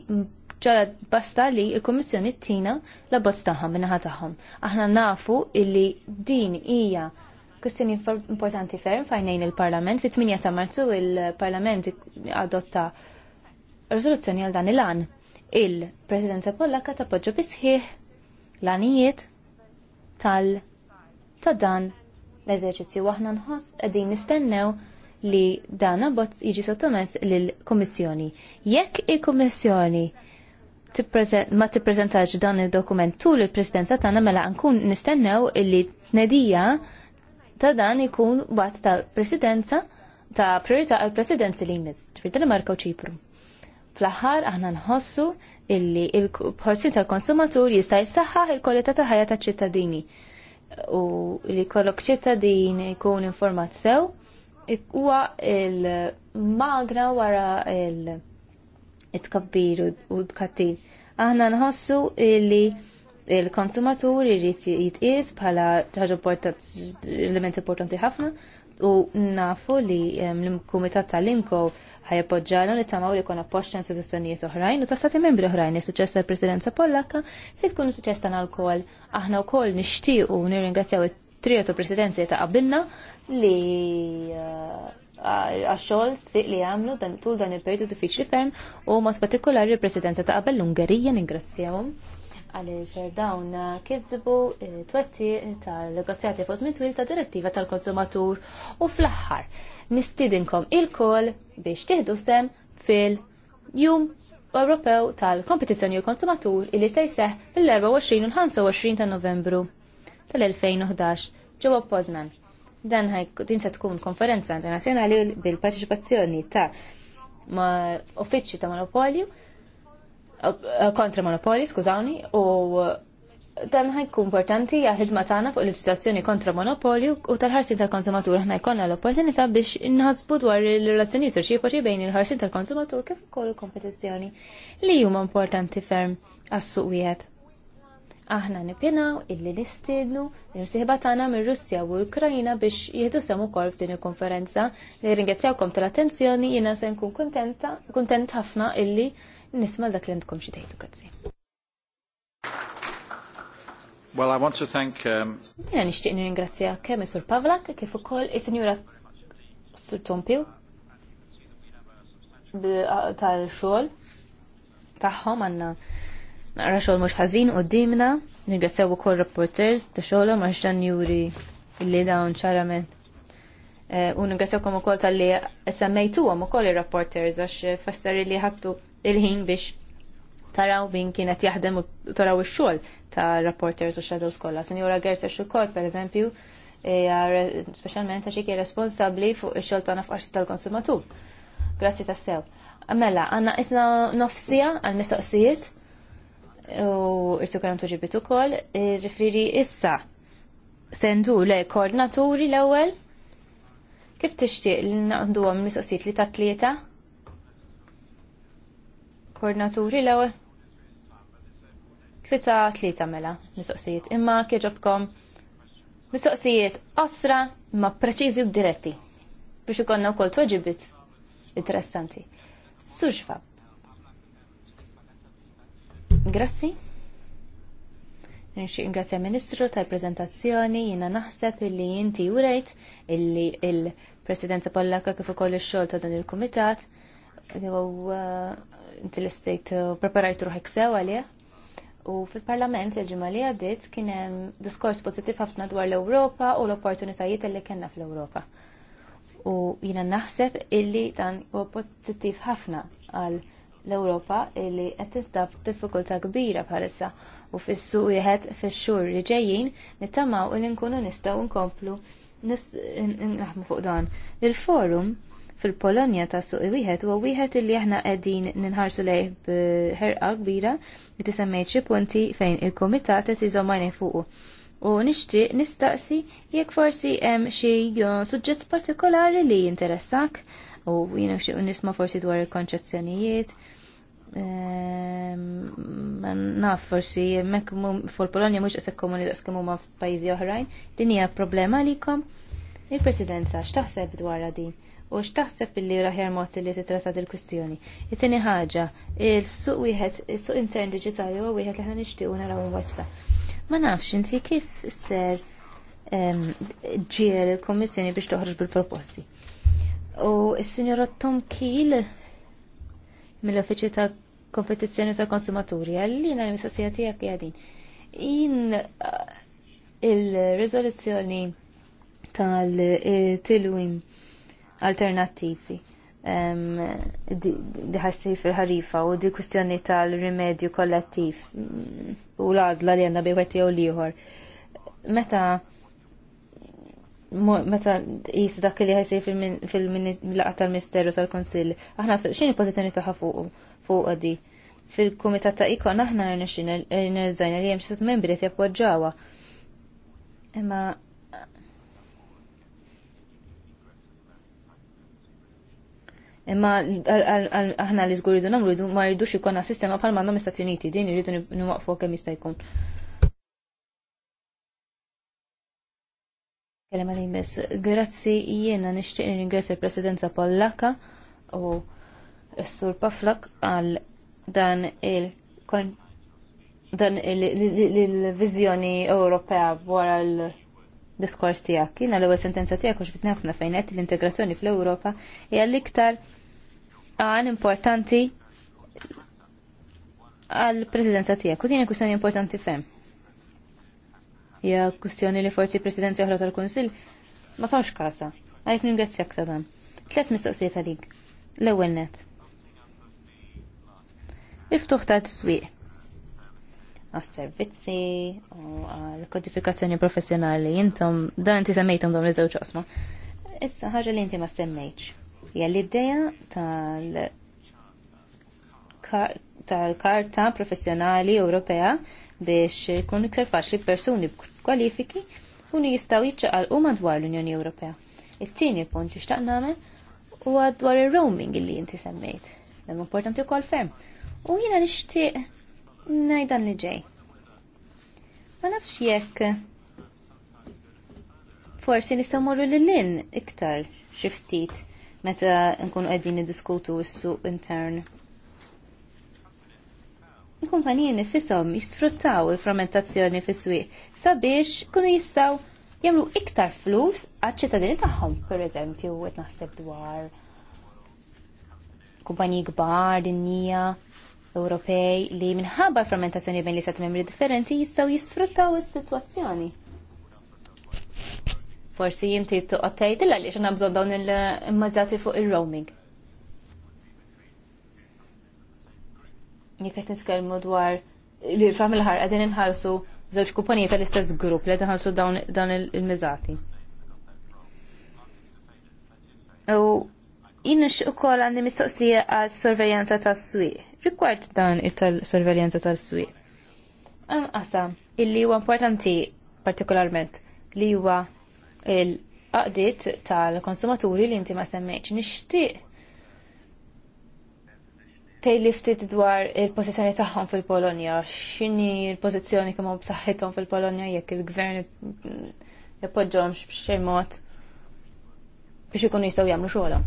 ġara basta li l-Kummissjoni tina la bozz tagħhom minnaħa tagħhom. Aħna nafu illi din hija kwestjoni importanti ferm fajnejn il-Parlament. Fit-8 ta' Marzu il-Parlament adotta riżoluzzjoni għal dan il-an. Il-Presidenza ta' tappoġġu bisħieħ l-anijiet tal ta' dan l-eżerċizzju aħna nħoss qegħdin nistennew li dan abbozz jiġi sottomess lill-Kummissjoni. Jekk il-Kummissjoni ma tippreżentax dan il-dokument tul il-Presidenza tagħna mela nkun nistennew illi tnedija ta' dan ikun waqt ta' Presidenza ta' priorità għal presidenzi li jmiss, ġifir Danimarka u Ċipru. Fl-aħħar aħna nħossu illi il-ħorsin tal-konsumatur jista' jissaħħaħ il-kwalità ta' ħajja taċ-ċittadini u li kollok ċittadin ikun informat sew huwa il-magna wara il-tkabbir u tkattin. Aħna nħossu li il-konsumatur irrit jitqies bħala ħaġa element importanti ħafna u nafu li l-Kumitat tal-Imko li tamaw li kon appoġġa istituzzjonijiet oħrajn u ta' stati membri oħrajn is suċessa tal-Presidenza Pollakka se tkun suċċess tagħna kol Aħna wkoll nixtiequ nirringrazzjaw trietu presidenzi ta' qabilna li uh, għaxxol sfiq li għamlu dan tul dan il-periodu diffiċli ferm u mas partikolari il-presidenza ta' qabel l-Ungerija ningrazzjawhom għaliex dawn kizbu twetti tal-negozjati fuq żmien twil ta' direttiva tal-konsumatur u fl-aħħar nistidinkom il-kol biex tieħdu sem fil-jum Ewropew tal-kompetizzjoni u konsumatur illi se jseħ fil-24 u 25 ta' Novembru tal-2011 ġewwa Poznan. Dan din se tkun konferenza internazzjonali bil-parteċipazzjoni ta' uffiċċji ta' monopolju eh, kontra monopolju, skużawni, u dan ħajkun importanti għal ħidma tagħna fuq il-leġislazzjoni kontra monopolju u tal-ħarsin tal-konsumatur ħna jkollna l-opportunità biex inħasbu dwar il-relazzjonijiet irċiepaċi bejn il-ħarsin tal-konsumatur kif ukoll il kompetizzjoni li huma importanti ferm għas-suq wieħed. Aħna nipinaw illi nistidnu l-imsieħba tagħna mir-Russja u l biex jieħdu sem ukoll f'din il-konferenza. Ringrazzjawkom tal-attenzjoni, jiena se nkun kuntenta, kuntent ħafna illi nisma' dak li għandkom xi tgħidu. Grazzi. Well, I want to thank... Um... Jena nishtiq nirringrazzja kemm eh, Sur Pavlak, kif ukoll is-Sinjura Sur Tompiu tal-xogħol tagħhom għandna naqra xogħol mhux ħażin qudiemna, nirgrazzjaw ukoll reporters ta' xogħolhom għax dan juri illi dawn ċarament. Eh, u nirgrazzjawkom ukoll tal-li semmejtuhom ukoll ir-reporters għax fasser li ħattu il-ħin biex taraw bin kienet jaħdem u taraw ix-xogħol ta' reporters u shadows kollha. Sinjura Gerta ukoll pereżempju, speċjalment ta' hija responsabbli fuq ix-xogħol ta' nafqaxi tal-konsumatur. Grazzi tas-sew. Mela, għanna isna nofsija għal-mistoqsijiet u irtu kanem bitu ukoll, rifiri e, issa sendu le koordinaturi l-ewwel. Kif tixtieq li naqdu għam mistoqsijiet li ta' tlieta? Koordinaturi l-ewwel? Tlieta tlieta mela mistoqsijiet. Imma kieġobkom mistoqsijiet qasra ma preċiżi u diretti biex ikollna wkoll tweġibit interessanti. Suġfab. Grazzi. Nixi ingrazzja Ministru tal-prezentazzjoni jina naħseb illi inti urejt illi il-Presidenza Pollaka kif ukoll ix-xogħol ta' dan il-Kumitat uh, inti l-istejt uh, preparajt ruħek sew għalih. U fil-Parlament il-ġimgħa li għaddiet kien hemm diskors pożittiv ħafna dwar l-Ewropa u l-opportunitajiet li kellna fl-Ewropa. U jina naħseb illi dan huwa pożittiv ħafna għal l-Ewropa li qed tinstab diffikultà kbira bħalissa u fis-suq wieħed fix-xhur li ġejjin nittamaw li nkunu nistgħu nkomplu naħmu fuq dan. Il-forum fil-Polonja ta' suq wieħed huwa wieħed illi aħna qegħdin ninħarsu lejh b'ħerqa kbira li tisemmejt xi punti fejn il-kumitat qed iżommajni fuqu. U nixtieq nistaqsi jekk forsi hemm xi suġġett partikolari li jinteressak u jiena xi nisma' forsi dwar il-konċezzjonijiet Ehm, naf forsi mek fol Polonia mhux għasak komuni daqs kemm huma f'pajjiżi oħrajn, din hija problema għalikom. Il-Presidenza x'taħseb dwarha din u x'taħseb illi raħjar mod li titratta dil kustjoni It-tieni ħaġa, il-suq wieħed, is-suq intern digitali u wieħed li nishtiq u naraw wassa. Ma nafx inti kif ser ehm, ġiel il komissjoni biex toħroġ bil-proposti. U s-Sinjora Tom Kiel mill-Offiċju tal kompetizzjoni ta' konsumaturi. Għallina l-mistoqsija tiegħek jadin. In uh, il-riżoluzzjoni tal-tilwim alternattivi um, diħassif fil-ħarifa u di kwistjoni tal-rimedju kollettiv u l-għazla li għanna biħwetti jew liħor. Meta meta jis dak li ħajsej fil-laqa tal-Ministeru tal-Konsil, aħna xin il-pozizjoni taħħa fuq di. fil komitat ta' Ikon aħna nirżajna li hemm membri qed jappoġġawha. Imma Imma aħna li żgur jridu nagħmlu jridu ma rridux ikonna sistema bħal m'għandhom Istati Uniti, din jridu nwaqfu kemm jista' jkun. Kelema li jmiss, grazzi jiena nixtieq ringrazzja l-Presidenza Pollaka u s-sur Paflak għal dan il dan il-vizjoni Ewropea wara l-diskors tiegħek. Jiena l-ewwel sentenza tiegħek u xbit nafna fejn qed l-integrazzjoni fl-Ewropa hija l-iktar għan importanti għall presidenza tiegħek. U din kwistjoni importanti fem? Hija kwistjoni li forsi presidenza oħra tal-Kunsill ma tawx kasa. Għajt ningrazzjak ta' dan. Tlet mistaqsijiet għalik. L-ewwel net il-ftuħ ta' t-swieq għas-servizzi u għal-kodifikazzjoni professjonali intom dan inti semmejtom dawn iż-żewġ osma. Issa ħaġa li inti ma semmejx Ja l-idea tal tal-karta professjonali Ewropea biex ikun iktar faċli persuni b'kwalifiki kunu jistaw jistgħu jiċċaqalqu madwar l-Unjoni Ewropea. It-tieni punt li u nagħmel huwa dwar ir roaming illi semmejt. l importanti wkoll ferm U jiena nixtieq ngħid dan li ġej. Ma nafx jekk forsi nistgħu morru lil-lin iktar xi ftit meta nkunu qegħdin niddiskutu s-suq intern. Il-kumpaniji nifisom jisfruttaw il-frammentazzjoni fis-swieq sabiex kunu jistgħu jagħmlu iktar flus għaċ-ċittadini tagħhom, pereżempju, qed naħseb dwar kumpaniji kbar, dinjija. Ewropej li minħabba frammentazzjoni bejn li sat membri differenti jistgħu jisfruttaw is-sitwazzjoni. Forsi jinti toqgħod tgħidilha li x'għandna bżonn dawn il-mażati fuq ir-roaming. Jekk qed nitkellmu dwar li fam il-ħar qegħdin inħallsu żewġ kumpanijiet tal-istess grupp li qed dawn il-miżati. U jien ukoll għandi mistoqsija għal sorvejjanza tas-swieq Rikward dan il-sorveljanza tal swi Għasa, qasam illi huwa importanti partikolarment li huwa il-qaqdiet tal-konsumaturi li inti ma semmejċ nixtieq tej ftit dwar il-pozizjoni tagħhom fil-Polonja, x'inhi l-pożizzjoni kemm b'saħħithom fil-Polonja jekk il-gvern jappoġġhomx b'xejn mod biex ikunu jistgħu jagħmlu xogħolhom.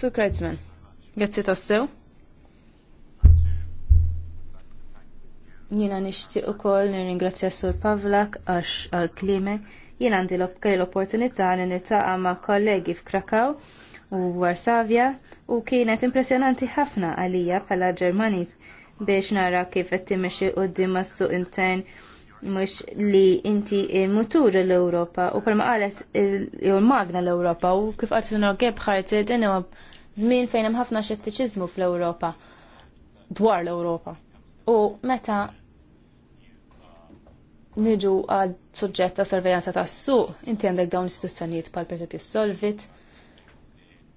Su Kreitzman. Grazzi tassew. Jina nishti u koll nir-ingrazzja Sur Pavlak għax għal-klime. Jina għandi l-opportunità li nitaqa ma' kollegi f'Krakaw u Warsavja u kienet impressionanti ħafna għalija bħala Ġermanit biex nara kif qed timexxi quddiem suq intern mux li inti mutur l-Europa u palma qalet il-magna l-Europa u kif għartu no ħarti din u żmien fejn hemm ħafna xettiċiżmu fl-Ewropa dwar l-Ewropa. U meta niġu għad suġġett ta' sorvejanza ta' suq, inti għandek dawn istituzzjonijiet bħal pereżempju Solvit,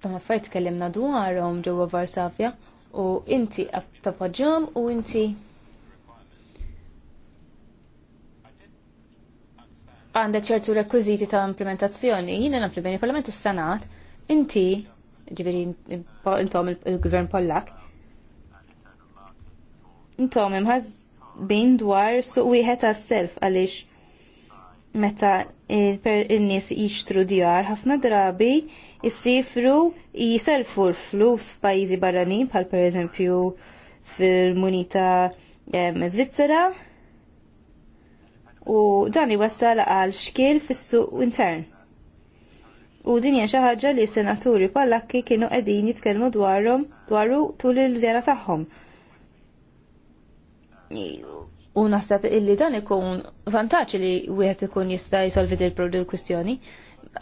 dawn affarijiet tkellimna dwarhom ġewwa Varsavja u inti tappoġġjahom u inti għandek ċertu rekwiżiti ta' implementazzjoni, jina nafli li bejn il-Parlament u s-Senat, inti ġiviri intom il-gvern Pollak. Intom bin dwar suq wieħed għas-self għaliex meta il-nies jixtru djar ħafna drabi jissifru jiselfu l-flus f'pajjiżi barranin bħal pereżempju fil-munita Svizzera u dan iwassal għal xkil fis-suq intern. U din hija xi ħaġa li s-senaturi Pallakki kienu qegħdin jitkellmu dwarhom dwaru tul il-żjara tagħhom. U naħseb illi dan ikun vantaġġ li wieħed ikun jista' jisolvi dil il-kwistjoni.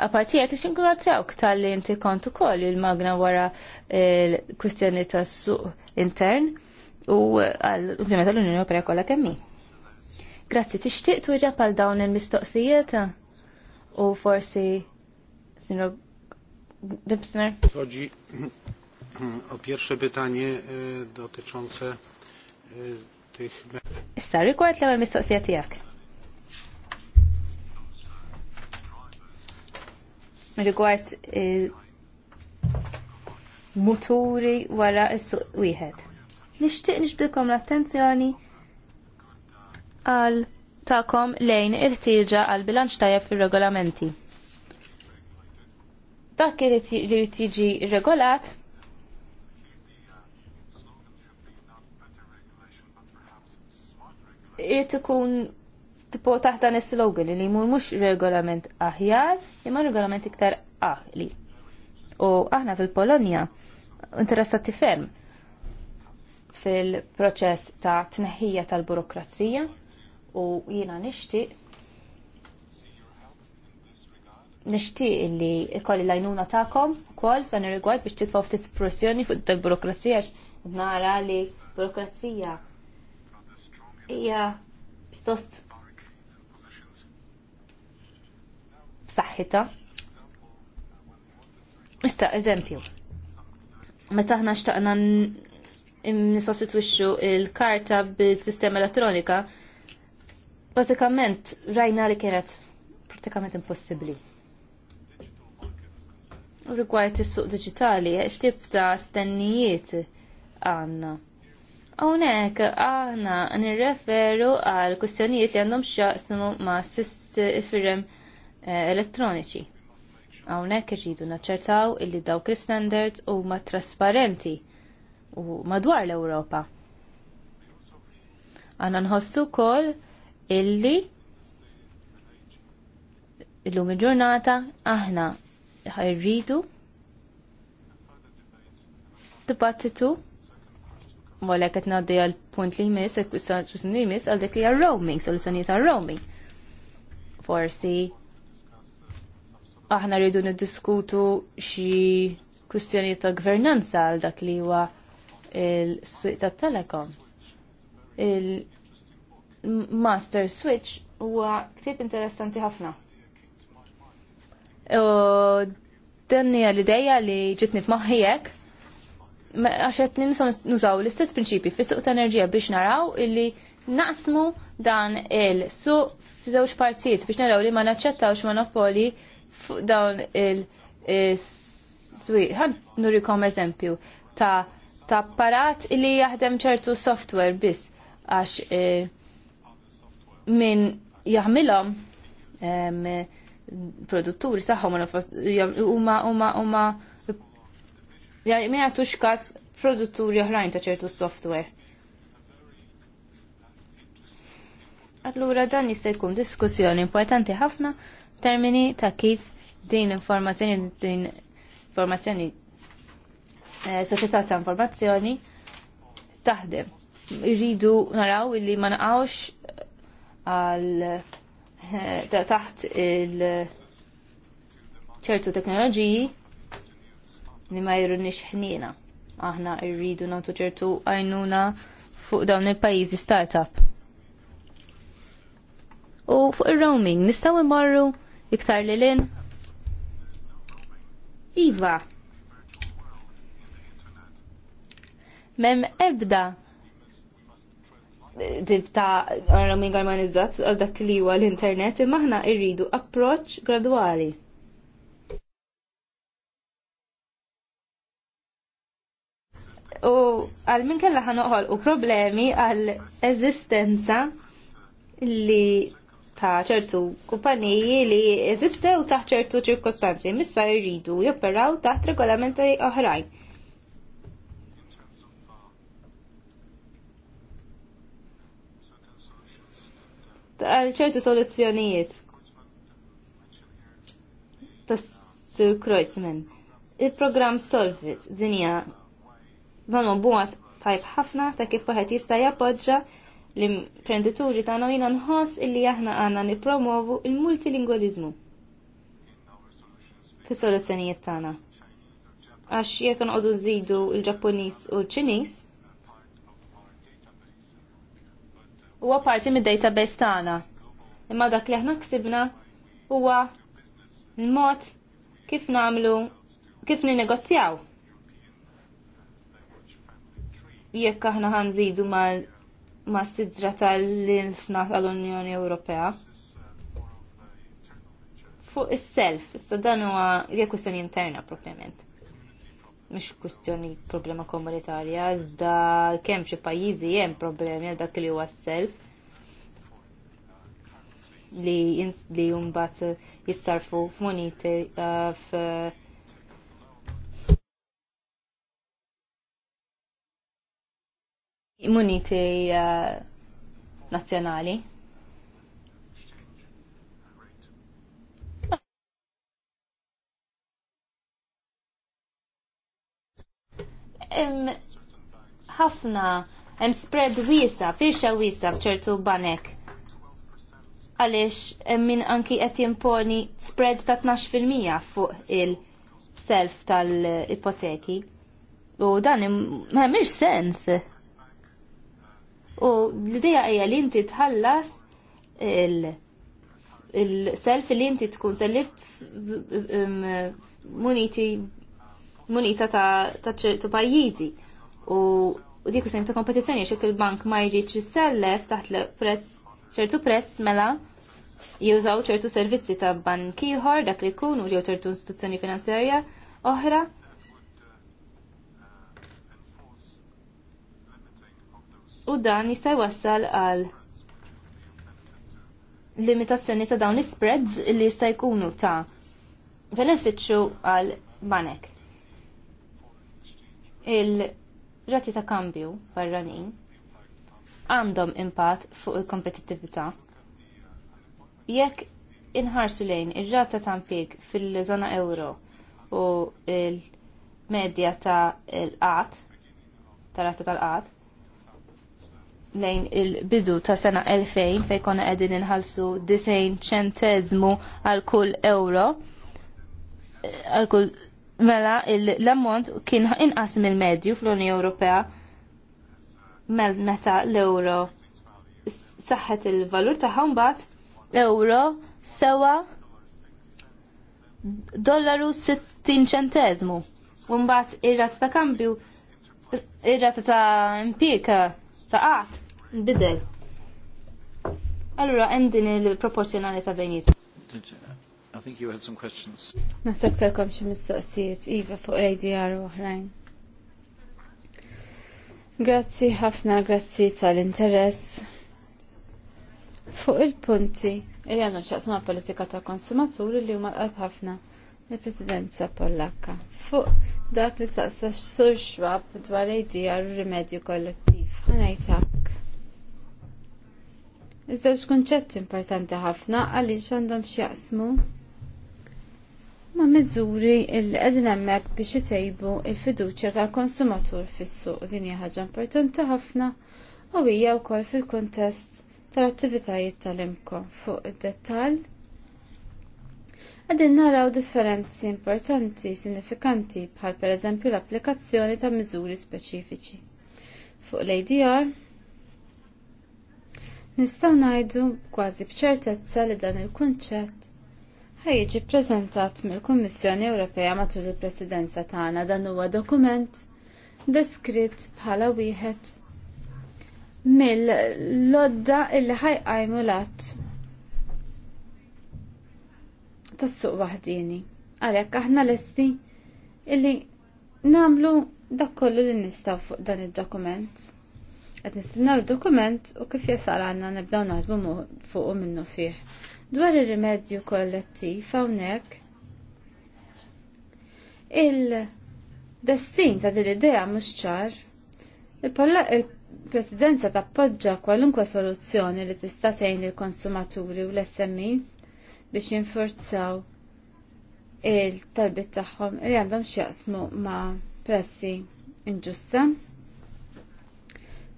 Aparti jekk ix ingrazzjawk tal-li inti kont ukoll il-magna wara l-kwistjoni tas-suq intern u għal ovvjament l-Unjoni Europea kollha kemm Grazzi, tixtieq tweġeb għal dawn il-mistoqsijiet u forsi Sinro Dybsner. Chodzi o pierwsze pytanie e, dotyczące e, tych... Issa, rikward l-ewel mistoqsija tijak. Rigward e, muturi wara s-suq wieħed. Nixtieq nixbdilkom l-attenzjoni għal takom lejn il-ħtieġa għal bilanċ tajjeb fir-regolamenti dak li tiġi regolat irrid ikun tipo taħt dan is-slogan li jmur mhux regolament aħjar imma regolament iktar aħli. U aħna fil-Polonja interessati ferm fil-proċess ta' tneħħija tal-burokrazija u jiena nixtieq nixtieq li ikolli lajnuna tagħkom kol f'dan ir-rigward biex titfgħu ftit pressjoni fuq tal-burokrazija nara li burokrazija hija pjuttost b'saħħitha. Ista eżempju, meta aħna xtaqna nisostitwixxu il-karta bil-sistema elettronika, bażikament rajna li kienet pratikament impossibbli rigward is-suq diġitali, x'tip ta' stennijiet għandna. Hawnhekk aħna nirreferu għal kwistjonijiet li għandhom x'jaqsmu ma' s-ifirem eh, elettroniċi. Hawnhekk irridu naċċertaw illi dawk l-standards huma trasparenti u madwar l-Ewropa. Għanna nħossu wkoll illi illum il-ġurnata aħna ħajridu dibattitu Molek qed ngħaddi għal punt li jmiss, soluzzjoni li jmiss għal dik li roaming, soluzzjonijiet għal roaming. Forsi aħna rridu niddiskutu xi kwistjonijiet ta' gvernanza għal dak li huwa il suit ta' telekom. Il-Master Switch huwa ktieb interessanti ħafna hija l-ideja li ġitni f'maħħijek, għax qed ninsa nużaw l-istess prinċipi fis suq ta' enerġija biex naraw illi naqsmu dan il-suq f'żewġ partijiet biex naraw li ma naċċettawx monopoli fuq dawn il-swiq. Ħan nurikom eżempju ta' ta' apparat li jaħdem ċertu software biss għax eh, min jaħmilhom produtturi tagħhom huma huma huma yani ma jagħtux każ produtturi oħrajn ta' ċertu software. Allura dan jista' jkun diskussjoni importanti ħafna termini ta' kif din informazzjoni din informazzjoni eh, soċjetà ta' informazzjoni taħdem. Irridu naraw illi ma naqgħux għal taħt il ċertu teknoloġiji li ma jirunix ħnina. Aħna irridu nagħtu ċertu għajnuna fuq dawn il-pajjiżi startup. U fuq il roaming nistgħu imorru iktar l-in? Iva. Mem ebda tip ta' roaming armonizzat għal dak li huwa l-internet imma aħna irridu approċċ gradwali. U għal minn kella ħanoqol u problemi għal eżistenza li ta' ċertu kumpaniji li eżistew taħt ċertu ċirkostanzi, missa jridu jopperaw taħt regolamenti oħrajn għal soluzzjonijiet. Tas Sir Kreuzman. Il-program Solvit dinja manu buħat tajb ħafna ta' kif waħed jista' jappoġġa l imprendituri tagħna jiena nħos illi aħna għandna nippromovu il multilingualizmu fis-soluzzjonijiet tagħna. Għax jekk nqogħdu żidu l-Ġappuniż u l-Ċiniż, huwa parti mid-database tagħna. Imma dak li aħna ksibna huwa l-mod kif nagħmlu kif ninegozjaw. Jekk aħna ħanżidu mal ma' sidra tal-insna tal-Unjoni Ewropea. Fuq is-self, issa dan huwa jekk interna propjament mhux kwistjoni problema komunitarja, iżda kemm xi pajjiżi hemm problemi għal dak li huwa self li li mbagħad jissarfu f'moniti uh, f' uh, nazzjonali. ħafna hemm spread wiesa, firxa wiesa f'ċertu banek. Għaliex min anki qed jimponi spread ta' 12% fuq il-self tal-ipoteki. U dan m'hemmx sens. U l-idea hija li inti tħallas il-self li inti tkun sellift mm, muniti munita ta' ċertu pajjiżi. U dik kusin ta' kompetizjoni xek il-bank ma jridx jissellef taħt prezz ċertu prezz mela jużaw ċertu servizzi ta' bank ieħor dak li kun u jew ċertu istituzzjoni finanzjarja oħra. U dan jista' jwassal għal limitazzjoni ta' dawn l-spreads li jista' jkunu ta' benefiċċju għal banek il-rati ta' kambju barranin għandhom impatt fuq il-kompetittività. Jekk inħarsu lejn ir-rata ta' impjieg fil-żona euro u il-medja ta' l-qat, ta' rata tal-qat, lejn il-bidu ta' sena 2000 fej konna qegħdin inħallsu 90 ċenteżmu għal kull euro għal kull mela l-ammont kien inqas mill-medju fl-Unjoni Ewropea mel meta l-euro saħħet il-valur tagħha mbagħad euro sewa dollaru 60 ċentezmu. U mbagħad ir-rata ta' kambju ir-rata ta' impika ta' qatt bidel. Allura hemm din il-proporzjonalità bejniet think you had some questions. Nasab kelkom xi mistoqsijiet iva fuq ADR u oħrajn. Grazzi ħafna, grazzi tal-interess. Fuq il-punti, li e għandu ċaqsma politika ta' konsumaturi li huma qalb ħafna il-Presidenza Pollakka. Fuq dak li taqsa sur xwab dwar ADR u rimedju kollettiv. Għanajtak. Iż-żewġ kunċetti importanti ħafna għaliex għandhom x'jaqsmu ma' miżuri il qegħdin hemmhekk biex itejbu il-fiduċja tal-konsumatur fis-suq din hija ħaġa importanti ħafna u hija wkoll fil-kuntest tal-attivitajiet tal-imkom fuq id-dettall. Qegħdin naraw differenzi importanti sinifikanti bħal pereżempju l-applikazzjoni ta' miżuri speċifiċi. Fuq l-ADR nistgħu ngħidu kważi b'ċertezza li dan il-kunċett ħajġi prezentat mill-Kummissjoni Ewropea matul il-Presidenza tagħna dan huwa dokument deskritt bħala wieħed mill-lodda illi ħajqajmu lat tas-suq waħdini. Għalhekk aħna lesti illi nagħmlu dak kollu li nistgħu fuq dan id-dokument. Qed nistaw id-dokument u kif jasal għandna nibdew naħdmu fuq minnu fih. Dwar ir-rimedju kollettiv hawnhekk il-destin ta' din idea mhux ċar. Il-Presidenza tappoġġa kwalunkwe soluzzjoni li tista' tgħin lill-konsumaturi u l-SMEs biex jinforzaw il-talbit tagħhom li għandhom x'jaqsmu ma' prezzi inġusta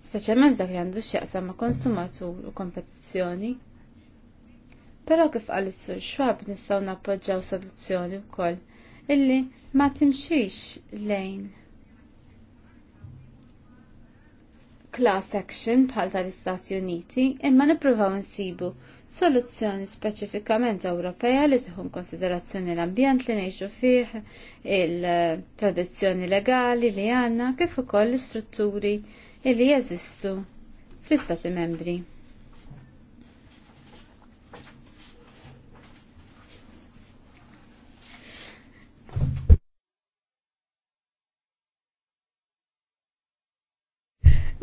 speċjalment dak li għandu x'jaqsam ma' konsumatur u kompetizzjoni. Però kif qal is-sur xwab nistgħu nappoġġaw soluzzjoni wkoll illi ma timxix lejn class action bħal tal-Istati Uniti imma nippruvaw insibu soluzzjoni speċifikament Ewropea li tħun konsiderazzjoni l-ambjent li ngħixu fih, il-tradizzjoni legali li għandna kif ukoll l-istrutturi li jeżistu fl-Istati Membri.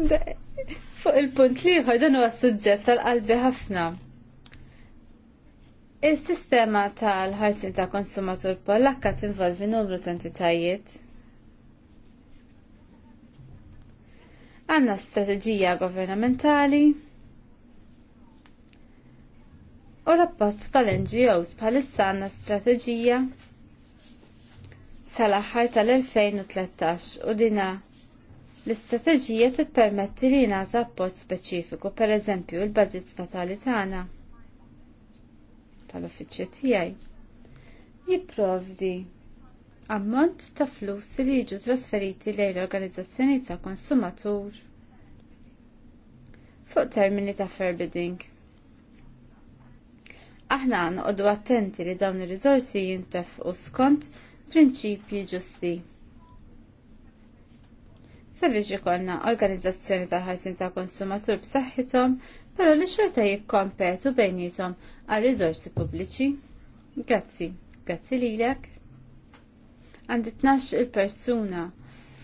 Fuq il-punt liħor dan huwa suġġett tal-qalbi ħafna. Is-sistema tal-ħarsin ta' konsumatur pollakka tinvolvi numru ta' entitajiet. Għanna strateġija governamentali u l-appost tal-NGOs bħalissa għanna strateġija sal-aħħar tal-2013 u dina L-istrateġija tippermetti li nasa appoġġ speċifiku, pereżempju il-budget statali tagħna tal-uffiċċju tiegħi. Jipprovdi ammont ta' flus li jiġu trasferiti lejn l-organizzazzjoni ta' konsumatur fuq termini ta' fair bidding. Aħna għanqodu attenti li dawn ir-riżorsi jintefqu skont prinċipji ġusti sabiex ikollna organizzazzjoni ta' ħarsin ta' konsumatur b'saħħithom, però li xorta jikkompetu bejnietom għal riżorsi pubbliċi. Grazzi, grazzi lilek. Għandi 12 il-persuna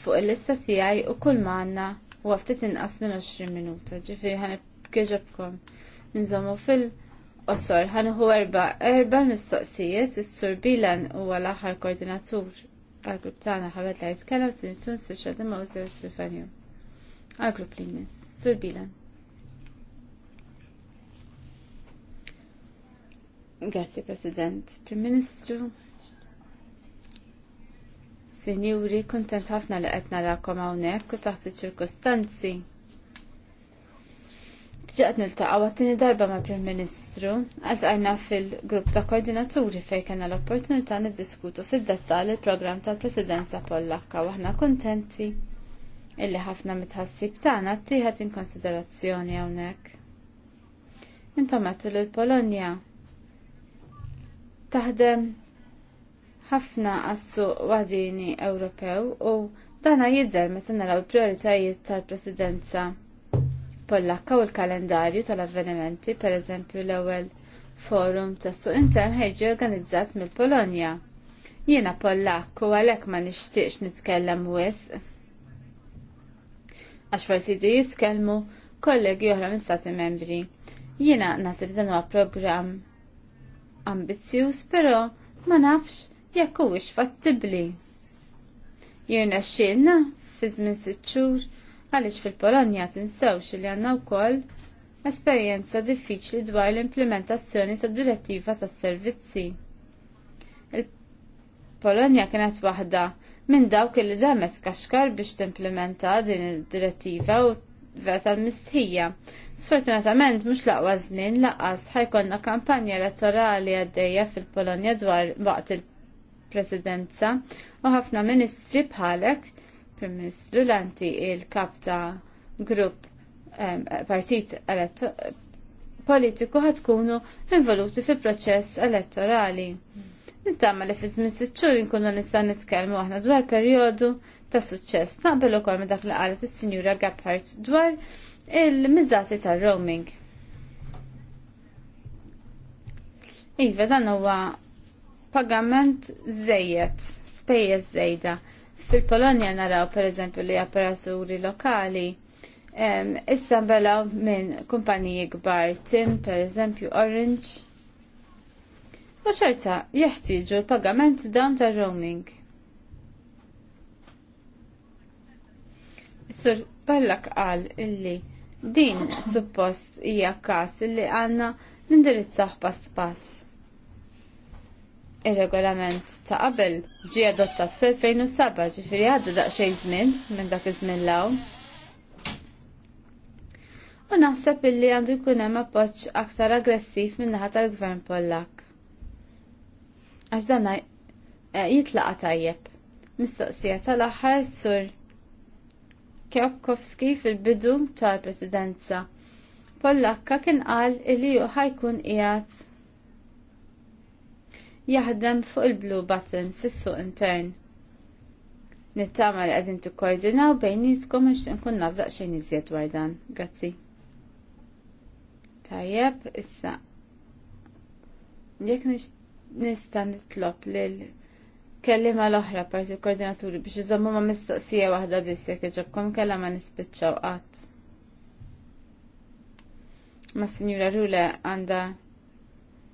fuq il-lista tiegħi u kull manna u għaftit inqas minn 20 minuta, ġifiri ħan kieġobkom nżommu fil- Osor, ħanħu erba, erba mistoqsijiet, is-sur Bilan huwa l-aħħar koordinatur għal-grupp tagħna ħabet li jitkellem Sinitun Social Democrat Stefanju. Għal-grupp li jmiss. Sur Bilan. Grazie President. Prim Ministru, Sinjuri, kontent ħafna li għetna l narakom għawnek u taħt iċ-ċirkostanzi Ġaqt niltaqgħu għattini darba ma' Prim Ministru, għad għajna fil-grupp ta' koordinaturi fej kena l-opportunità niddiskutu fil-dettal il-programm tal-Presidenza Pollakka u għahna kontenti illi ħafna mitħassib tagħna tiħat in konsiderazzjoni hawnhekk. Intom għattu l polonja taħdem ħafna għassu għadini Ewropew u dana jidher meta naraw prioritajiet tal-Presidenza Pollakka u l-kalendarju tal-avvenimenti, per eżempju l-ewwel forum tas suq intern ħejġi organizzat mill-Polonja. Jiena pollakku u għalhekk ma nixtieqx nitkellem wisq. Għax forsi di jitkellmu kollegi oħra minn stati membri. Jiena nasib dan huwa programm ambizzjuż, però ma nafx jekk huwiex fattibbli. Jirna xilna fi żmien sitt xhur għaliex fil-Polonja tinsewx li għandna wkoll esperjenza diffiċli dwar l-implementazzjoni tad direttiva tas servizzi. Il-Polonja kienet waħda minn dawk li ġamet kaxkar biex timplementa din id-direttiva u vera tal-mistħija. Sfortunatament mhux laqwa żmien laqas ħajkonna kampanja elettorali għaddejja fil-Polonja dwar waqt il-presidenza u ħafna ministri bħalek Permess Rulanti il-kap ta' grupp partit politiku ħatkunu involuti fi proċess elettorali. Nittama li fi żmien sitt xhur inkunu nista' nitkellmu aħna dwar perjodu ta' suċċess. Naqbel ukoll ma' dak li qalet is-Sinjura Gabhardt dwar il-miżati tar-roaming. Iva dan huwa pagament żejjed, spejjeż żejda. Fil-Polonja naraw per eżempju li apparaturi lokali issa belaw minn kumpaniji kbar Tim per eżempju Orange. U xorta jeħtieġu l-pagament dawn tar roaming. Sur Pallak qal illi din suppost hija każ illi għandna nindirizzaħ pass pass. Ir-regolament ta' qabel ġie adottat fil-2007 ġifieri għadda daqsxejn żmien minn dak iż-żmien law. U naħseb illi għandu jkun hemm appoġġ aktar aggressiv minn naħa tal-Gvern Pollak. Għax dan eh, jitlaqa tajjeb. Mistoqsija tal-aħħar sur Kjopkowski fil-bidu tal-Presidenza. Pollakka kien qal illi jkun qiegħed jaħdem fuq il-blue button fis-suq intern. Nittama li għedin t-koordinaw bejnietkom biex nkun nafdaq xejn iżjed dwar dan. Grazzi. Tajjeb, issa. Jek nista nitlob lil kellima l-oħra parti koordinaturi biex iżommu ma mistoqsija waħda biss jekk iġobkom kella ma nispiċċaw qatt. Ma Sinjura Rule għandha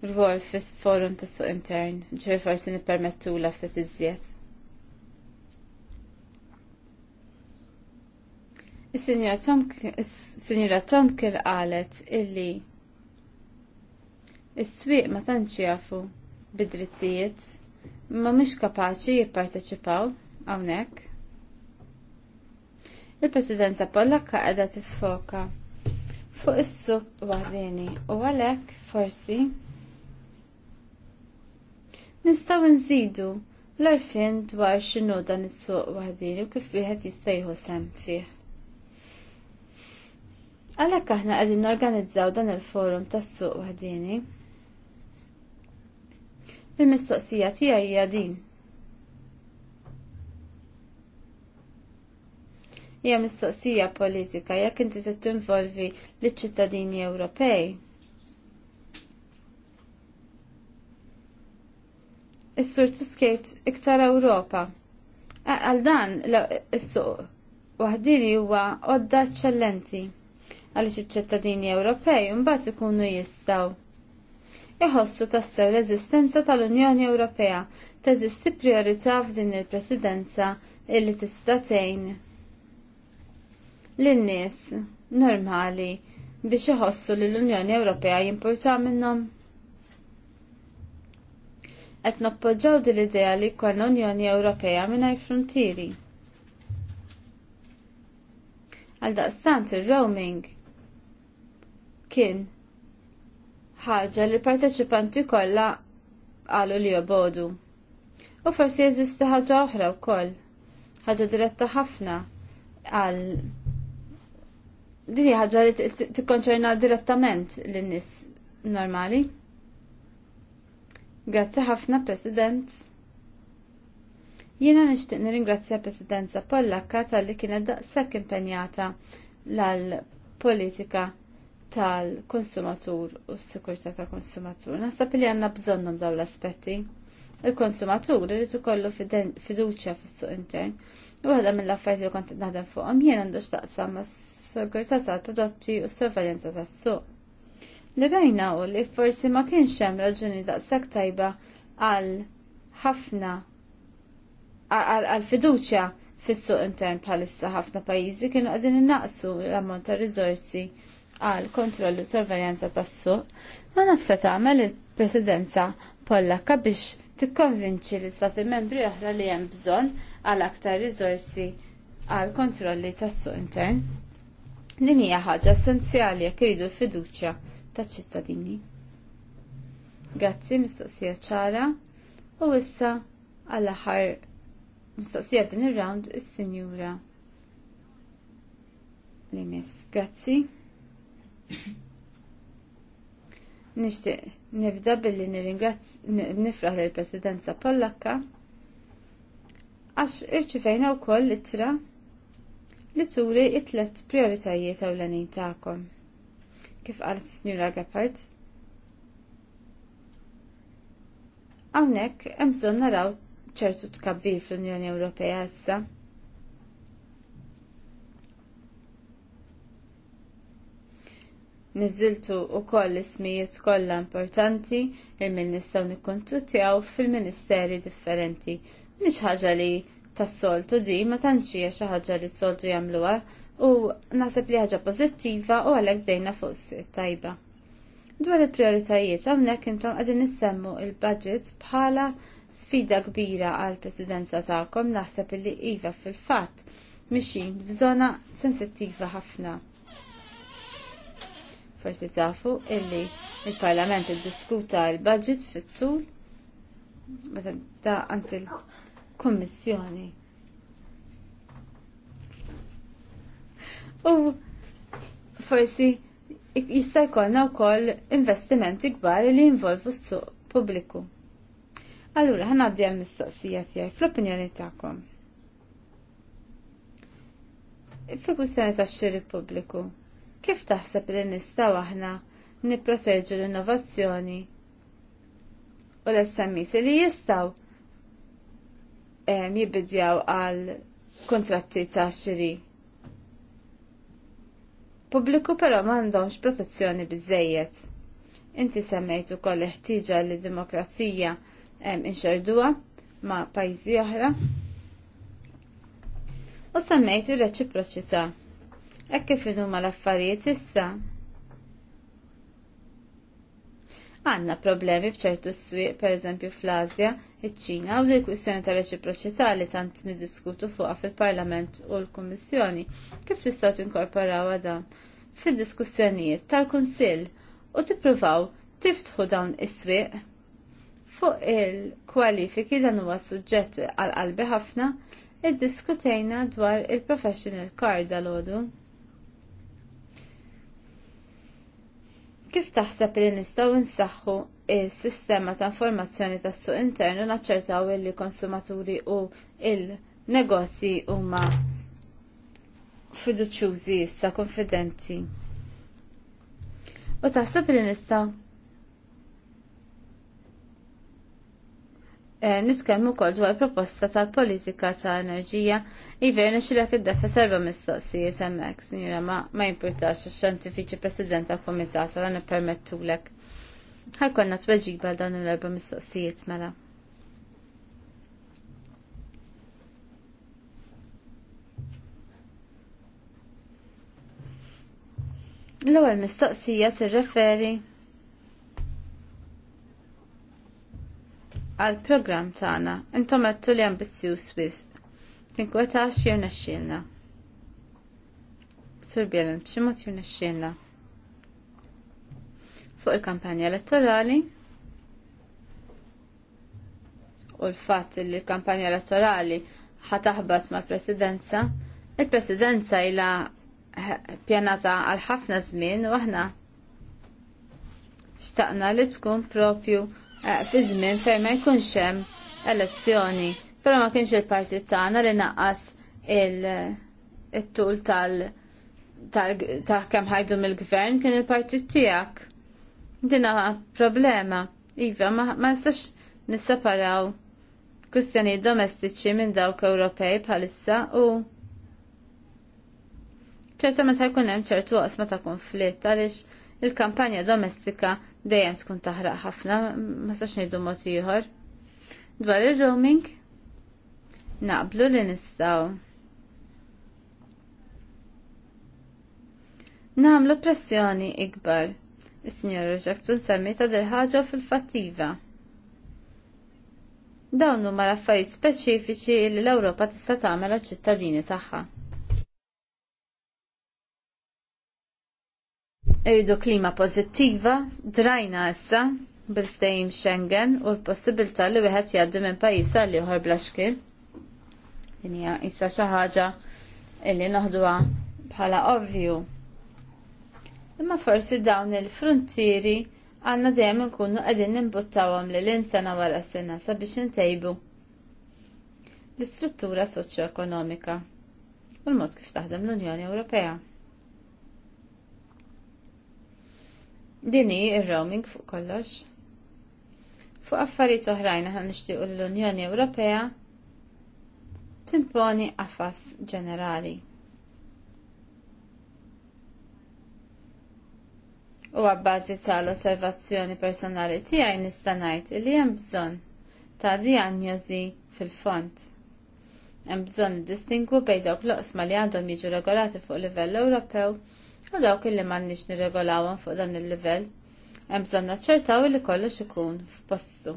rwol fis forum tas suq intern, ġifir forsi nippermettu la ftit iżjed. Is-Sinjura Tomkil qalet illi is-swieq ma tantx jafu bid-drittijiet ma mhix kapaċi jipparteċipaw hawnhekk. Il-Presidenza Pollakka qiegħda tiffoka fuq is-suq waħdini u għalhekk forsi nistgħu nżidu l-arfien dwar xinu dan is-suq waħdini u kif wieħed jista' jieħu sem fih. Għalhekk aħna qegħdin norganizzaw dan il-forum tas-suq waħdini. Il-mistoqsija tiegħi hija din. Hija mistoqsija politika jekk inti tittinvolvi liċ-ċittadini Ewropej. Is-sur Tuskejt iktar Ewropa. Għal dan is-suq waħdini huwa għodda eċċellenti għaliex iċ-ċittadini Ewropej mbagħad ikunu jistgħu iħossu tassew l-eżistenza tal-Unjoni Ewropea teżisti priorità f'din il-presidenza illi tista' tgħin lin-nies normali biex iħossu li l-Unjoni Ewropea jimpurta minnhom qed nappoġġaw din l-idea li jkollna Unjoni Ewropea mingħajr frontieri. Għaldaqstant ir-roaming kien ħaġa li parteċipanti kollha qalu li jobodu. U forsi jeżisti ħaġa oħra wkoll, ħaġa diretta ħafna għal din ħaġa li tikkonċerna direttament lin-nies normali. Grazzi ħafna, President. Jiena nixtieq nirringrazzja Presidenza Pollakka tal-li kienet daqshekk impenjata l-politika tal-konsumatur u s-sikurtà tal-konsumatur. Naħseb li għandna bżonnhom dawn l-aspetti. Il-konsumatur irid ikollu fiduċja fis-suq intern. U waħda mill-affarijiet li kont naħdem fuqhom Jiena għandu x'taqsam mas-sigurtà tal-prodotti u s-sorveljanza tas-suq. Li rajna u li forsi ma kienx hemm raġuni daqshekk tajba għal ħafna għal fiduċja fis-suq intern bħalissa ħafna pajjiżi kienu qegħdin innaqsu l-ammont ta' riżorsi għal kontroll u sorveljanza tas-suq. Ma nafsa tagħmel il-Presidenza Pollakka biex tikkonvinċi l-istati membri oħra li hemm bżonn għal aktar riżorsi għal kontrolli tas-suq intern. Din hija ħaġa essenzjali jekk iridu l-fiduċja taċ ċittadini. Grazzi mistoqsija ċara u issa għall-aħħar mistoqsija din ir-round is-Sinjura Limis. Grazzi. Nixtieq nibda billi nifraħ lill presidenza Pollakka għax irċifejna wkoll ittra li turi it-tlet prioritajiet ewlenin tagħkom kif qalet Sinjura Gephardt. Hawnhekk hemm bżonn naraw ċertu tkabbir fl-Unjoni Ewropea issa. Niżiltu wkoll ismijiet kollha importanti il-min nistgħu nikkontuttjaw fil-ministeri differenti. Mhix ħaġa li tas-soltu di ma tantx hija xi ħaġa li s-soltu jagħmluha, u naħseb li ħaġa pożittiva u għalhekk bdejna fuq tajba. Dwar il-prioritajiet hawnhekk intom qegħdin nissemmu il-budget bħala sfida kbira għall presidenza tagħkom naħseb li iva fil-fatt mixin f'żona sensittiva ħafna. Forsi tafu illi il-Parlament iddiskuta l-budget fit-tul meta da għand il-Kummissjoni. u forsi jista' jkollna wkoll investimenti kbar li jinvolvu s-suq pubbliku. Allura, ħan għaddi għal mistoqsija tijaj, fl-opinjoni tagħkom. Fiku sens ta' xiri pubbliku, kif taħseb li nistaw aħna nipproteġu l-innovazzjoni u l-SMIs li jistgħu ehm, jibidjaw għal kontratti ta' xiri pubbliku però m'għandhomx protezzjoni bizzejiet. Inti semmejt ukoll ħtiġa li demokrazija inxerduha ma' pajjiżi oħra. U semmejt ir-reċiproċità. Hekk kif huma l-affarijiet issa, Għanna problemi bċertu s swi per eżempju fl-Azja, iċ-ċina, u l-kwistjoni ta' reċiproċità li tant niddiskutu fuqha fil-Parlament u l-Kummissjoni. Kif tistgħu tinkorporaw dan fid-diskussjonijiet tal-Kunsill u tippruvaw tiftħu dawn is-swieq fuq il-kwalifiki dan huwa suġġett għal qalbi ħafna id-diskutejna dwar il-professional card għal Kif taħseb li nistgħu nsaħħu s sistema ta' informazzjoni tas-suq internu naċċertaw li konsumaturi u il-negozji huma fiduċjużi issa konfidenti. U taħseb li nistgħu Eh, niskemmu wkoll dwar proposta tal-politika ta' enerġija verna iva, xilak id-defa serba mistoqsijiet hemmhekk, sinjura ma jimpurtax ix-xantifiċi President tal permettu għal nippermettulek. Ħajkonna tweġiba għal dawn l-erba mistoqsijiet mela. L-ewwel mistoqsija tirreferi għal program tagħna. Intom għattu li ambizju swiss. Tinkweta xie nexxielna. Sur Bielen, b'xi mod Fuq il-kampanja elettorali u l-fatt li l-kampanja elettorali ħataħbat ma' presidenza, il-presidenza ila pjanata għal ħafna żmien u aħna xtaqna li tkun propju Eh, fi żmien fejn ma jkunx hemm elezzjoni. Però ma kienx il-partit tagħna li naqqas il-tul tal- ta' kemm ħajdu mill-gvern kien il-partit tiegħek. Dina problema. Iva, ma nistax nisseparaw kustjoni domestiċi minn dawk Ewropej bħalissa u ċerta meta jkun hemm ċertu għasma ta' konflitt għaliex il-kampanja domestika dejjem tkun taħraq ħafna, ma sax ngħidu mod ieħor. Dwar ir-roaming naqblu li nistgħu. Namlu pressjoni ikbar. Is-Sinjor Reġaktul semmi ta' dil-ħaġa fil-fattiva. Dawn huma l-affarijiet speċifiċi li l-Ewropa tista' tagħmel għaċ-ċittadini tagħha. Iridu klima pożittiva, drajna issa bil ftejim Schengen u l-possibilità li wieħed jgħaddi minn pajjiż għal ieħor bla xkil. Din hija issa xi ħaġa li noħduha bħala ovvju. Imma forsi dawn il-frontieri għandna dejjem nkunu qegħdin nimbuttawhom lil insena wara s-sena sabiex intejbu l-istruttura soċjoekonomika u l-mod kif taħdem l-Unjoni Ewropea. Dini il roaming fuq kollox. Fuq affarijiet oħrajn aħna nixtiequ l-Unjoni Ewropea timponi qafas ġenerali. U għabbażi tal-osservazzjoni personali tiegħi nista' ngħid li hemm bżonn ta' diagnosi fil-font. Hemm bżonn distingwu bejn dawk l-oqsma li għandhom jiġu regolati fuq livell Ewropew u dawk illi m'għandniex nirregolawhom fuq dan il-livell. Hemm bżonn naċċertaw li kollox ikun f'postu.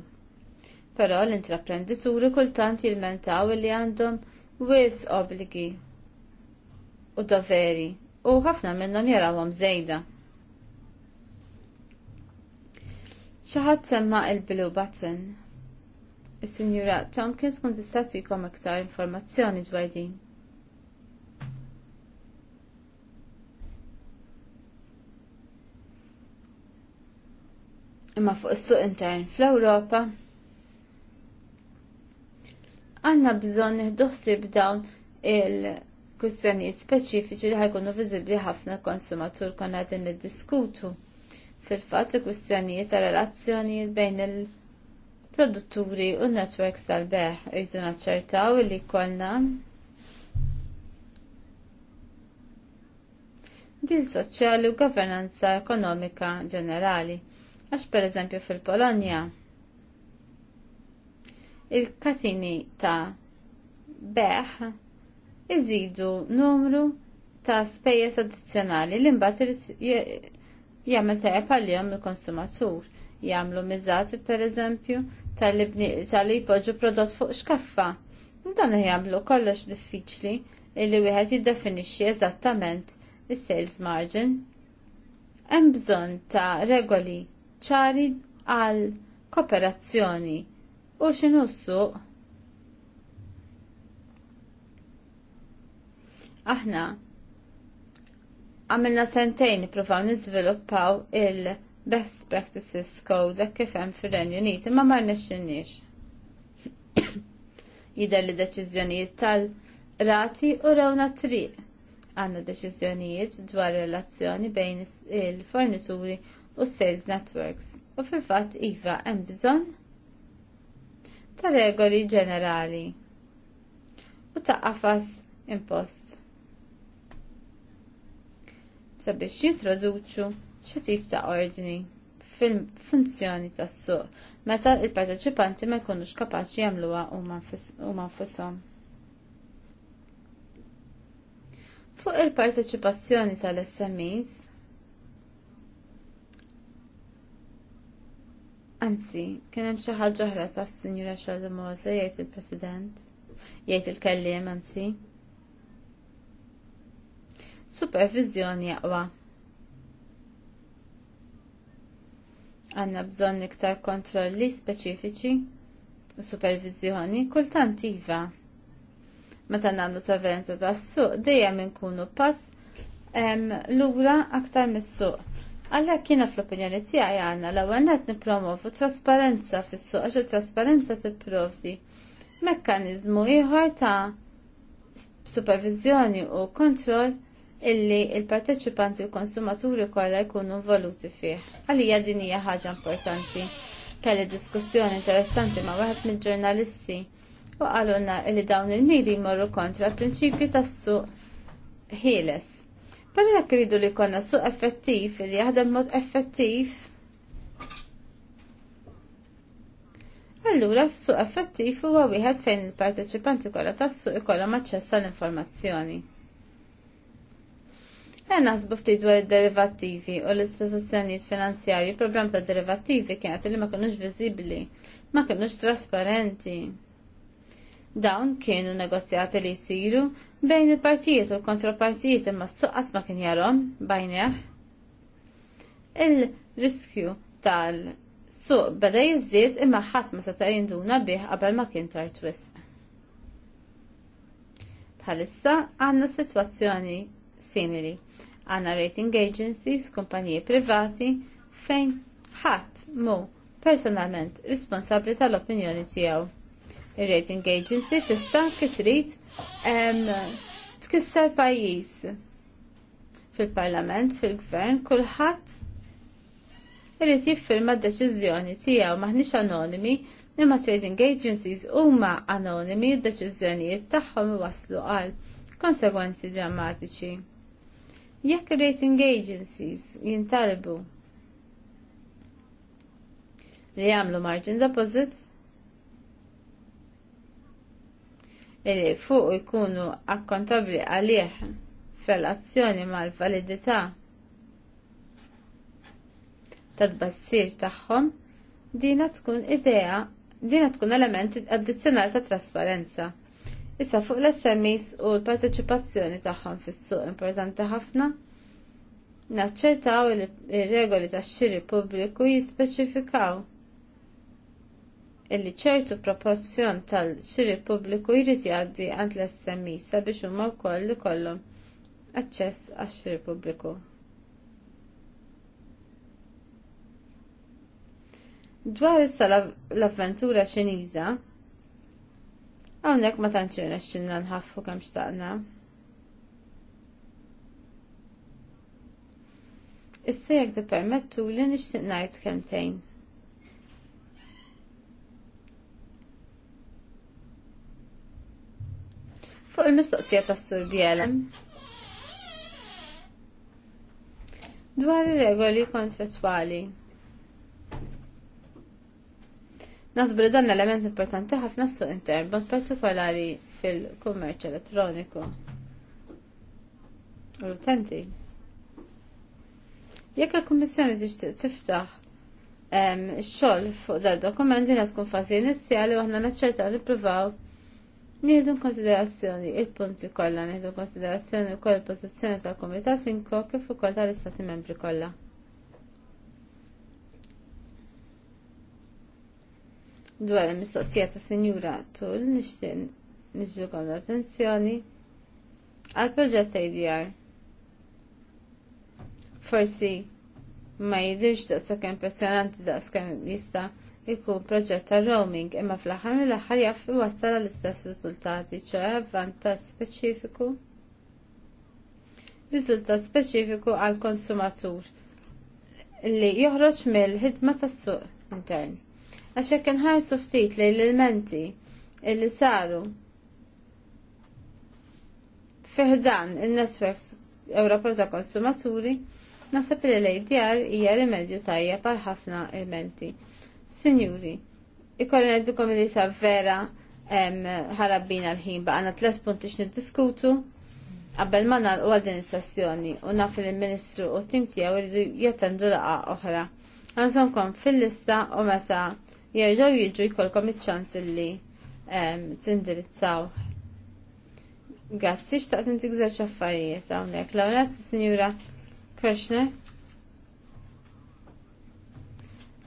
Però l-intraprendituri kultant jilmentaw li għandhom wiz obligi u doveri u ħafna minnhom jarawhom żejda. Xi ħadd semma il-blue button. Is-Sinjura Tomkins kun tista' tagħtikom aktar informazzjoni dwar din. imma fuq is-suq intern fl-Ewropa għandna bżonn nieħduħsib dawn il-kustjonijiet speċifiċi li ħajkunu viżibbli ħafna konsumatur konna għadin niddiskutu fil-fatt il-kustjonijiet ta' relazzjonijiet bejn il-produtturi u n-networks tal-beħ irridu naċċertaw li kollna dil soċjali u governanza ekonomika ġenerali Għax per eżempju fil-Polonja il-katini ta' beħ iżidu numru ta' spejjeż addizzjonali li mbagħad jagħmel tajjeb għalihom il-konsumatur. Jagħmlu miżati pereżempju tal-li jpoġġu prodott fuq xkaffa. Dan jagħmlu kollox diffiċli illi wieħed jiddefinixxi eżattament is-sales margin. Hemm bżonn ta' regoli ċari għal kooperazzjoni u x'inhu s-suq. Aħna għamilna sentejn nippruvaw niżviluppaw il-best practices code kif hemm fir-Renju Unit, ma ma rnexxinniex. Jidher li deċiżjonijiet tal-rati u rawna triq għandna deċiżjonijiet dwar relazzjoni bejn il-fornituri il fornituri u sales networks. U fil-fatt iva hemm bżonn ta' regoli ġenerali u ta' qafas impost. Sabiex jintroduċu xi tip ta' ordni fil-funzjoni tas-suq meta l parteċipanti ma jkunux kapaċi jagħmluha huma nfushom. Fuq il-parteċipazzjoni tal-SMEs, Anzi, kien hemm xi ħaġa oħra tas-Sinjura Xolda Mose jgħid il-President. Jgħid il-kelliem anzi. Supervizjoni jaqwa. Għanna bżonn iktar kontrolli speċifiċi u supervizjoni kultant iva. Meta nagħmlu sorvenza tas-suq dejjem inkunu pass lura aktar mis-suq Għalla kiena fl-opinjoni tiegħi għandna l-ewwel qed nippromovu trasparenza fis-suq għax it-trasparenza tipprovdi mekkaniżmu ieħor ta' supervizjoni u kontroll illi il-parteċipanti u konsumaturi kollha jkunu involuti fih. Għalija din hija ħaġa importanti. Kelli diskussjoni interessanti ma' waħed mill-ġurnalisti u għalunna illi dawn il-miri jmorru kontra l-prinċipju tas-suq ħieles. Pero jekk rridu li konna su effettiv li jaħdem mod effettiv. Allura suq effettiv huwa wieħed fejn il-parteċipanti kollha tas-suq ikollhom aċċess għall-informazzjoni. Għan naħsbu ftit dwar id-derivattivi u l-istituzzjonijiet finanzjarji, il-problem ta' derivattivi kienet li ma kinux viżibbli, ma kinux trasparenti. Dawn kienu negozjati li jsiru bejn il-partijiet u kontrapartijiet imma s-suqqas ma kien jarom bajneħ. Il-riskju tal-suq beda jizdiet imma ħadd ma seta' jinduna bih qabel ma kien tard wisq. Bħalissa għandna sitwazzjoni simili. Għandna rating agencies, kumpaniji privati fejn ħadd mu personalment responsabbli tal-opinjoni tiegħu ir-rating agency tista' kif trid tkisser pajjiż fil-parlament, fil-gvern, kulħadd irid jiffirma d-deċiżjoni tiegħu maħniex anonimi imma trading agencies huma anonimi d-deċiżjonijiet tagħhom iwasslu għal konsegwenzi drammatiċi. Jekk rating agencies jintalbu li jamlu margin deposit, li fuq ikunu akkontabli għalih f'relazzjoni mal-validità tad tbassir tagħhom, dina tkun idea, dina tkun element addizzjonali ta' trasparenza. Issa fuq l-SMIs u l-parteċipazzjoni tagħhom fis-suq importanti ħafna, naċċertaw il-regoli tax-xiri pubbliku jispeċifikaw illi ċertu proporzjon tal-xiri pubbliku jrid jgħaddi għand l-SMI sabiex huma wkoll li kollhom aċċess għax-xiri pubbliku. Dwar issa l-avventura ċiniża, hawnhekk ma tantx x'inna nħaffu kemm xtaqna. Issa jekk tippermettu li nixtieq ngħid kemmtejn. fuq il-mistoqsija ta' s Biela. Dwar regoli kontratwali. Nasbu li dan element importanti ħafna suq intern, bot partikolari fil-kummerċ elettroniku. U l-utenti. Jekk il-Kummissjoni tixtieq tiftaħ xogħol fuq dal dokumenti din tkun fażi inizjali u aħna naċċertaw nippruvaw Nieħdu konsiderazzjoni il-punti kollha nieħdu konsiderazzjoni wkoll il-pożizzjoni tal-Kumitat Sinko kif ukoll tal-Istati Membri kollha. Dwar il-mistoqsija ta' Sinjura Tul nixtieq niġbilkom l-attenzjoni għal proġett ADR. Forsi ma jidirx daqshekk impressjonanti daqskemm jista' ikun proġett ta' roaming imma fl-aħħar mill-aħħar jaf iwassal l-istess riżultati, ċoħe vantaġġ speċifiku. Riżultat speċifiku għal konsumatur li joħroġ mill-ħidma tas-suq intern. Għax jekk inħarsu ftit li l-elementi li saru fiħdan il-networks Ewropa ta' konsumaturi, nasab li l-ADR hija rimedju tajjeb għal ħafna elementi. Sinjuri, ikolli għeddukom li sa' vera ħarabbina l-ħin ba' għanna tles punti xnid-diskutu qabel ma nal u din is-sessjoni u naf il ministru u tim tiegħu iridu jattendu laqa' oħra. Għanżomkom fil-lista u meta jerġgħu jiġu jkollkom iċ-ċans li t-indirizzaw. Grazzi xtaqt inti gżer xaffarijiet hawnhekk. t Sinjura Kirchner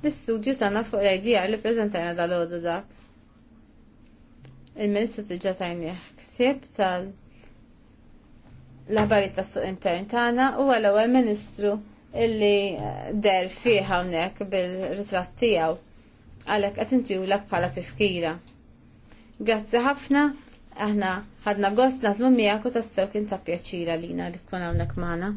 l-istudju tagħna fuq l idea li prezentajna dal-għodu da. Il-Ministru tiġa tajni ħsieb tal l-ħabariet tas suq intern tagħna u għal-ewwel Ministru illi eh, der fih hawnhekk bil-ritratt tiegħu għalhekk qed intiwlek bħala tifkira. Grazzi ħafna aħna ħadna gost naħdmu miegħek u tassew kien ta' pjaċira lina li tkun hawnhekk magħna.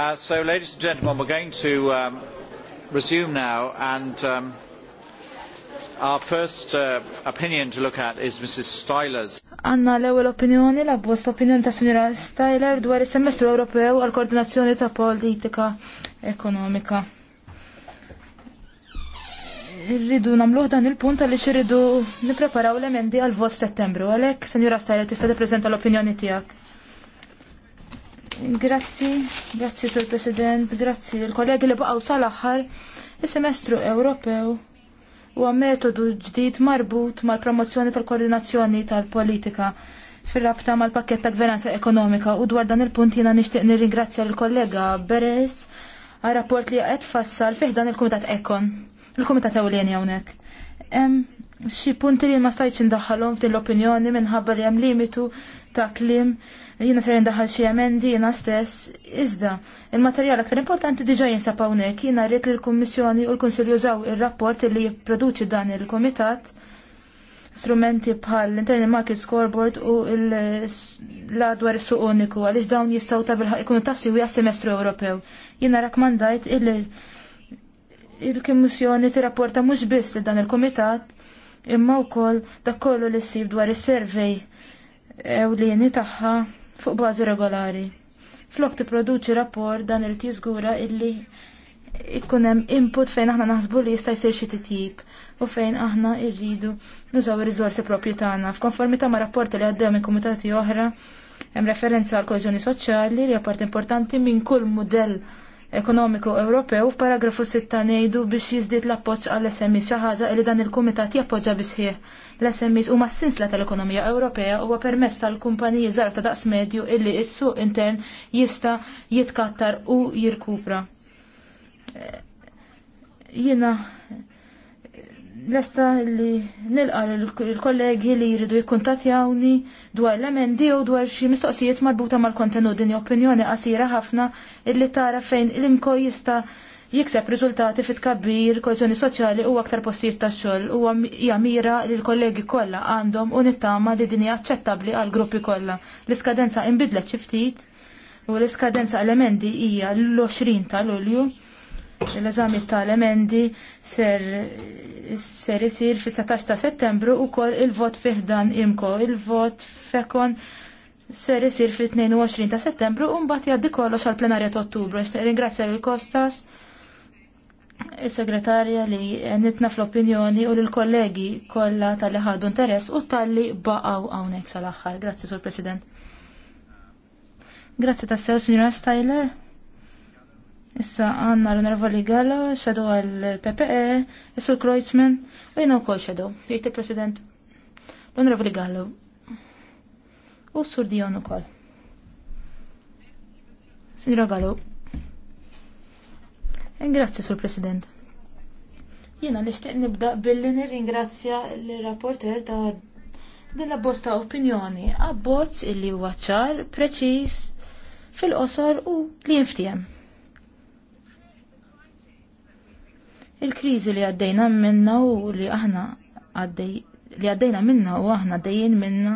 Uh, so, ladies and gentlemen, we're going to um, resume now, and um, our first uh, opinion to look at is Mrs. Styler's. Anna l ewwel opinjoni, la bost opinjoni ta' Sinjora Styler dwar is-semestru Ewropew għal koordinazzjoni ta' politika ekonomika. Irridu nagħmluh dan il-punt għaliex irridu nippreparaw l-emendi għal-vot f'Settembru, Għalhekk, Sinjora Styler, tista' tippreżenta l-opinjoni tiegħek. Grazzi, grazzi Sur President, grazzi l-kollegi li baqgħu sal-aħħar. Is-semestru Ewropew huwa metodu ġdid marbut mal-promozzjoni tal-koordinazzjoni tal-politika fil-rabta mal-pakket ta' gvernanza ekonomika u dwar dan il-punt jiena nixtieq nirringrazzja l-kollega Beres għal rapport li qed fassal fih dan il-Kumitat Ekon, il-Kumitat Ewlieni hawnhekk. Xi punti li ma stajtx indaħħalhom f'din l-opinjoni minħabba li hemm limitu ta' kliem Jiena ser indaħal xi emendi jiena stess, iżda il-materjal aktar importanti diġa' jinsab hawnhekk. Jiena rrit li l-Kummissjoni u l-Kunsill jużaw ir-rapport li jipproduċi dan il-Kumitat strumenti bħal l-Internal Market Scoreboard u l-adwar suq uniku għaliex dawn jistgħu tabilħaq ikunu tassi wieħed semestru Ewropew. Jiena rakkomandajt illi il-Kummissjoni tirrapporta mhux biss li dan il-Kumitat imma wkoll dak kollu li ssib dwar is-survey ewlieni tagħha fuq bażi regolari. Flok tipproduċi rapport dan il jiżgura illi ikkun hemm input fejn aħna naħsbu li jista' jsir xi titjib u fejn aħna rridu nużaw ir-riżorsi proprji tagħna. F'konformità ma' rapporti li għaddew minn kumitati oħra, hemm referenza għal koeżjoni soċjali li hija importanti minn kull mudell Ekonomiku Ewropew f'paragrafu 6 ngħidu biex jiżdied l-appoġġ għall smi xi ħaġa li dan il-kumitat jappoġġa bisħieħ. L-SMEs huma s-sinsla tal-ekonomija Ewropea huwa permess tal-kumpaniji żgħar ta' daqs medju illi s-suq intern jista' jitkattar u jirkupra. Eh, jiena Lesta li nilqa l-kollegi li jridu jikkuntatjawni dwar l-emendi u dwar xi mistoqsijiet marbuta mal-kontenut din opinjoni qasira ħafna illi tara fejn l-imko jista' jikseb riżultati fit kabbir kozzjoni soċjali u aktar postijiet ta' xogħol u hija mira li l-kollegi kollha għandhom u nittama li din hija aċċettabbli għal gruppi kollha. L-iskadenza inbidlet xi ftit u l-iskadenza għall-emendi hija l-20 ta' Lulju l-eżami tal-emendi ser, ser isir fil 17 ta' settembru u kol il-vot fiħdan imko, il-vot fekon ser isir fil-22 ta' settembru un bat jaddi kollox għal-plenarja ta' ottubru. Ringrazzja l-Kostas, il-segretarja li nitna fl-opinjoni u l-kollegi kolla tal-li ħadu interess u tal-li baqaw għawnek sal-axħar. Grazzi, Sur President. Grazzi tas-Sew Signora Styler. Issa għanna l-onorvoli Gallo, xadu għal-PPE, Issu Kreuzman, u jina u kol xadu, jgħid il-President. L-onorvoli Gallo. U Sur Dion u kol. Signora Gallo. Ingrazzi, Sur President. Jena nishtiq nibda billi nirringrazzja l-rapporter ta' din bosta opinjoni, abbozz illi huwa ċar, preċiż, fil-qosor u li jinftijem. Il-kriżi li għaddejna minna u li aħna għaddej li għaddejna minna u aħna għaddejjin minna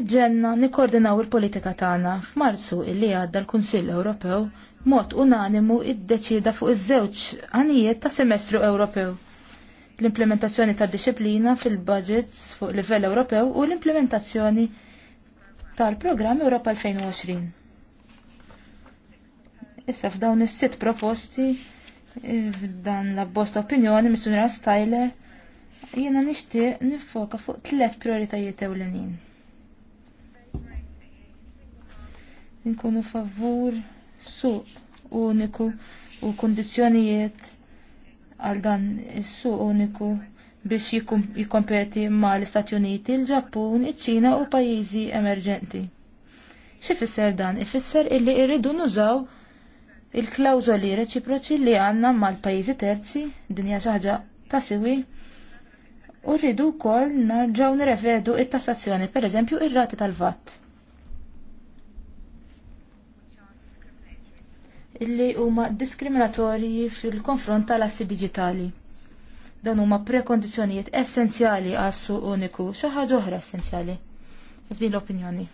iġġenna nikkoordinaw il-politika tagħna f'Marzu illi għadda l-Kunsill Ewropew mod unanimu iddeċida fuq iż-żewġ għanijiet ta' semestru Ewropew l-implementazzjoni ta' disciplina fil-budgets fuq livell Ewropew u l-implementazzjoni tal-programm Ewropa 2020. Issa f'dawn is-sitt proposti f'dan l bosta opinjoni mis-Sunra Tyler jiena nixtieq nifoka fuq tliet prioritajiet ewlenin. Nkunu favur suq uniku u kundizzjonijiet għal dan is-suq uniku biex jikkompeti ma l-Istati Uniti, il-Ġappun, iċ-Ċina u pajjiżi emerġenti. Xi fisser dan? Ifisser illi irridu nużaw il-klawżoli reċiproċi li għandna mal-pajjiżi terzi din hija xi ħaġa ta' siwi. U rridu wkoll narġgħu nirrevedu t tassazzjoni pereżempju r rati tal-vatt. Illi huma diskriminatorji fil-konfront tal-assi diġitali. Dan huma prekondizzjonijiet essenzjali għas-suq uniku, xi ħaġa oħra essenzjali f'din l-opinjoni.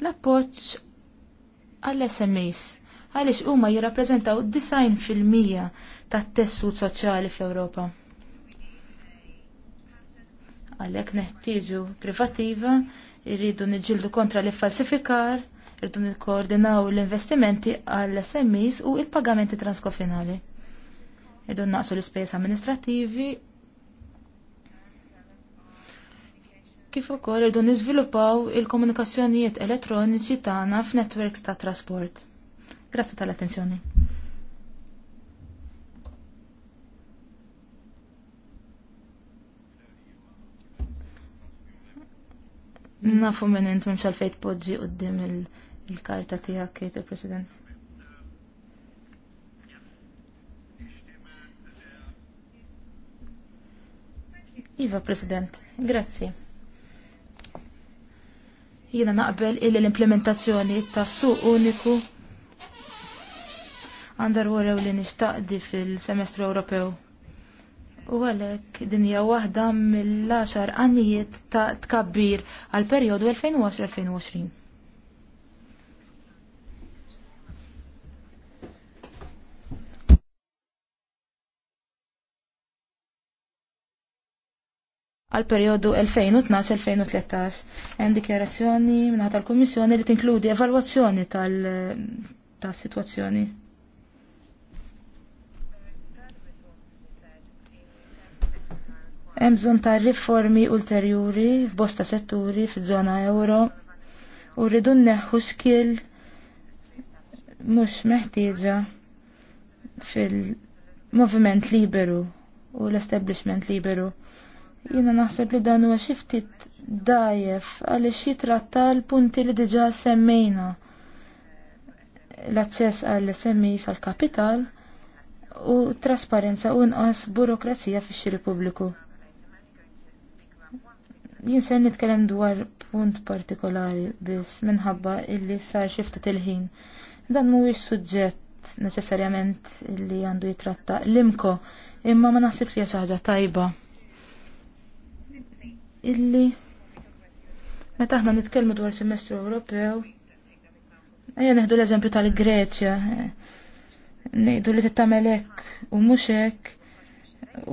L-appoġġ għall-SMEs għaliex huma jirrappreżentaw 90% tat-tessut soċjali fl-Ewropa. Għalhekk neħtieġu privattiva, irridu niġġieldu kontra li falsifikar, irridu nikkoordinaw l-investimenti għall-SMEs u l pagamenti transkofinali. Irridu naqsu l-ispejjeż amministrativi. kif ukoll irdu niżviluppaw il-komunikazzjonijiet elettroniċi tagħna f'netwerks ta' trasport. Grazzi tal-attenzjoni. Nafu minn int mxal fejt podġi qoddim il-karta tiegħek kejt il-President. Iva, President, grazzi. Jiena naqbel illi l-implementazzjoni ta' suq uniku għandar warew li nishtaqdi fil-semestru Ewropew. U għalek dinja waħda mill-10 għanijiet ta' tkabbir għal periodu 2020 2020 għal periodu 2012-2013. Hemm dikjarazzjoni mingħata tal-Kummissjoni li tinkludi evalwazzjoni tal-sitwazzjoni. Hemm bżonn ta' riformi ulterjuri f'bosta setturi fiż-żona euro u rridu nneħħu skill mhux meħtieġa fil-moviment liberu u l-establishment liberu. Jiena naħseb li dan huwa xi ftit dajjef għaliex jitratta l-punti li diġa' semmejna l-aċċess għall smis għall kapital u trasparenza u nqas burokrazija fix-xiri pubbliku. Jien se nitkellem dwar punt partikolari biss minħabba illi sar xifta il-ħin. Dan mhuwiex suġġett neċessarjament li għandu jitratta l-imko imma ma naħsib li hija xi ħaġa tajba illi meta aħna nitkellmu dwar semestru Ewropew ejja neħdu l-eżempju tal-Greċja ngħidu li tittamel hekk u mhux hekk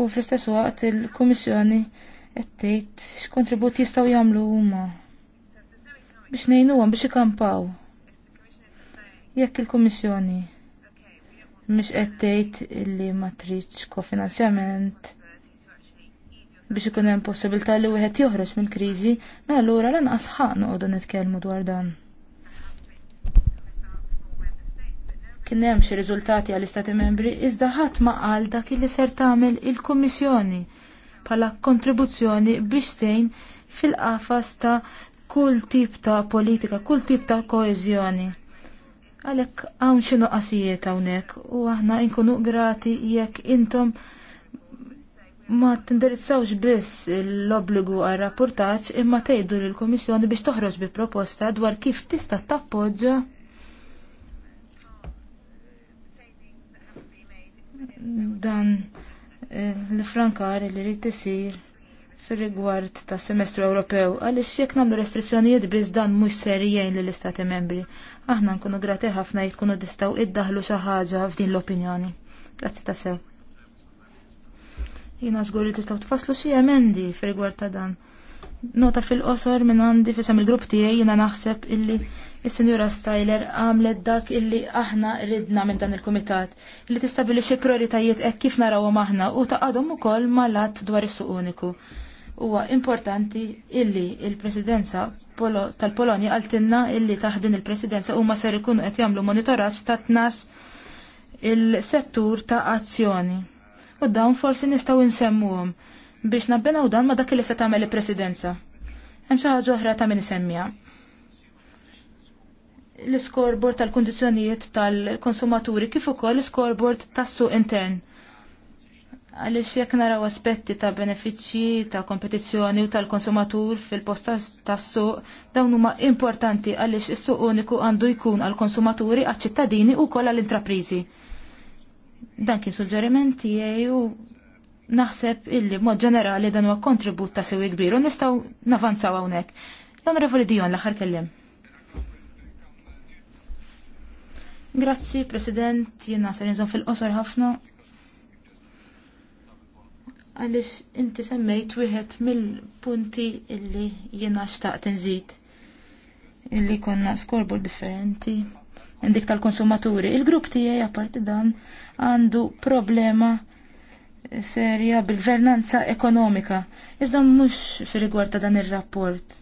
u fl-istess waqt il-Kummissjoni qed tgħid x'kontribut jistgħu jagħmlu huma biex ngħinuhom biex ikampaw. Jekk il-Kummissjoni mhix qed tgħid illi ma tridx kofinanzjament biex ikun hemm possibilità li wieħed joħroġ mill-kriżi, mela allura lanqas ħaq noqogħdu nitkellmu dwar dan. Kien hemm xi riżultati għall-Istati Membri iżda ħadd ma qal dak li ser tagħmel il-Kummissjoni bħala kontribuzzjoni biex tgħin fil-qafas ta' kull tip ta' politika, kull tip ta' koeżjoni. Għalhekk hawn xi nuqqasijiet hawnhekk u aħna nkunu grati jekk intom ma tindirizzawx biss l-obbligu għal rapportaġġ imma tgħidu lill kummissjoni biex toħroġ bi proposta dwar kif tista' tappoġġa dan eh, l-frankar li rrid isir fir-rigward tas semestru Ewropew għaliex jekk nagħmlu restrizzjonijiet biss dan mhux ser jgħin lill-istati membri. Aħna nkunu grati ħafna jkunu distaw iddaħlu xi ħaġa f'din l-opinjoni. Grazzi ta' sew. Jina żgur li tistgħu tfasslu xi emendi f'rigward ta' dan. Nota fil-qosor minn għandi fisem il-grupp tiegħi jiena naħseb illi is-Sinjura Styler għamlet dak illi aħna ridna minn dan il-Kumitat li xie prioritajiet hekk kif narawhom aħna u ta' u ukoll malat dwar is-suq uniku. Huwa importanti illi il-Presidenza polo, tal-Polonja għaltinna illi taħdin il-Presidenza huma ser ikunu qed jagħmlu monitoraġġ ta' tnax il-settur ta' azzjoni u dawn forsi nistaw insemmuhom biex u dan ma dak li se tagħmel il-presidenza. Hemm xi ħaġa oħra ta' min semmija. L-iskorbord tal-kundizzjonijiet tal-konsumaturi kif ukoll l-iskorbord tas-suq intern. Għaliex jekk naraw aspetti ta' benefiċċji ta' kompetizzjoni u tal-konsumatur fil-posta tas-suq dawn huma importanti għaliex is-suq uniku għandu jkun għall-konsumaturi għaċ-ċittadini u koll għall-intrapriżi Dan kien suġġerimenti tiegħi u naħseb illi mod ġenerali dan huwa kontribut ta' sewi kbir u nistgħu navanzaw hawnhekk. L-Onorevoli Dion l-aħħar kellim. Grazzi, President, jien ser nżon fil-qosor ħafna. Għaliex inti semmejt wieħed mill-punti illi jiena xtaqt nżid illi konna scoreboard differenti dik tal-konsumaturi. Il-grupp tiegħi apparti dan għandu problema serja bil-gvernanza ekonomika. Iżda mhux fir ta' dan ir-rapport.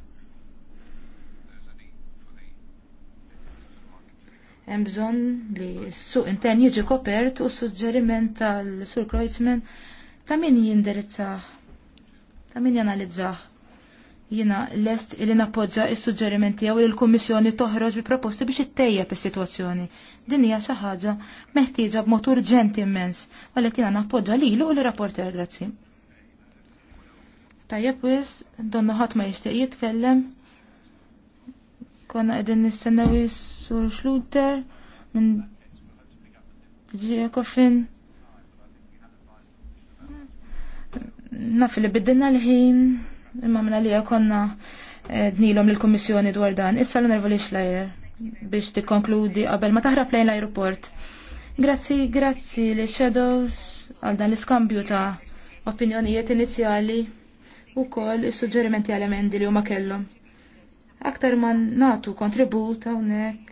Hemm bżonn li s-suq intern jiġi kopert u suġġeriment tal-Sur Kreuzman ta' min jindirizzah, ta' min janalizzah. Jina lest li nappoġġa is-suġġerimenti jew il-Kummissjoni toħroġ bi proposti biex ittejjeb is-sitwazzjoni. Din hija xi ħaġa meħtieġa b'mod urġenti immens, għalhekk jiena nappoġġa lilu u l-rapporter grazzi. Tajjeb wis, donna ħadd ma jixtieq jitkellem. Konna qegħdin nistennew sur Schluter minn Ġekofin. naf li biddilna l-ħin imma minna li konna eh, dnilom l komissjoni dwar dan. Issa l li xlajer biex tikkonkludi qabel ma taħrab lejn l-aeroport. Grazzi, grazzi li Shadows għal dan l-iskambju ta' opinjonijiet inizjali u kol is-suġġerimenti għal emendi li huma kellhom. Aktar ma natu kontribut hawnhekk,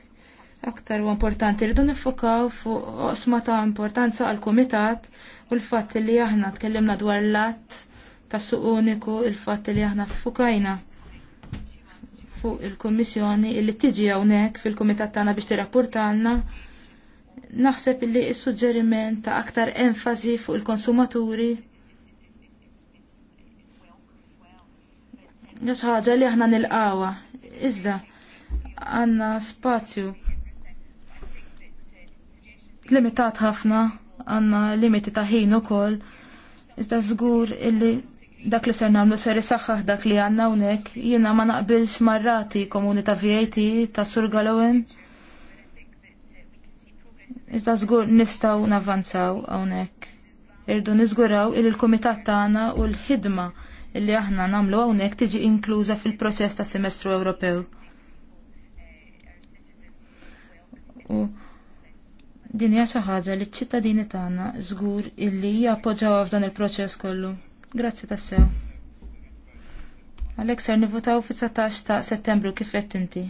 aktar u importanti rridu nifokaw fuq osma ta' importanza għal kumitat u l-fatt li aħna tkellimna dwar l-att ta' suq uniku il-fatt li aħna fukajna fuq il-Kommissjoni illi tiġi hawnhekk fil-Kumitat tagħna biex tirrapportalna naħseb illi s-suġġeriment ta' aktar enfasi fuq il-konsumaturi Jax ħaġa li aħna nilqawa, iżda għanna spazju limitat ħafna, għanna limiti ta' ħin ukoll, iżda żgur illi dak li ser namlu ser isaxħaħ dak li għanna unek, jina ma naqbilx marrati komuni ta' VAT ta' Sur Galowem. Iżda zgur nistaw navanzaw għonek. Irdu nizguraw il komitat tagħna u l-ħidma li aħna namlu hawnhekk tiġi inkluża fil-proċess ta' semestru Ewropew. U din hija xi ħaġa li ċ-ċittadini tagħna żgur illi jappoġġaw f'dan il-proċess kollu. Grazzi tassew. Għalek ser nivutaw fi 19 ta' settembru kif qed inti.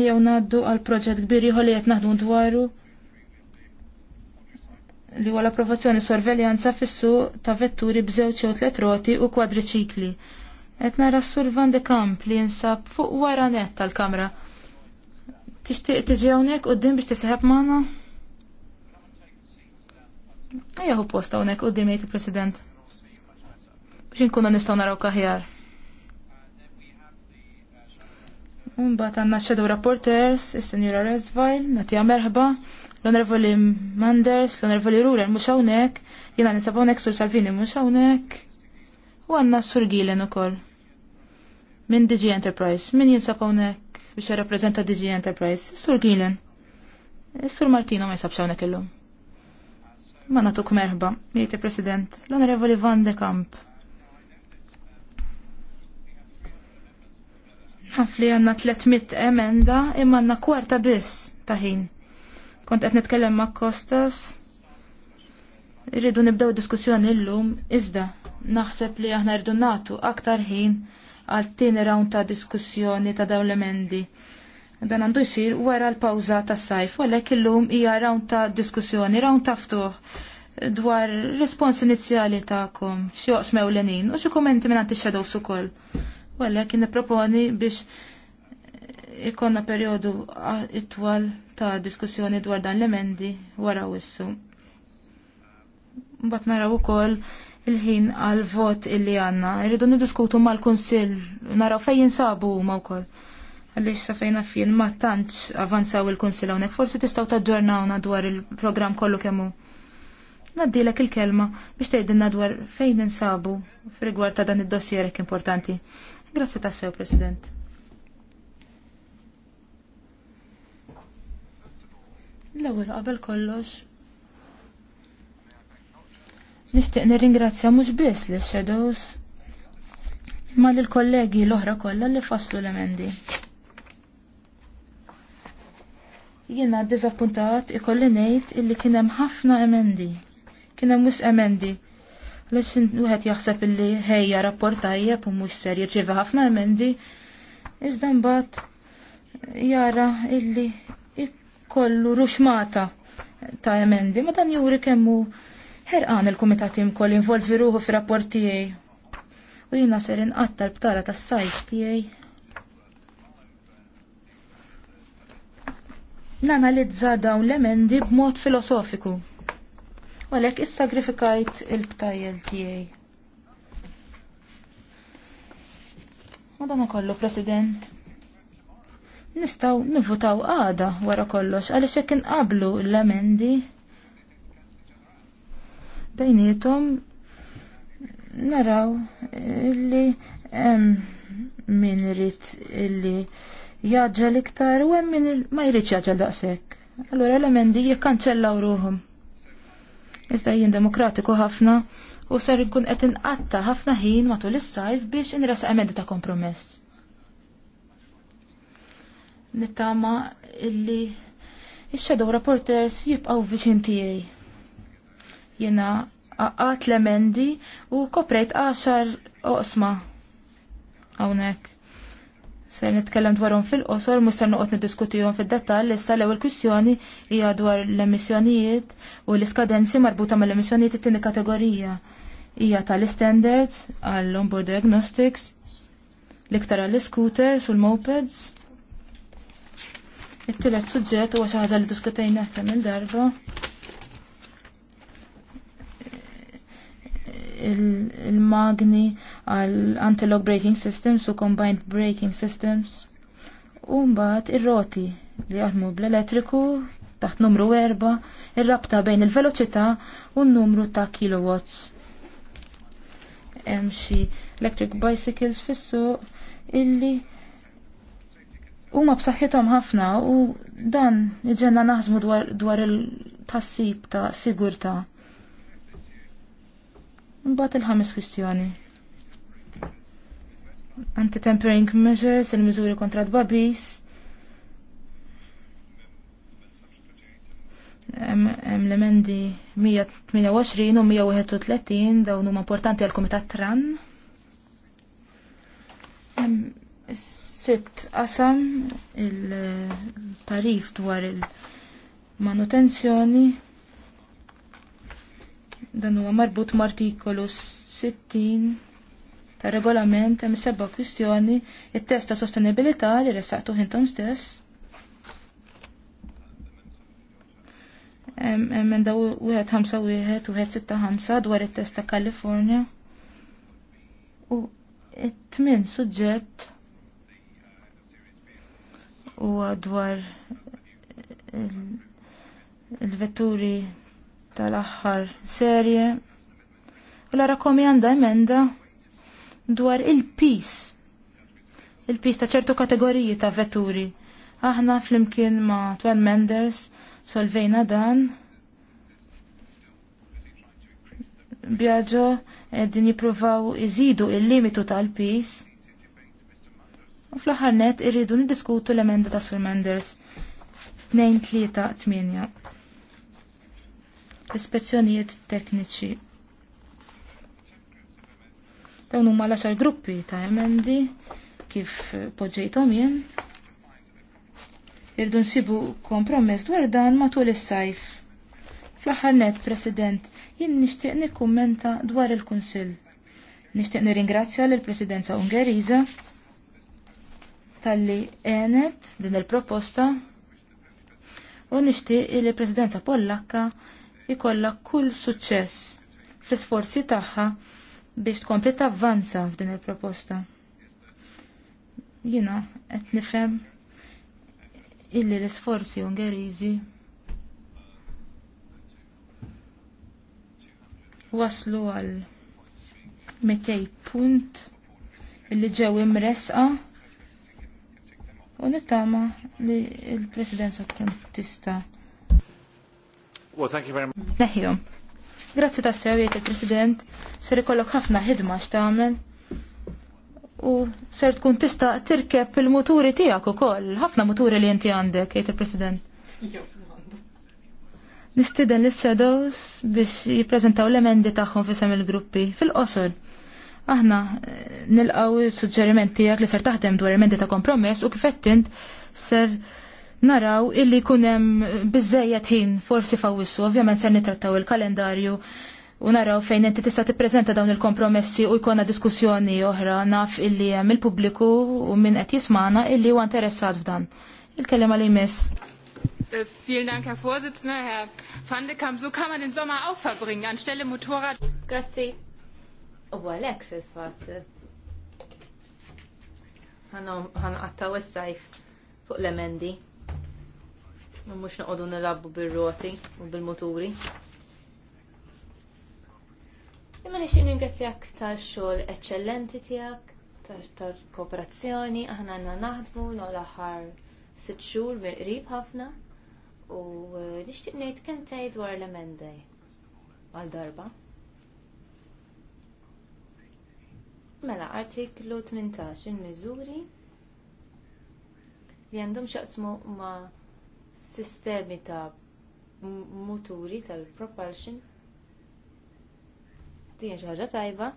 Ejjew ngħaddu għal proġett kbir ieħor li qed naħdmu dwaru li huwa l-approvazzjoni sorveljanza fis-suq ta' vetturi b'żewġ jew tliet roti u kwadriċikli. Qed nara s-sur Van de Kamp li jinsab fuq wara net tal-kamra. Tixtieq tiġi hawnhekk quddiem biex tiseħab magħna? Ejja posta unek u dimejt il-President. Biex nkunu nistaw naraw kaħjar. Unbat għanna Shadow Rapporters, il-Senjura Rezvajl, natija merħba, l-Onorevoli Manders, l-Onorevoli Ruler, mux għawnek, jina nisab għawnek Sur Salvini, mux għawnek, u għanna Sur Gilen u koll. Min DG Enterprise, min jinsab għawnek biex jirrapprezenta DG Enterprise, Sur Gilen. Sur Martino ma jisabx għawnek illum. Ma natuk merħba, jgħid President, l-Onorevoli Van de Kamp. Naf li għanna 300 emenda imma għanna kwarta biss taħin. Kont qed nitkellem ma' Kostas. rridu nibdew diskussjoni llum iżda naħseb li aħna rridu nagħtu aktar ħin għal tini round ta' diskussjoni ta' dawn l-emendi dan għandu jsir wara l-pawza tas sajf u għalhekk illum hija rawn ta' diskussjoni, rawn ta' ftuħ dwar respons inizjali tagħkom l-enin, u xi kummenti minn għandi su ukoll. U għalhekk nipproponi biex ikonna perjodu itwal ta' diskussjoni dwar dan l-emendi wara wissu. Mbagħad naraw ukoll il-ħin għal-vot illi għanna. Irridu niddiskutu mal-Kunsill, naraw fejn jinsabu ma' wkoll Għalix safejna fien ma tantx avanzaw il-Kunsil hawnhekk, forsi tistgħu taġġornawna dwar il-programm kollu kemm hu. Naddilek il-kelma biex tgħidilna dwar fejn insabu f'rigward ta' dan id-dossier hekk importanti. Grazzi sew President. L-ewwel qabel kollox Nixtieq nirringrazzja mhux biss lis shadows ma lill kollegi l-oħra kollha li faslu l-emendi. Jiena dizappuntat ikolli ngħid illi kien hemm ħafna emendi. Kien hemm wisq emendi. Lex wieħed jaħseb illi ħejja rapport tajjeb u mhux ser jirċievi ħafna emendi. Iżda mbagħad jara illi ikollu ruxmata ta' emendi, ma dan juri kemmu ħerqan il-komitat imkoll involvi ruħu fi rapport tiegħi. U jina ser inqattar btara tas sajf tiegħi. nanalizza dawn l-emendi b'mod filosofiku. U is sagrifikajt il-btajjel tiegħi. Madonna kollu, President. Nistaw nivvutaw għada wara kollox, għaliex jekk inqablu l-emendi bejnietom naraw illi hemm min irid illi jaġġel iktar u hemm min ma jridx jaġġel daqshekk. Allura l-emendi jikkanċellaw ruhom. Iżda jien demokratiku ħafna u ser nkun qed inqatta ħafna ħin matul is-sajf biex inresaq emendi ta' kompromess. Nittama illi Ix-shadow reporters jibqgħu viċin tiegħi. Jiena għaqat l-emendi u koprejt għaxar oqsma hawnhekk se nitkellem dwarhom fil-qosor mhux se noqgħod niddiskutihom fid-dettall issa l-ewwel kwistjoni hija dwar l-emissjonijiet u l-iskadenzi marbuta mal-emissjonijiet it-tieni kategorija hija tal-standards għall-onboard diagnostics l-iktar għall-scooters u l-mopeds. It-tielet suġġett huwa xi ħaġa li diskutejna kemm il-darba il-magni għal anti-lock braking systems u combined braking systems. U mbagħad ir-roti li jaħdmu bl-elettriku taħt numru 4 ir-rabta bejn il-veloċità u n-numru ta' kilowatts. Hemm xi electric bicycles fis-suq illi huma b'saħħithom ħafna u dan iġenna naħsmu dwar, dwar il-tassib ta' sigurtà. Mbagħad il-ħames kwistjoni. Anti-tempering measures, il-miżuri kontra d-babis. Hemm l-emendi 128 u 131 dawn huma importanti għal kumitat Tran. Sitt qasam il-tarif dwar il-manutenzjoni Dan huwa marbut martikolu 60 ta' regolament hemm seba' kwistjoni it-test ta' sostenibilità li ressaqtu intom stess. Hemm daw wieħed ħamsa wieħed wieħed sitta ħamsa dwar it-test ta' Kalifornja. U it-tmien suġġett huwa dwar il-vetturi il vetturi tal-aħħar serje u la komi għanda emenda dwar il-pis il-pis ta' ċertu kategoriji ta' vetturi. Aħna flimkien ma' Twan Menders solvejna dan. Bjaġo din jipruvaw iżidu il-limitu tal-pis. U fl-aħħar net irridu niddiskutu l-emenda ta' Sur Menders 2-3-8 ispezzjonijiet tekniċi. Dawn huma l-għaxar gruppi ta' emendi kif poġġejthom jien. Irdu nsibu kompromess dwar dan matul is-sajf. Fl-aħħar nett, President, jien nixtieq nikkummenta dwar il-Kunsill. Nixtieq nirringrazzja lill presidenza Ungeriża talli għenet din il-proposta u nixtieq li l-Presidenza Pollakka ikolla kull suċċess fl-isforzi tagħha biex tkompli tavvanza f'din il-proposta. Jina qed nifhem illi l-isforzi Ungeriżi waslu għal 200 punt illi ġew imresqa u nittama li l-presidenza tkun tista' Well, Grazzi ta' sewjiet il-President, ser ikollok ħafna ħidma x'tagħmel u ser tkun tista' tirkeb il-muturi tiegħek ukoll, ħafna muturi li inti għandek, jgħid il-President. Nistiden l-Shadows biex jippreżentaw l-emendi tagħhom fisem il-gruppi fil-qosor aħna eh, nilqaw suġġerimenti tiegħek li ser taħdem dwar emendi ta' kompromess u kif ser naraw illi kunem bizzejet ħin forsi fawissu, ovvjament ser nitrattaw il-kalendarju u naraw fejn inti tista' tippreżenta dawn il-kompromessi u jkollna diskussjoni oħra naf illi hemm il-pubbliku u min qed jismana illi huwa interessat f'dan. Il-kelema li jmiss. Äh, vielen Dank, Herr Vorsitzender, Herr Van de Kamp. So kann man den Sommer auch verbringen, anstelle Motorrad. Grazie. U oh, għalek fil Hanno, hanno għattaw s-sajf fuq l-emendi. Mux naqodu nilabbu bil-roti u bil-moturi. Imma nixin ningrazzjak tal-xol eccellenti tijak, tal-kooperazzjoni, aħna għanna naħdmu l aħħar sitt xhur mill-qrib ħafna u eh, nixtieq ngħid kemm tgħid dwar l-emendej għal darba. Mela artiklu 18 il-miżuri li għandhom xaqsmu ma' sistemi ta' muturi tal-propulsion din xi ħaġa tajba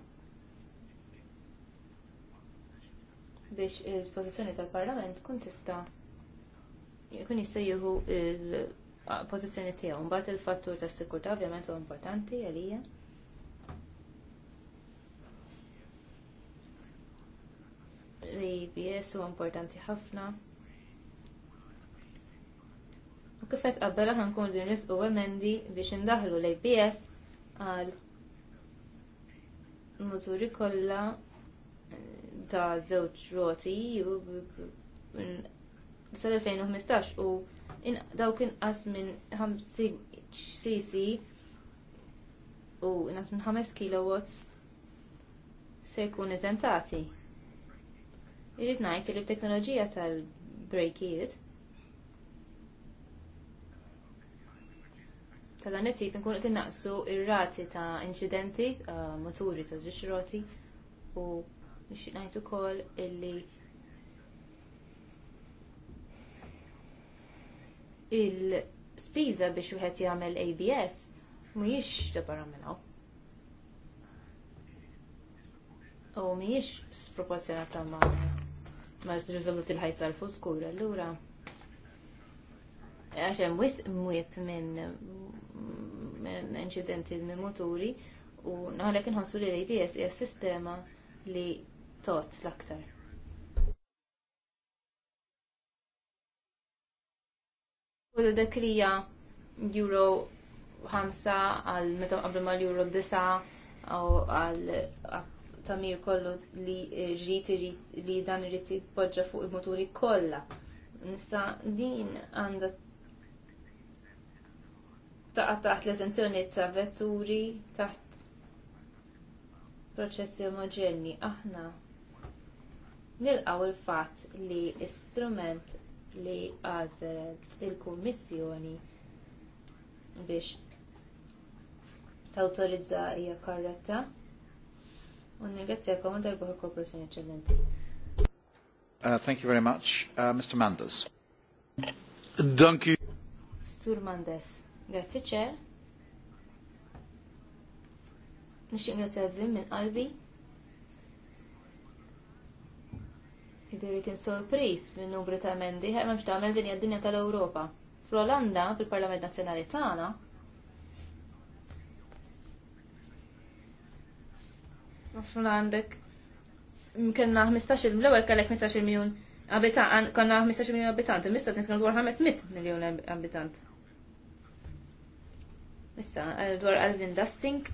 biex il-pożizzjoni tal-Parlament kun tista' jkun jista' jieħu il-pożizzjoni tiegħu. Mbagħad il-fattur tas-sikurtà ovvjament huwa importanti għalija. Li BS huwa importanti ħafna. U kif qed qabel kun din risq u emendi biex indaħlu l abs għal mużuri kollha eh, ta' żewġ roti u sal-2015 u dawk inqas minn 50 cc u inqas minn 5 kW se jkun eżentati. Irrid ngħid li t-teknoloġija tal-breakiet tal-anetit mela, nkunu qed innaqsu ir-rati ta' inċidenti uh, moturi ta' żwiex roti u nixtieq ngħid ukoll illi il-spiża biex wieħed jagħmel ABS mhijiex ġabara minnhom. U mhijiex sproporzjonata ma' ma' riżultati l-ħajsar fuq skura allura għax hemm wisq mwiet minn inċidenti minn moturi u naħlek inħossu li l-ABS hija sistema li tot l-aktar. U dak li euro 5 għal meta qabel mal euro 9 u għal tamir kollu li ġrit li dan irid jitpoġġa fuq il-moturi kollha. Nisa din għandha taqqa taħt l-esenzjoni ta' vetturi taħt proċessi omogeni. Aħna nilqaw il-fatt li istrument li għazet il-Kummissjoni biex tawtorizza hija korretta. U nirgrazzjakom għal darba kooperazzjoni eċċellenti. Uh, thank you very much, uh, Mr. Manders. Danki. Sur Mandes. Grazzi ċer. Nixtieq grazzi għal minn qalbi. Jidri kien sorpris minn numru ta' emendi, ħemma mx ta' emendi dinja tal-Europa. Fl-Olanda, fil-Parlament Nazjonali tagħna, Mafna għandek. Mm, Kenna 15 l-ewwel kellek 15 miljun abitant, konna 15 miljun abitant, imissa qed nitkellmu dwar 500 miljun abitant. Issa, eh, dwar Alvin Distinct,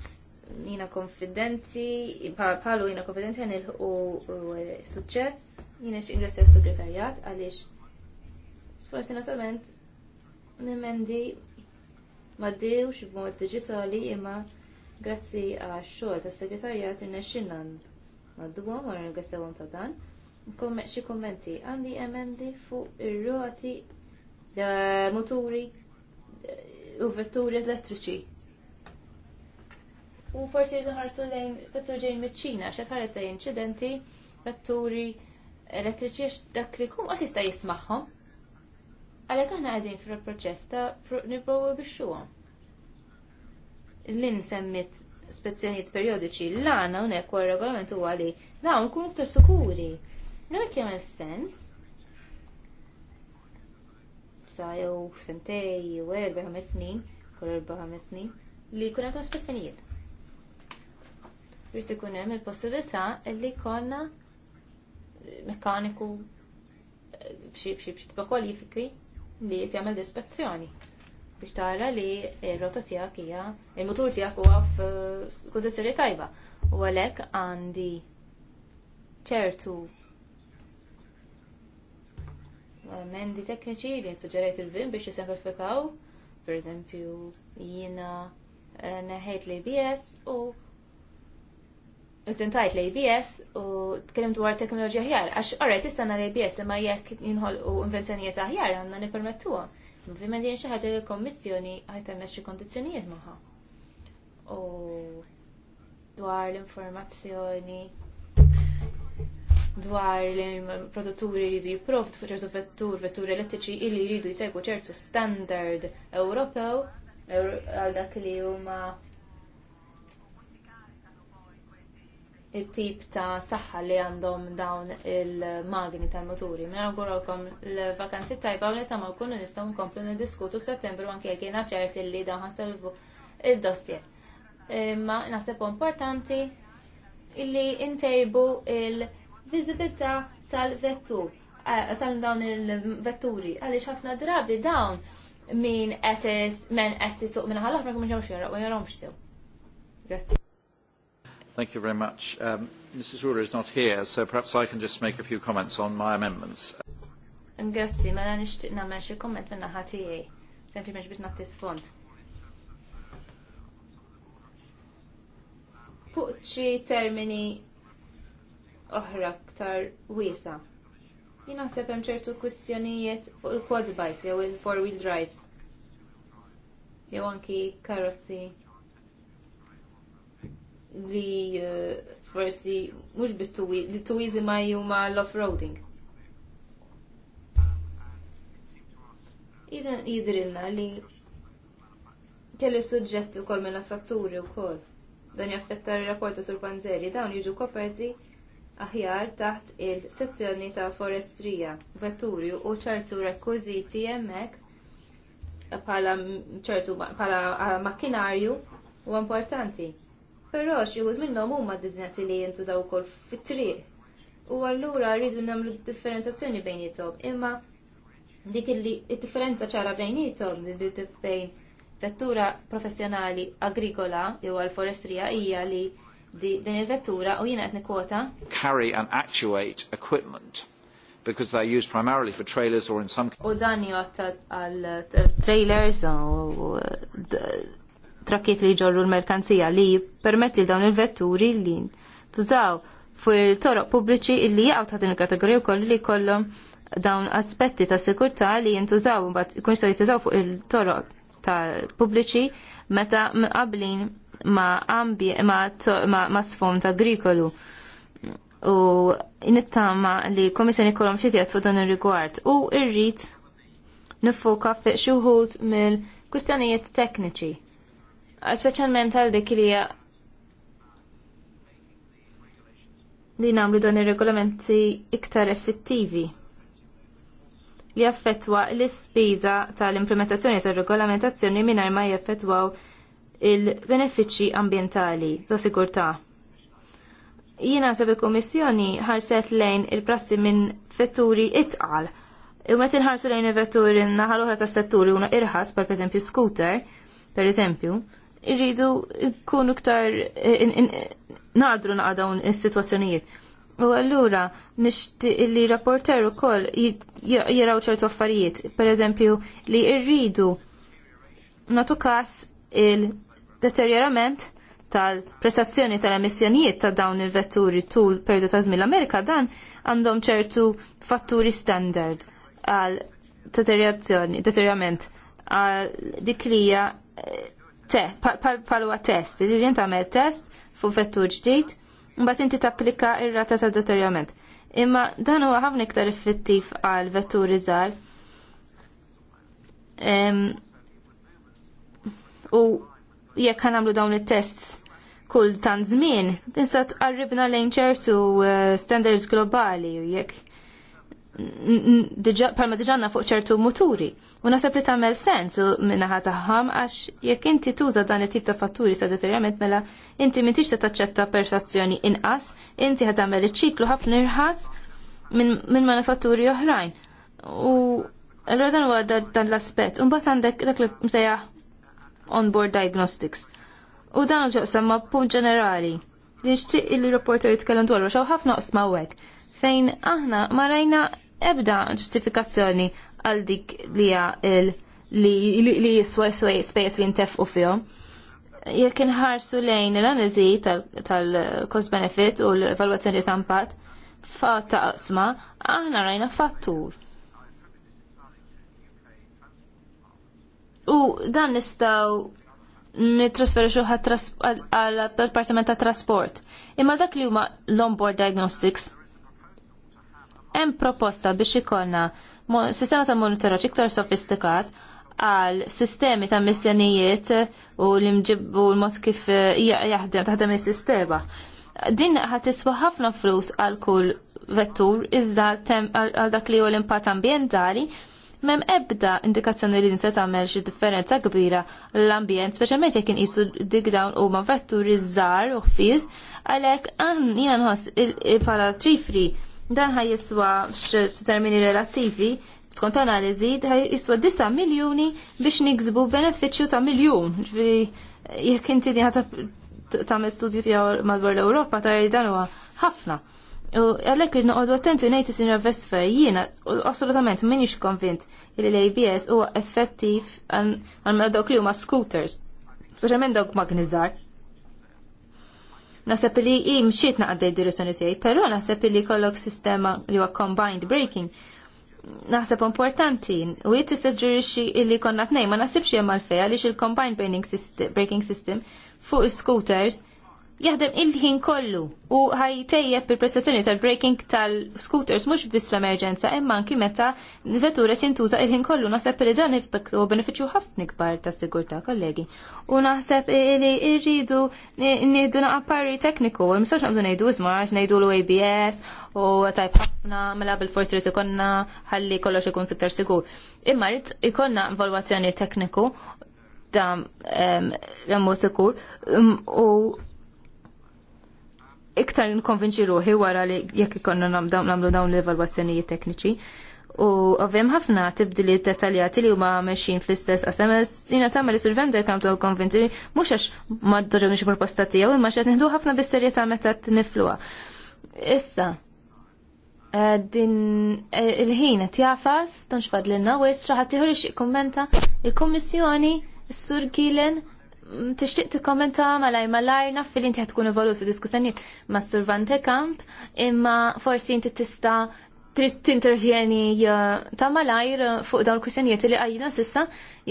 jina konfidenti, palu jina konfidenti għan il-ħu eh, suċċess, jina x'ingressja s-segretarjat għaliex sforsi nasabent, nimendi x b'mod digitali imma grazzi għax xogħol tas segretarjat irnexxinnan maddubhom wara nirgassewhom ta' dan. Xi kummenti għandi emendi fuq ir-roti eh, muturi u vetturi elettriċi. U forsi rridu ħarsu lejn vetturi ġejn miċċina xa x'qed lejn inċidenti, vetturi elettriċi dak li jkun għas jista' jismagħhom. Għalhekk aħna qegħdin fil-proċess ta' nipprovu bixxuhom. Lin semmit spezzjonijiet periodiċi l-għana unek u regolament u għali dawn kun iktar sukuri. Nuk jagħmel sens ħamsa jew sentej jew erba' ħames snin, kull erba' ħames snin, li jkun hemm traspassjonijiet. Rrid ikun hemm il-possibilità li jkollna eh, mekkaniku eh, b'xi b'xi b'xi kwalifiki li qed jagħmel dispezzjoni biex tara li r-rota tiegħek hija il-mutur tiegħek huwa f'kundizzjoni tajba. U għalhekk għandi ċertu mendi tekniċi li nsuġġerajt il-vim biex jisemplifikaw, per eżempju, jina eh, neħejt l-ABS u Iżdentajt l-ABS u tkellim dwar teknoloġija ħjar, għax orret istanna l-ABS imma jekk jinħol u invenzjonijiet aħjar għandna nipermettuha. Ovvijament din xi ħaġa li l-Kommissjoni ħajtemmex xi kondizzjonijiet magħha. U dwar l-informazzjoni dwar li l-produtturi jridu jipprovdu fuq ċertu vettur, vetturi elettriċi illi jridu jsegwu ċertu standard Ewropew għal dak li huma it-tip ta' saħħa li għandhom dawn il-magni tal-moturi. Minna għuralkom l-vakanzi tajba u nitama kunu nistaw nkomplu nil-diskutu settembru anke jek jena il li dawn ħaselvu id-dossier. Imma naħseb importanti illi intejbu il-, -il viżibilità tal-vettur eh, tal dawn il-vetturi għaliex ħafna drabi dawn min qed men qed isuq minn ħalla ħafna kemm jara u jarhomx sew. Grazzi. Thank you very much. Um, Mrs. Ruler is not here, so perhaps I can just make a few comments on my amendments. Grazzi, ma la nishtiq namel xie komment minna ħatijaj. Sempli meċ biex natti sfond. Fuq xi termini oħra ktar wiesa. Jien naħseb hemm ċertu kwistjonijiet fuq il-quad bikes, jew il-four wheel drives. Jew anki karozzi li eh, forsi mhux biss li tuwizi ma huma l-off-roading. Jidrilna li kelli suġġetti wkoll kol minna fatturi u kol. Dan jaffetta r-rapporta sur panzeri, dawn jiġu koperti aħjar taħt il-sezzjoni ta' forestrija, vetturi u ċertu rekwiżiti hemmhekk bħala ċertu bħala makkinarju huwa importanti. Però xi wħud minnhom huma diżnati li jintużaw ukoll fit-triq. U allura rridu nagħmlu differenzjazzjoni bejnietom, imma dik li differenza ċara bejnietom bejn vettura professjonali agrikola jew għall forestrija hija li din il-vettura u jiena qed nikkota. Carry and actuate equipment because they're used primarily for trailers or in some U dan jotta għal trailers u trakkiet li ġorru l-merkanzija li permetti dawn il-vetturi li tużaw fuq toroq pubbliċi illi jaqgħu taħt il-kategorija wkoll li jkollhom dawn aspetti ta' sikurtà li jintużaw bat ikun jistgħu jittużaw fuq il-toroq ta' pubbliċi meta mqablin ma' ambi ma', ma, ma sfond agrikolu u nittama li komissjoni kolom xie tiegħed dan ir-rigward u rrid nifoka fuq xi wħud mill-kwistjonijiet tekniċi. Speċjalment għal dik li li nagħmlu dan ir-regolamenti iktar effettivi li affettwa l-ispiża tal-implementazzjoni tal-regolamentazzjoni mingħajr ma jaffettwaw il-benefiċċji ambjentali ta' sigurtà. Jina sab il-Kummissjoni ħarset lejn il-prassi minn vetturi itqal. U ma tinħarsu lejn il-vetturi naħal oħra tas setturi una irħas, per eżempju scooter, per eżempju, irridu nkunu iktar eh, nadru naqda is-sitwazzjonijiet. U allura nixtieq li rapporter ukoll jaraw ċertu affarijiet, per eżempju li rridu natu każ il- deterjerament tal-prestazzjoni tal-emissjonijiet ta' dawn il-vetturi tul perdu ta' żmien l-Amerika dan għandhom ċertu fatturi standard għal deterjerazzjoni, deterjerament għal dik li hija eh, test, palwa test, ġiri tagħmel test fuq vettur ġdid, mbagħad inti tapplika ir-rata ta' deterjerament. Imma dan huwa ħafna iktar effettiv għal vetturi żgħar. U jekk nagħmlu dawn it-tests kull tan żmien, tinsa tqarribna lejn ċertu uh, standards globali u jekk palma diġanna fuq ċertu muturi. U nasab li tamel sens minnaħa taħħam għax jekk inti tuża dan it-tip ta' fatturi ta' deterjament mela inti mintix ta' taċċetta persazzjoni inqas, inti ħad tagħmel iċ-ċiklu ħafna irħas minn manifatturi oħrajn. U l dan huwa dan l-aspett. Imbagħad għandek dak li msejaħ onboard diagnostics. U dan ġoqsam ma' punt ġenerali. Nixtieq il-reporter jitkellem dwar xaw ħafna qsma hekk. Fejn aħna ma rajna ebda ġustifikazzjoni għal dik li il li jiswa jiswa space li ntefqu fihom. Jekk inħarsu lejn l-analiżi tal-cost benefit u l-evalwazzjoni ta' impatt fa' ta' qsma, aħna rajna fattur U dan nistaw nitrasferu għal Departament ta' Trasport. Imma dak li huma l-onboard diagnostics hemm proposta biex ikollna sistema ta' monitoraġġ iktar sofistikat għal sistemi ta' missjonijiet u l imġibbu l-mod kif eh, jaħdem taħdem is-sistema. Din ħat iswa ħafna flus għal kull vettur iżda għal dak li hu l-impatt ambjentali m'hemm ebda indikazzjoni li se tagħmel xi differenza kbira l-ambjent, speċjalment jekk inqisu dik dawn huma vetturi żgħar u ħfief, għalhekk jiena nħoss bħala ċifri dan ħaj jiswa termini relattivi skont analiżi jiswa 9 miljuni biex niksbu benefiċċju ta' miljun. Ġifieri jekk inti tagħmel studju tiegħu madwar l-Ewropa ta' dan huwa ħafna. U għalek li noqodu attenti nejti sinjor Vestfer, jiena assolutament minix konvint li l-ABS huwa effettiv għal mela dawk li huma scooters, speċjalment dawk magnizzar. Nasab li i mxiet naqaddej direzzjoni tiegħi, però nasab li kollok sistema li huwa combined braking naħseb importanti u jitt tissuġġerixxi illi konna t-nej ma nasibx hemm feja għaliex il-combined braking system fuq scooters jaħdem il-ħin kollu u ħajtejjeb il-prestazzjoni tal-breaking tal-scooters mhux bis l emerġenza imma anki meta l-vettura jintuża il-ħin kollu naħseb li dan u benefiċċju ħafna kbar tas-sigurtà kollegi. U naħseb li rridu nieħdu naqappari tekniku u mistax naqbdu ngħidu izmaġ nejdu ngħidu l-ABS u tajb ħafna mela bil-forsi rid ikonna ħalli kollox ikun siktar sigur. Imma rrit ikonna involvazzjoni tekniku dam um, sikur u iktar nkonvinċi ruħi wara li jekk ikonna nagħmlu dawn l-evalwazzjonijiet tekniċi. U ovvjem ħafna tibdili dettaljati li huma meċin fl-istess jina jiena tagħmel is survender kam sew konvinti mhux għax ma doġobni proposta tiegħu imma x'qed nħdu ħafna bis ta' meta tnifluha. Issa, eh, din eh, il-ħin qed jafas, l fadlilna u xi ħadd ieħor ixtieq kommenta, il-Kummissjoni, s sur Kilen, tixtieq tikkommenta malaj malaj naf li inti tkun evolut fi diskussjonijiet ma' Sur Van Kamp imma forsi inti tista' trid tintervjeni ta' malajr fuq dawn il-kwistjonijiet li għajna sissa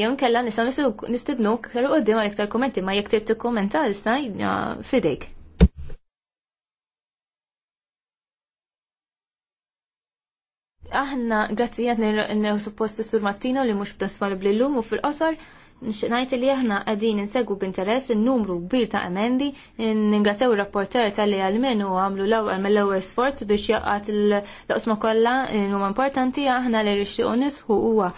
jew kella nistgħu nistidnuk kellu qudiem għal iktar kommenti ma jekk trid tikkummenta issa fidejk. Aħna grazzi għatni n-suppost Sur Mattino li mux b'tasfal blillum u fil-qosor Nxinajt li aħna għadin nsegu b'interess n numru kbir ta' emendi, ningratew il-rapporter tal-li għal-menu għamlu l-ewwel mill-ewwel sforz biex jaqqat l kolla kollha huma importanti aħna li unis nisħu huwa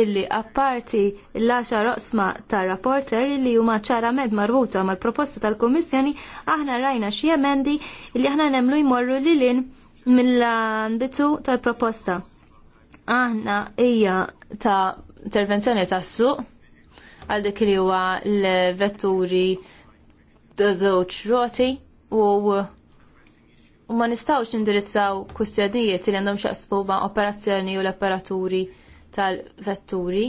illi apparti l-10 osma ta' rapporter illi huma ċarament marbuta mal-proposta tal-Kummissjoni aħna rajna xi emendi illi aħna nemlu jmorru lilin mill-bitu tal-proposta. Aħna hija ta' intervenzjoni tas-suq għal dik li huwa l-vetturi żewġ roti u ma nistgħux nindirizzaw kwistjonijiet li għandhom xaqsbu ma' operazzjoni u l-apparaturi tal-vetturi.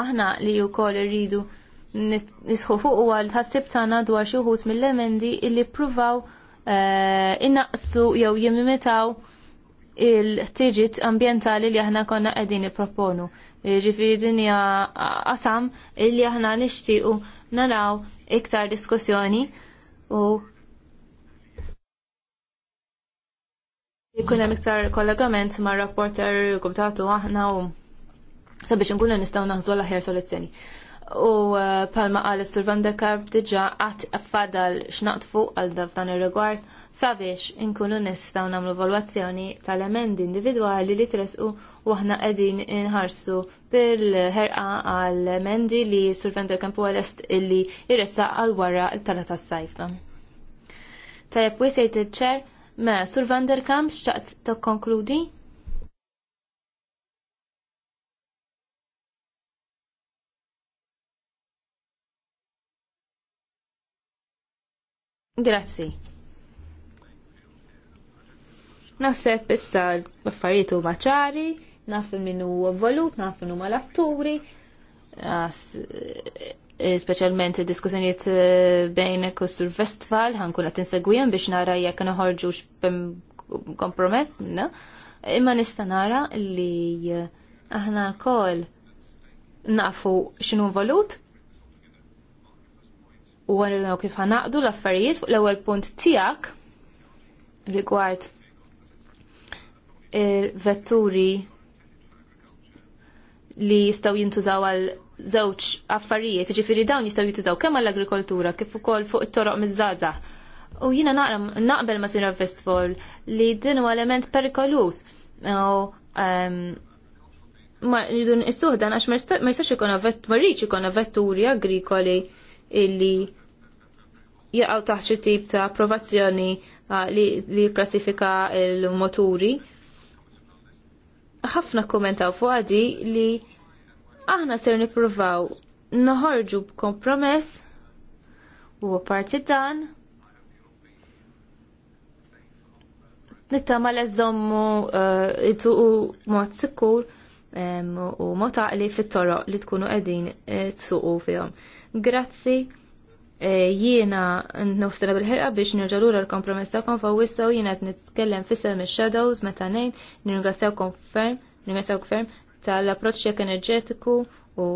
Aħna li wkoll irridu nisħu fuq u għal tħassib tagħna dwar xi wħud mill-emendi illi pruvaw eh, innaqsu jew jimimitaw il-ħtiġit ambjentali li aħna konna qegħdin nipproponu. Ġifiri dinja qasam illi aħna nixtiequ naraw iktar diskussjoni u Jikun hemm iktar kollegament ma' rapporter kumtatu aħna u sabiex nkunu nistgħu naħżu l-aħjar soluzzjoni. U uh, palma qal sur Van der Karp diġà qatt affadal x'naqtfu għal dan ir-rigward sabiex inkunu nistgħu nagħmlu valwazzjoni tal-emendi individwali li tresqu u aħna qegħdin inħarsu bil-ħerqa għal mendi li Sur kampu għal-est illi jressa għal wara tala tas-sajf. Tajab wisejt il-ċer, ma mela, Sur Kamp xtaqt ta' konkludi? Grazzi. Naħseb issa l-affarijiet huma naf min huwa volut, naf min mal atturi eh, specialment diskussjoniet eh, bejn kustur Vestfal, ħankun għat insegwijan biex nara jekk naħorġu kompromess minna. Imma nista nara li eh, aħna kol nafu xinu volut u għarrinaw kif ħanaqdu l-affarijiet fuq l-ewel punt tijak rigward il-vetturi li jistgħu jintużaw għal żewġ affarijiet, ġifiri dawn jistgħu jintużaw kemm għall agrikoltura kif ukoll fuq it-toroq miż-żgħażagħ. U jiena naqbel ma' Sinra Vestfall li din huwa element perikolus. Ehm, ma rridu is-suħdan għax ma jistax vett, ma rridx ikun vetturi agrikoli illi jaqgħu taħt xi tip ta' approvazzjoni li klassifika l-moturi ħafna kommentaw fuqadi li aħna ser nipruvaw noħorġu b'kompromess u parti dan nittama l-eżommu uh, u mod sikur u għaqli fit-toroq li tkunu qegħdin eh, tsuqu fihom. Grazzi Eh, jiena nofsira bil-ħirqa biex nirġalura l-kompromess tagħkom fa' wissaw jiena qed nitkellem fissem ix-shadows meta ngħid nirringrazzjawkom ferm, nirringrazzjawk ferm tal-approċċ jekk enerġetiku u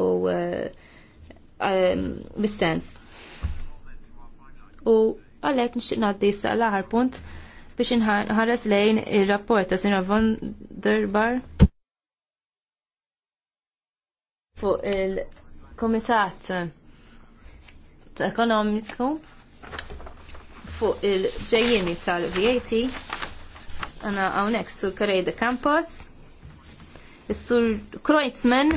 u bis-sens. Eh, u għalhekk nixtieq ngħaddi issa l-aħħar punt biex nħares lejn ir-rapport ta' Sinra Von Derbar fuq il-Komitat ekonomiku fuq il ġejjini tal-VAT għana għawnek sur Korej de Campos sur Kreuzman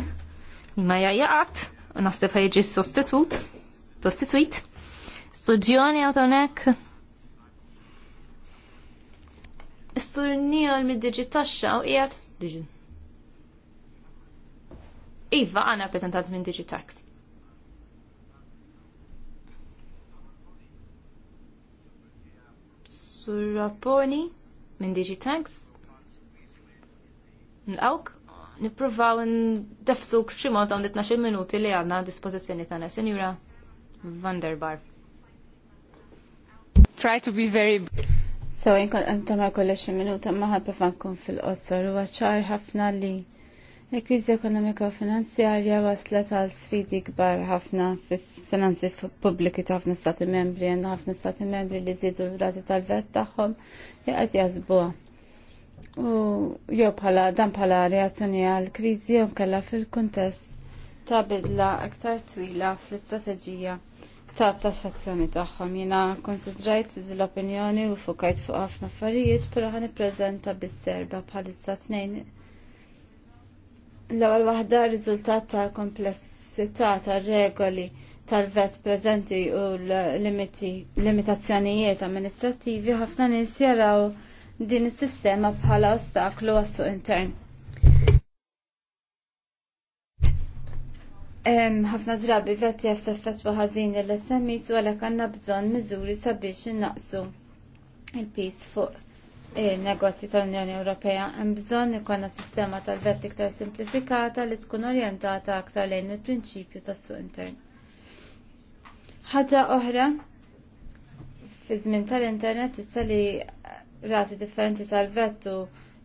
ma jajjaqat nasib ħajġi sostitut sostituit Studjoni għawnek Sur Neil mid-digitaxxa u qiegħed Iva għana prezentat minn Digitax Sur Rapponi minn DigiTanks. Nqawk, nippruvaw n b'xi mod dawn 12 minuti li għadna dispozizjoni tagħna, Sinjura Vanderbar. Try to be very So, jinkon għantama ma kollex minuta maħal profan kun fil-qossor u għacħar ħafna li Il-kriżi ekonomika u finanzjarja waslet għal sfidi kbar ħafna fis-finanzi pubbliki ta' ħafna stati membri, għanna ħafna stati membri li zidu l-rati tal-vet tagħhom li qed jażbuha. U jew bħala dan bħala reazzjoni għal kriżi u nkella fil-kuntest ta' bidla aktar twila fl-istrateġija ta' taxxazzjoni tagħhom. Jiena konsidrajt l-opinjoni u fukajt fuq ħafna affarijiet, pero ħan prezenta bis-serba bħalissa tnejn L-ewwel waħda riżultat ta' komplessità tar-regoli tal-vet preżenti u l-limiti limitazzjonijiet amministrattivi ħafna nies jaraw din is-sistema bħala ostaklu għas-suq intern. ħafna drabi vet jaf taffet ħażin l-SMIs u għalhekk għandna bżonn miżuri sabiex innaqsu il-pis fuq il-negozji tal-Unjoni Ewropea hemm bżonn ikollna sistema tal-vett iktar simplifikata li tkun orjentata aktar lejn il-prinċipju tas-suq intern. Ħaġa oħra fi żmien tal-internet issa li rati differenti tal-vett u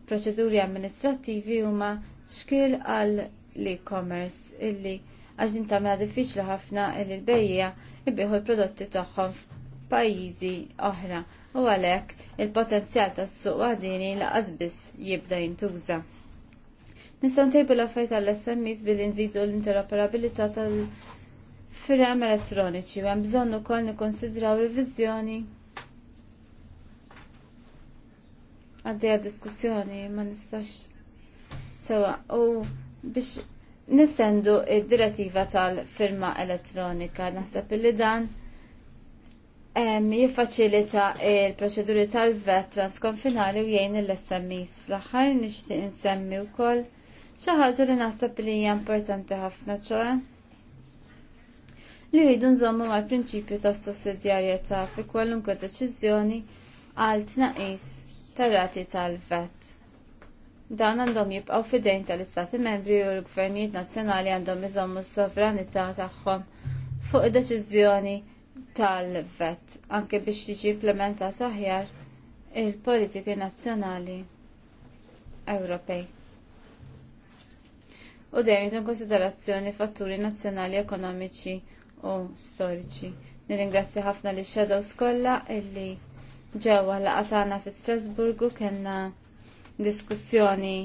proċeduri amministrattivi huma xkil għal l-e-commerce illi għax din tagħmilha diffiċli ħafna illi l-bejja jbieħu l-prodotti tagħhom f'pajjiżi oħra u għalhekk il-potenzjal tas-suq għadini la' biss jibda jintuża. Nistgħu tejbu l-affarijiet għall-SMIS billi nżidu l-interoperabilità tal-firem elettroniċi u hemm bżonn ukoll nikkonsidraw riviżjoni għaddeja diskussjoni ma nistax sewa u biex nistendu id-direttiva tal-firma elettronika naħseb li dan jiffaċilita il-proċeduri tal-vet transkonfinali u jgħin l-SMIs. fl axar nixtieq insemmi wkoll xi ħaġa li naħseb li hija importanti ħafna ċoħe li rridu nżommu mal prinċipju ta' sussidjarjetà fi kwalunkwe deċiżjoni għal tnaqis tar-rati tal-vet. Dan għandhom jibqgħu fidejn tal-Istati Membri u l-Gvernijiet Nazzjonali għandhom iżommu s-sovranità tagħhom fuq id-deċiżjoni tal-vet anke biex tiġi implementat aħjar il-politiki nazzjonali Ewropej. U dejjem jitun konsiderazzjoni fatturi nazzjonali ekonomiċi u storiċi. Nirringrazzja ħafna li shadows kollha illi ġewwa laqatana fi Strasburgu kellna diskussjoni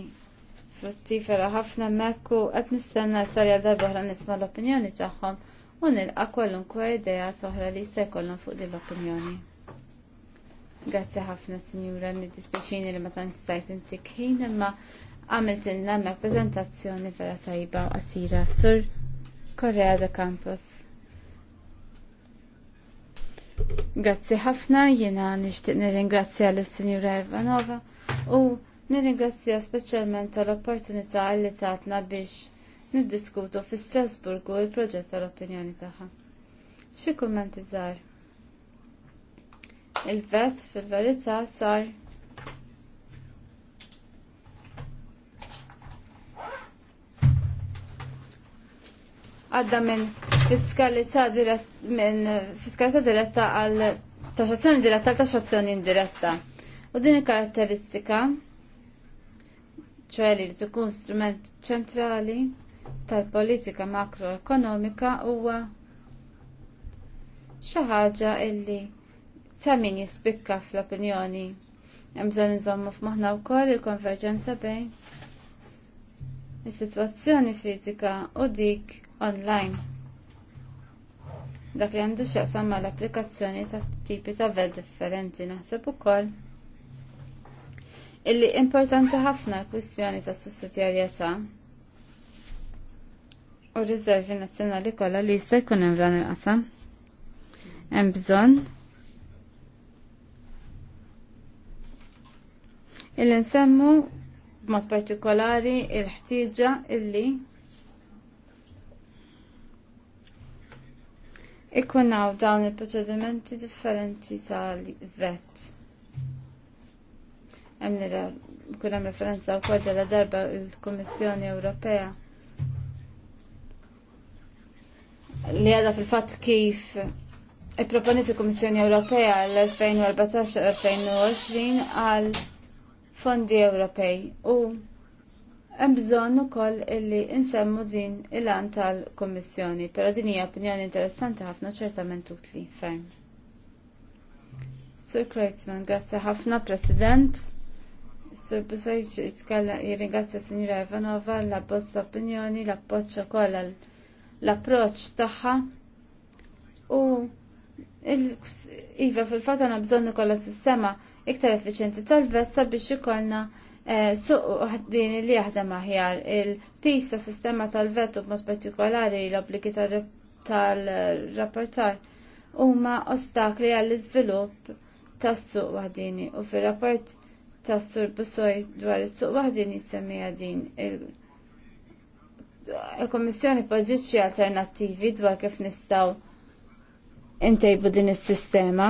fruttifera ħafna mekku qed nistenna sarja darba ħra nisma' l-opinjoni tagħhom u nilqa kwalunkwe idea soħra li jista' jkollhom fuq din l-opinjoni. Grazzi ħafna sinjura niddispjaċini li ma tantx stajt intik ħin imma għamilt inna preżentazzjoni vera tajba qasira sur Korea de Campus. Grazzi ħafna, jiena nixtieq nirringrazzja l-Sinjura Ivanova u nirringrazzja speċjalment tal-opportunità li tatna biex niddiskutu fi Strasburgu il-proġett tal-opinjoni tagħha. Xi kummenti żgħar? Il-vet fil-verità sar għadda minn fiskalità diretta minn fiskalità diretta għal taxazzjoni diretta għal taxazzjoni indiretta. U din il-karatteristika ċoħli li tkun strument ċentrali tal-politika makroekonomika huwa xi ħaġa illi ta' min jispikka fl-opinjoni. Hemm bżonn iżommu f'moħħna wkoll il-konverġenza bejn is-sitwazzjoni fiżika u dik online. Dak li għandu x'jaqsam mal-applikazzjoni ta' tipi ta' vel differenti naħseb ukoll illi importanti ħafna l-kwistjoni tas sussidjarjetà u riservi nazzjonali kollha li jista' jkun hemm dan il-qasam. Hemm bżonn illi nsemmu b'mod partikolari il-ħtieġa illi ikunaw dawn il-proċedimenti differenti tal-vet. Hemm kun hemm referenza wkoll darba il-Kummissjoni Ewropea li għada fil-fat kif i-proponiet il-Komissjoni Ewropea l-2014-2020 għal fondi Ewropej u hemm bżonn ukoll illi insemmu din il-għan tal-Kummissjoni, però din hija opinjoni interessanti ħafna ċertament utli ferm. Sur Kreutzmann, grazzi ħafna, President. Sur Busajċ jitkalla jirringrazzja Signora Ivanova l bozza opinjoni, l-appoċċa koll l l-approċ tagħha u iva fil-fatt għandna bżonn ikollha sistema iktar effiċjenti tal-vet sabiex ikollna eh, suq din li jaħdem aħjar il-pis ta' sistema tal-vet u b'mod partikolari l-obbligi tal-rapportar huma ostakli għall-iżvilupp tas-suq waħdini u fir-rapport tas-sur Busoj dwar is-suq waħdini semmija din il- il komissjoni poġġiċi alternattivi dwar kif nistaw intejbu din is-sistema.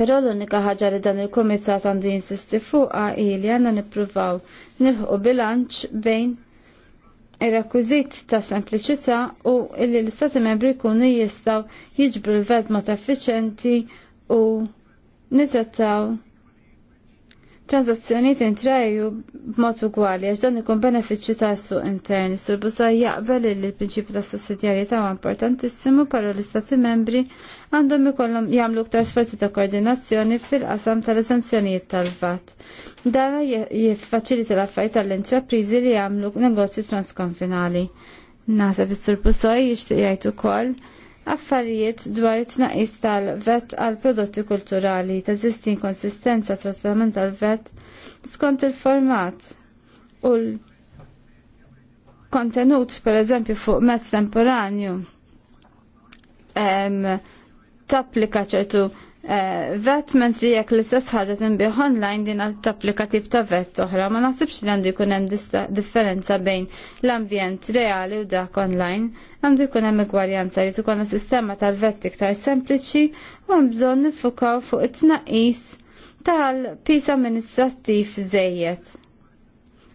Però l-unika ħaġa li dan il komissat għandu jinsisti fuqha hi li għandna nippruvaw nilħu bilanċ bejn ir-rekwiżit ta' sempliċità u li l-Istati membri jkunu jistaw jiġbru l-vedma ta' effiċenti u nitrattaw t intraju b'mod ugwali għax dan ikun benefiċċju ta' suq intern. Sur Busaj jaqbel li l-prinċipju ta' sussidjarjetà huwa importantissimu però l-Istati membri għandhom ikollhom jagħmlu aktar sforzi ta' koordinazzjoni fil-qasam tal esenzjonijiet tal-VAT. Dan jiffaċilita l-affarijiet tal-intrapriżi li jagħmlu negozju transkonfinali. Nasa is-Sur Busaj jixtieq jgħid ukoll affarijiet dwar it-tnaqis tal-vet għal prodotti kulturali ta' zistin konsistenza trasferment tal-vet skont il-format u l-kontenut per eżempju fuq mezz temporanju tapplika ċertu eh, vet mentri jekk l-istess ħaġa tinbih online din tapplika tip ta' vet oħra ma nasibx li għandu jkun hemm differenza bejn l-ambjent reali u dak online għandu jkun hemm igwarjanza li tkun sistema tal-vetti iktar sempliċi u hemm bżonn nifukaw fuq it-tnaqqis tal-pis amministrattiv żejjed.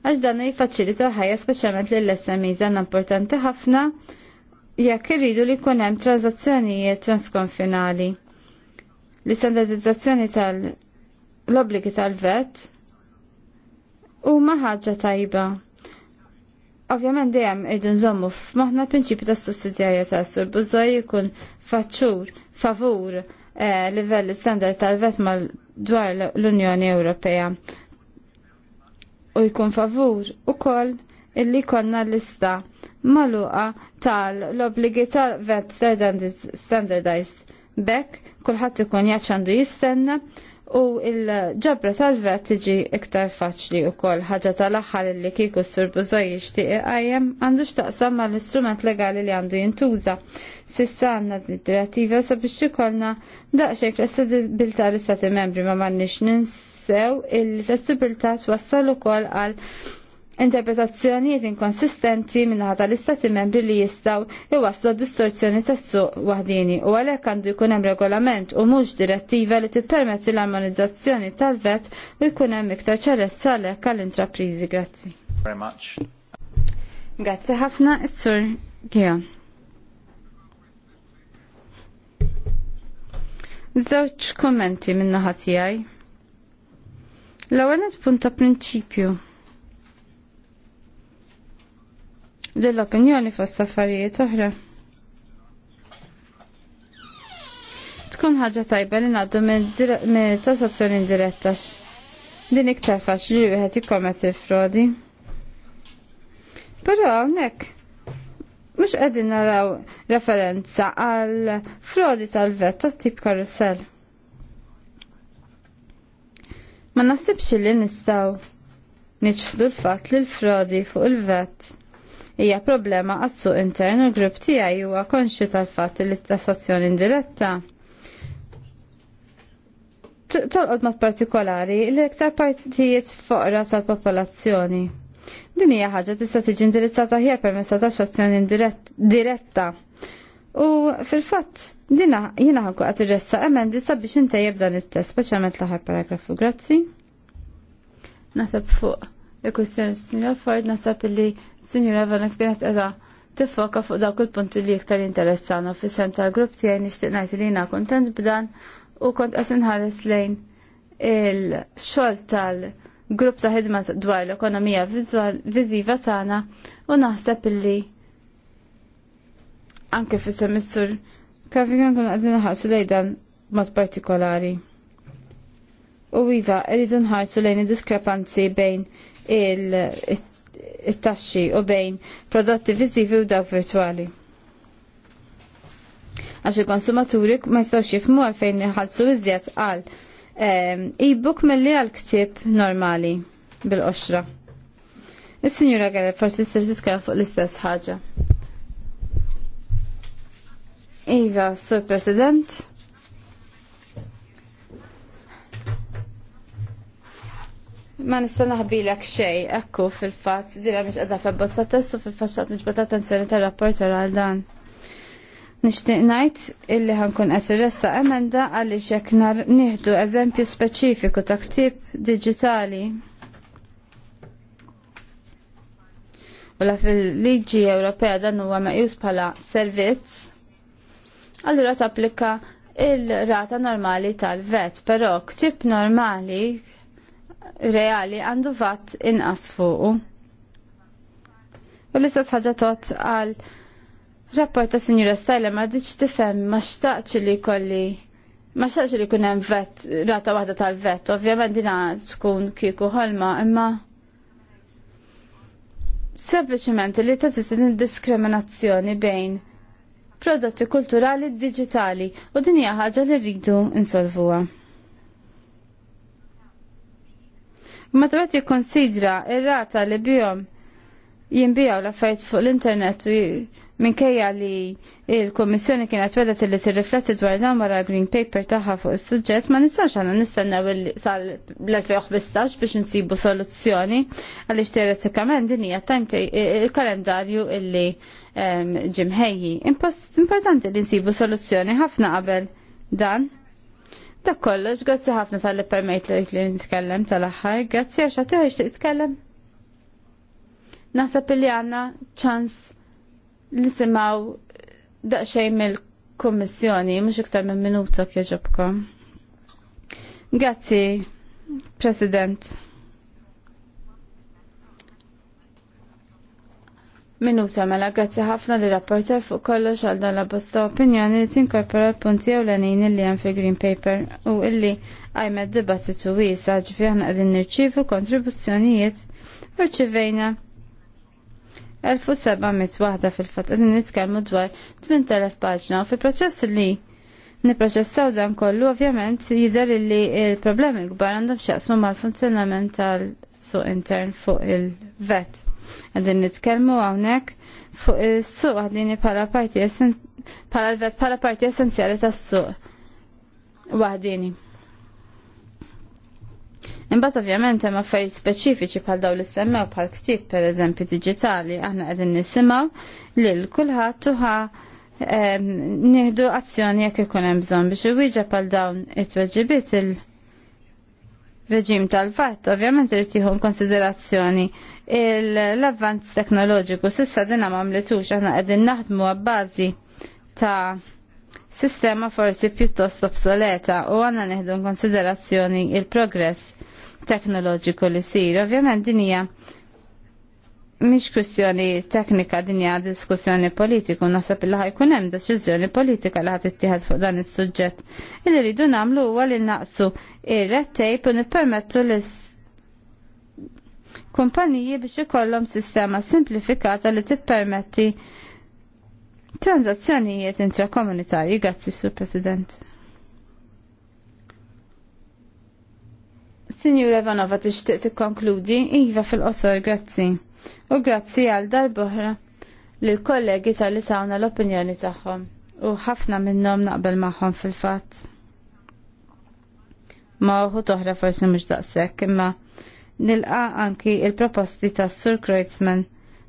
Għax dan jfaċilita ħajja speċjalment lill smis għandna importanti ħafna jekk irridu li jkun hemm tranzazzjonijiet transkonfinali. L-istandardizzazzjoni tal-obbligi tal-vet u ħaġa tajba Ovvjament dejjem irdu nżommu f'maħna l-prinċipju ta' sussidjarjetà sur bżonn jkun faċċur favur eh, livelli standard tal-vetma dwar l-Unjoni Ewropea. U jkun favur ukoll illi konna lista maluqa tal-obligi tal-vet standardized. Bekk kulħadd ikun jaf x'għandu jistenna u il-ġabra tal-vet tiġi iktar faċli u kol ħagġa tal-axħar li kiku s-sur iġtiq għajem għandu xtaqsam ma l-istrument legali li għandu jintuża. Sissa għanna d-direttiva sabiex ikollna daqxej flessibilta li stati membri ma mannix ninsew il-flessibilta twassal u kol għal interpretazzjonijiet inkonsistenti minnaħa tal-istati membri li jistaw iwaslu distorzjoni tas-suq waħdini u għalhekk għandu jkun hemm regolament u mhux direttiva li tippermetti l-armonizzazzjoni tal-vet u jkun hemm iktar ċarezza għalhekk għall-intrapriżi. Grazzi. Grazzi ħafna is-sur Gion. Żewġ kommenti minnaħat tiegħi. L-ewwel punta ta' prinċipju. din l-opinjoni fost affarijiet oħra. Tkun ħaġa tajba li ngħaddu minn tassazzjoni indiretta din iktar faċli li wieħed ikkomet il-frodi. Però hawnhekk mhux qegħdin naraw referenza għal frodi tal vett tip karusell. Ma naħsibx li nistgħu niċħdu l-fatt li l-frodi fuq il-vett hija problema għas-suq intern u grupp tiegħi huwa konxju tal-fatt li t-tassazzjoni indiretta tolqod mat partikolari l-iktar partijiet foqra tal-popolazzjoni. Din hija ħaġa tista' tiġi indirizzata ħjar permezz ta' tassazzjoni diretta. U fil-fatt dina jiena ħanku qed irressa emendi sabiex intejjeb dan it-test, speċjalment l-aħħar paragrafu. Grazzi. Nasab fuq il s Sinjor Ford nasab li Sinjura Vanek kienet edha tifoka fuq dawk il-punti li iktar interessana fi sem tal-grupp tiegħi nixtieq ngħid li jina kuntent b'dan u kont qed inħares lejn il-xogħol tal-grupp ta' ħidma dwar l-ekonomija viżiva tagħna u naħseb illi anke fi semissur Kavigan kun għadin nħarsu lejn dan mod partikolari. U iva, rridu nħarsu lejn id diskrepanzi bejn il it-taxxi u bejn prodotti viżivi u dawk virtwali. Għax il-konsumaturi ma jistgħux jifhmu għalfejn iħallsu iżjed għal ehm, e-book milli għal ktieb normali bil-qoxra. Is-Sinjura Gare forsi tista' titkellem fuq l-istess ħaġa. Iva, Sur President. Ma nista naħbilek xej, ekku fil-fat, dira miex għadha febbosta testu fil-fasċat nġbata attenzjoni tal-rapporter għal dan. Nishtiq najt illi ħankun qed irressa emenda għaliex xek nar nieħdu eżempju speċifiku ta' ktib U la fil-liġi Ewropea dan huwa meqjus bħala servizz, allura tapplika il-rata normali tal-vet, però ktib normali reali għandu vatt inqas fuqu. U l-istess ħaġa tot għal rapport ta' Sinjura Stella ma diċ tifhem ma xtaqx li kolli ma xtaqx li kunem hemm vett rata waħda tal-vett, ovvjament dina tkun kieku ħolma, imma sempliċement li tażid diskriminazzjoni bejn prodotti kulturali digitali u din hija ħaġa li rridu insolvuha. Meta qed jikkonsidra r rata li bihom jinbijaw l-affarijiet fuq l-internet u minkejja li il-Kommissjoni kienet weda li tirrifletti dwar dan wara green paper tagħha fuq is-suġġett ma nistax aħna nistennew sal-2015 biex insibu soluzzjoni għaliex teoretikament din hija il-kalendarju illi ġimħejji. Importanti li nsibu soluzzjoni ħafna qabel dan. Dak kollox, għazzi ħafna tal-li permejt li nitkellem tal-aħħar, grazzi għax għati għax nitkellem. Nasa li għanna ċans li simaw daqxej mill-kommissjoni, mux iktar minn minuta kieġobkom. Grazzi, President. Minuta mela grazzi ħafna li rapporter fuq kollox għal dan l-abbozza opinjoni li tinkorpora l-punti u l-għanin illi għan fi Green Paper u illi għajmed dibattitu wisa ġifi għan għadin nirċivu kontribuzzjonijiet u ċivejna 1700 waħda fil-fat għadin nitkellmu dwar 8000 paġna u fil-proċess li Niproċessaw dan kollu ovvjament jidher li il-problemi kbar għandhom x'jaqsmu mal-funzjonament tal-suq intern fuq il-vet. Għadin nitkelmu għawnek fuq il-suq għadin pala parti pala l parti essenzjali tas suq waħdini. Imbagħad ovvjament hemm affarijiet speċifiċi bħal dawn li semmew bħal ktib pereżempju diġitali aħna qegħdin nisimgħu lil kulħadd tuħa ehm, nieħdu azzjoni jekk ikun hemm bżonn biex iwieġeb bħal dawn it-tweġibiet il- reġim tal-fatt, ovvjament irid jieħu konsiderazzjoni l-avvanz teknoloġiku sissa dinna mletux aħna qegħdin naħdmu għabbażi ta' sistema forsi pjuttost obsoleta u għanna neħdu konsiderazzjoni il-progress teknoloġiku li sir. Ovvjament din hija Mhix kwestjoni teknika din hija diskussjoni politiku naħseb li jkun hemm deċiżjoni politika li ħat ittieħed fuq dan is-suġġett. Illi ridu nagħmlu huwa li naqsu ir-red tape u nippermettu l kumpaniji biex ikollhom sistema simplifikata li tippermetti tranzazzjonijiet intrakomunitarji. Grazzi, Sur President. Signora Vanova tixtieq tikkonkludi? Iva fil-qosor, grazzi u grazzi għal darbohra l kollegi tal-li sawna l-opinjoni tagħhom u ħafna minnhom naqbel magħhom fil-fatt. Ma uħu toħra forsi mhux daqshekk imma nilqa anki il-proposti tas Sur Kreutzmann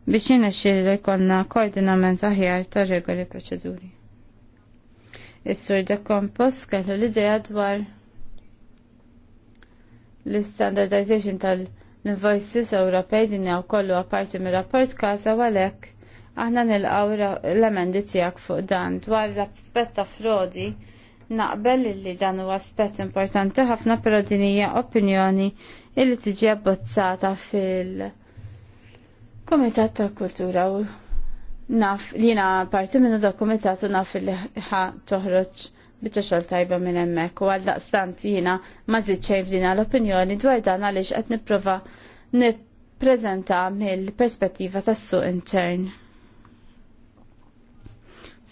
biex li jkollna koordinament aħjar tar regoli proċeduri. Is-sur de Kompos kellu l-idea dwar l-standardization tal- l-invoices Ewropej din hawn kollu apparti mir-rapport każa għalhekk aħna nilqgħu l-emendi tiegħek fuq dan dwar l-aspett ta' frodi naqbel li dan huwa aspett importanti ħafna però din hija opinjoni illi tiġi abbozzata fil- Komitat ta' Kultura u naf li jina parti minnu da' komitat u naf li ħa toħroċ biċċa xogħol tajba minn hemmhekk u għaldaqstant jiena ma żid xejn f'dina l-opinjoni dwar dan għaliex qed nipprova nippreżenta mill-perspettiva tas-suq intern.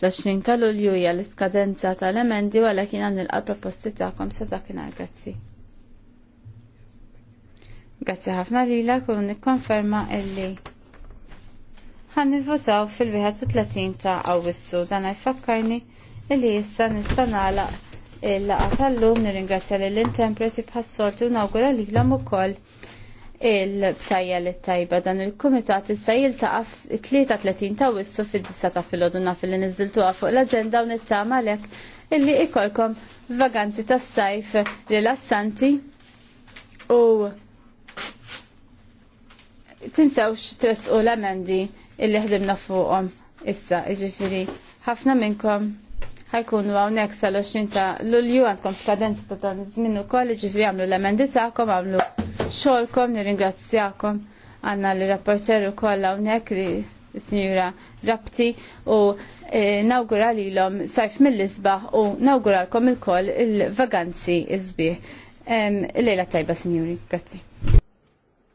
Fl-20 ta' Lulju hija l-iskadenza tal-emendi u għalhekk jiena nilqa' proposti tagħkom sa dakinhar grazzi. Grazzi ħafna lilek u nikkonferma illi ħan nivvotaw fil-31 ta' Awwissu dan fakkarni illi issa nista' nagħlaq il laqgħa tal-lum nirringrazzja lill interpreti bħas u nawgura lilhom ukoll il-btajja li tajba dan il-kumitat issa jiltaqa' 33 ta' wissu fid-disa ta' filgħodu naf li niżiltuha fuq l-aġenda u nittama għalhekk illi ikolkom vaganzi tas-sajf rilassanti u tinsewx tresqu l-amendi illi ħdimna fuqhom issa, iġifiri, ħafna minnkom ħajkunu hawnhekk sal-20 ta' Lulju għandkom skadenza ta' dan iż-żmien ukoll ġifri għamlu l-emendi għamlu xogħolkom nirringrazzjakom għandna li rapporteru kolla hawnhekk li s-sinjura Rabti u e, nawgura lilhom sajf mill-isbaħ u nawguralkom il-koll il-vaganzi iż-sbieħ. Lejla tajba, sinjuri. Grazie.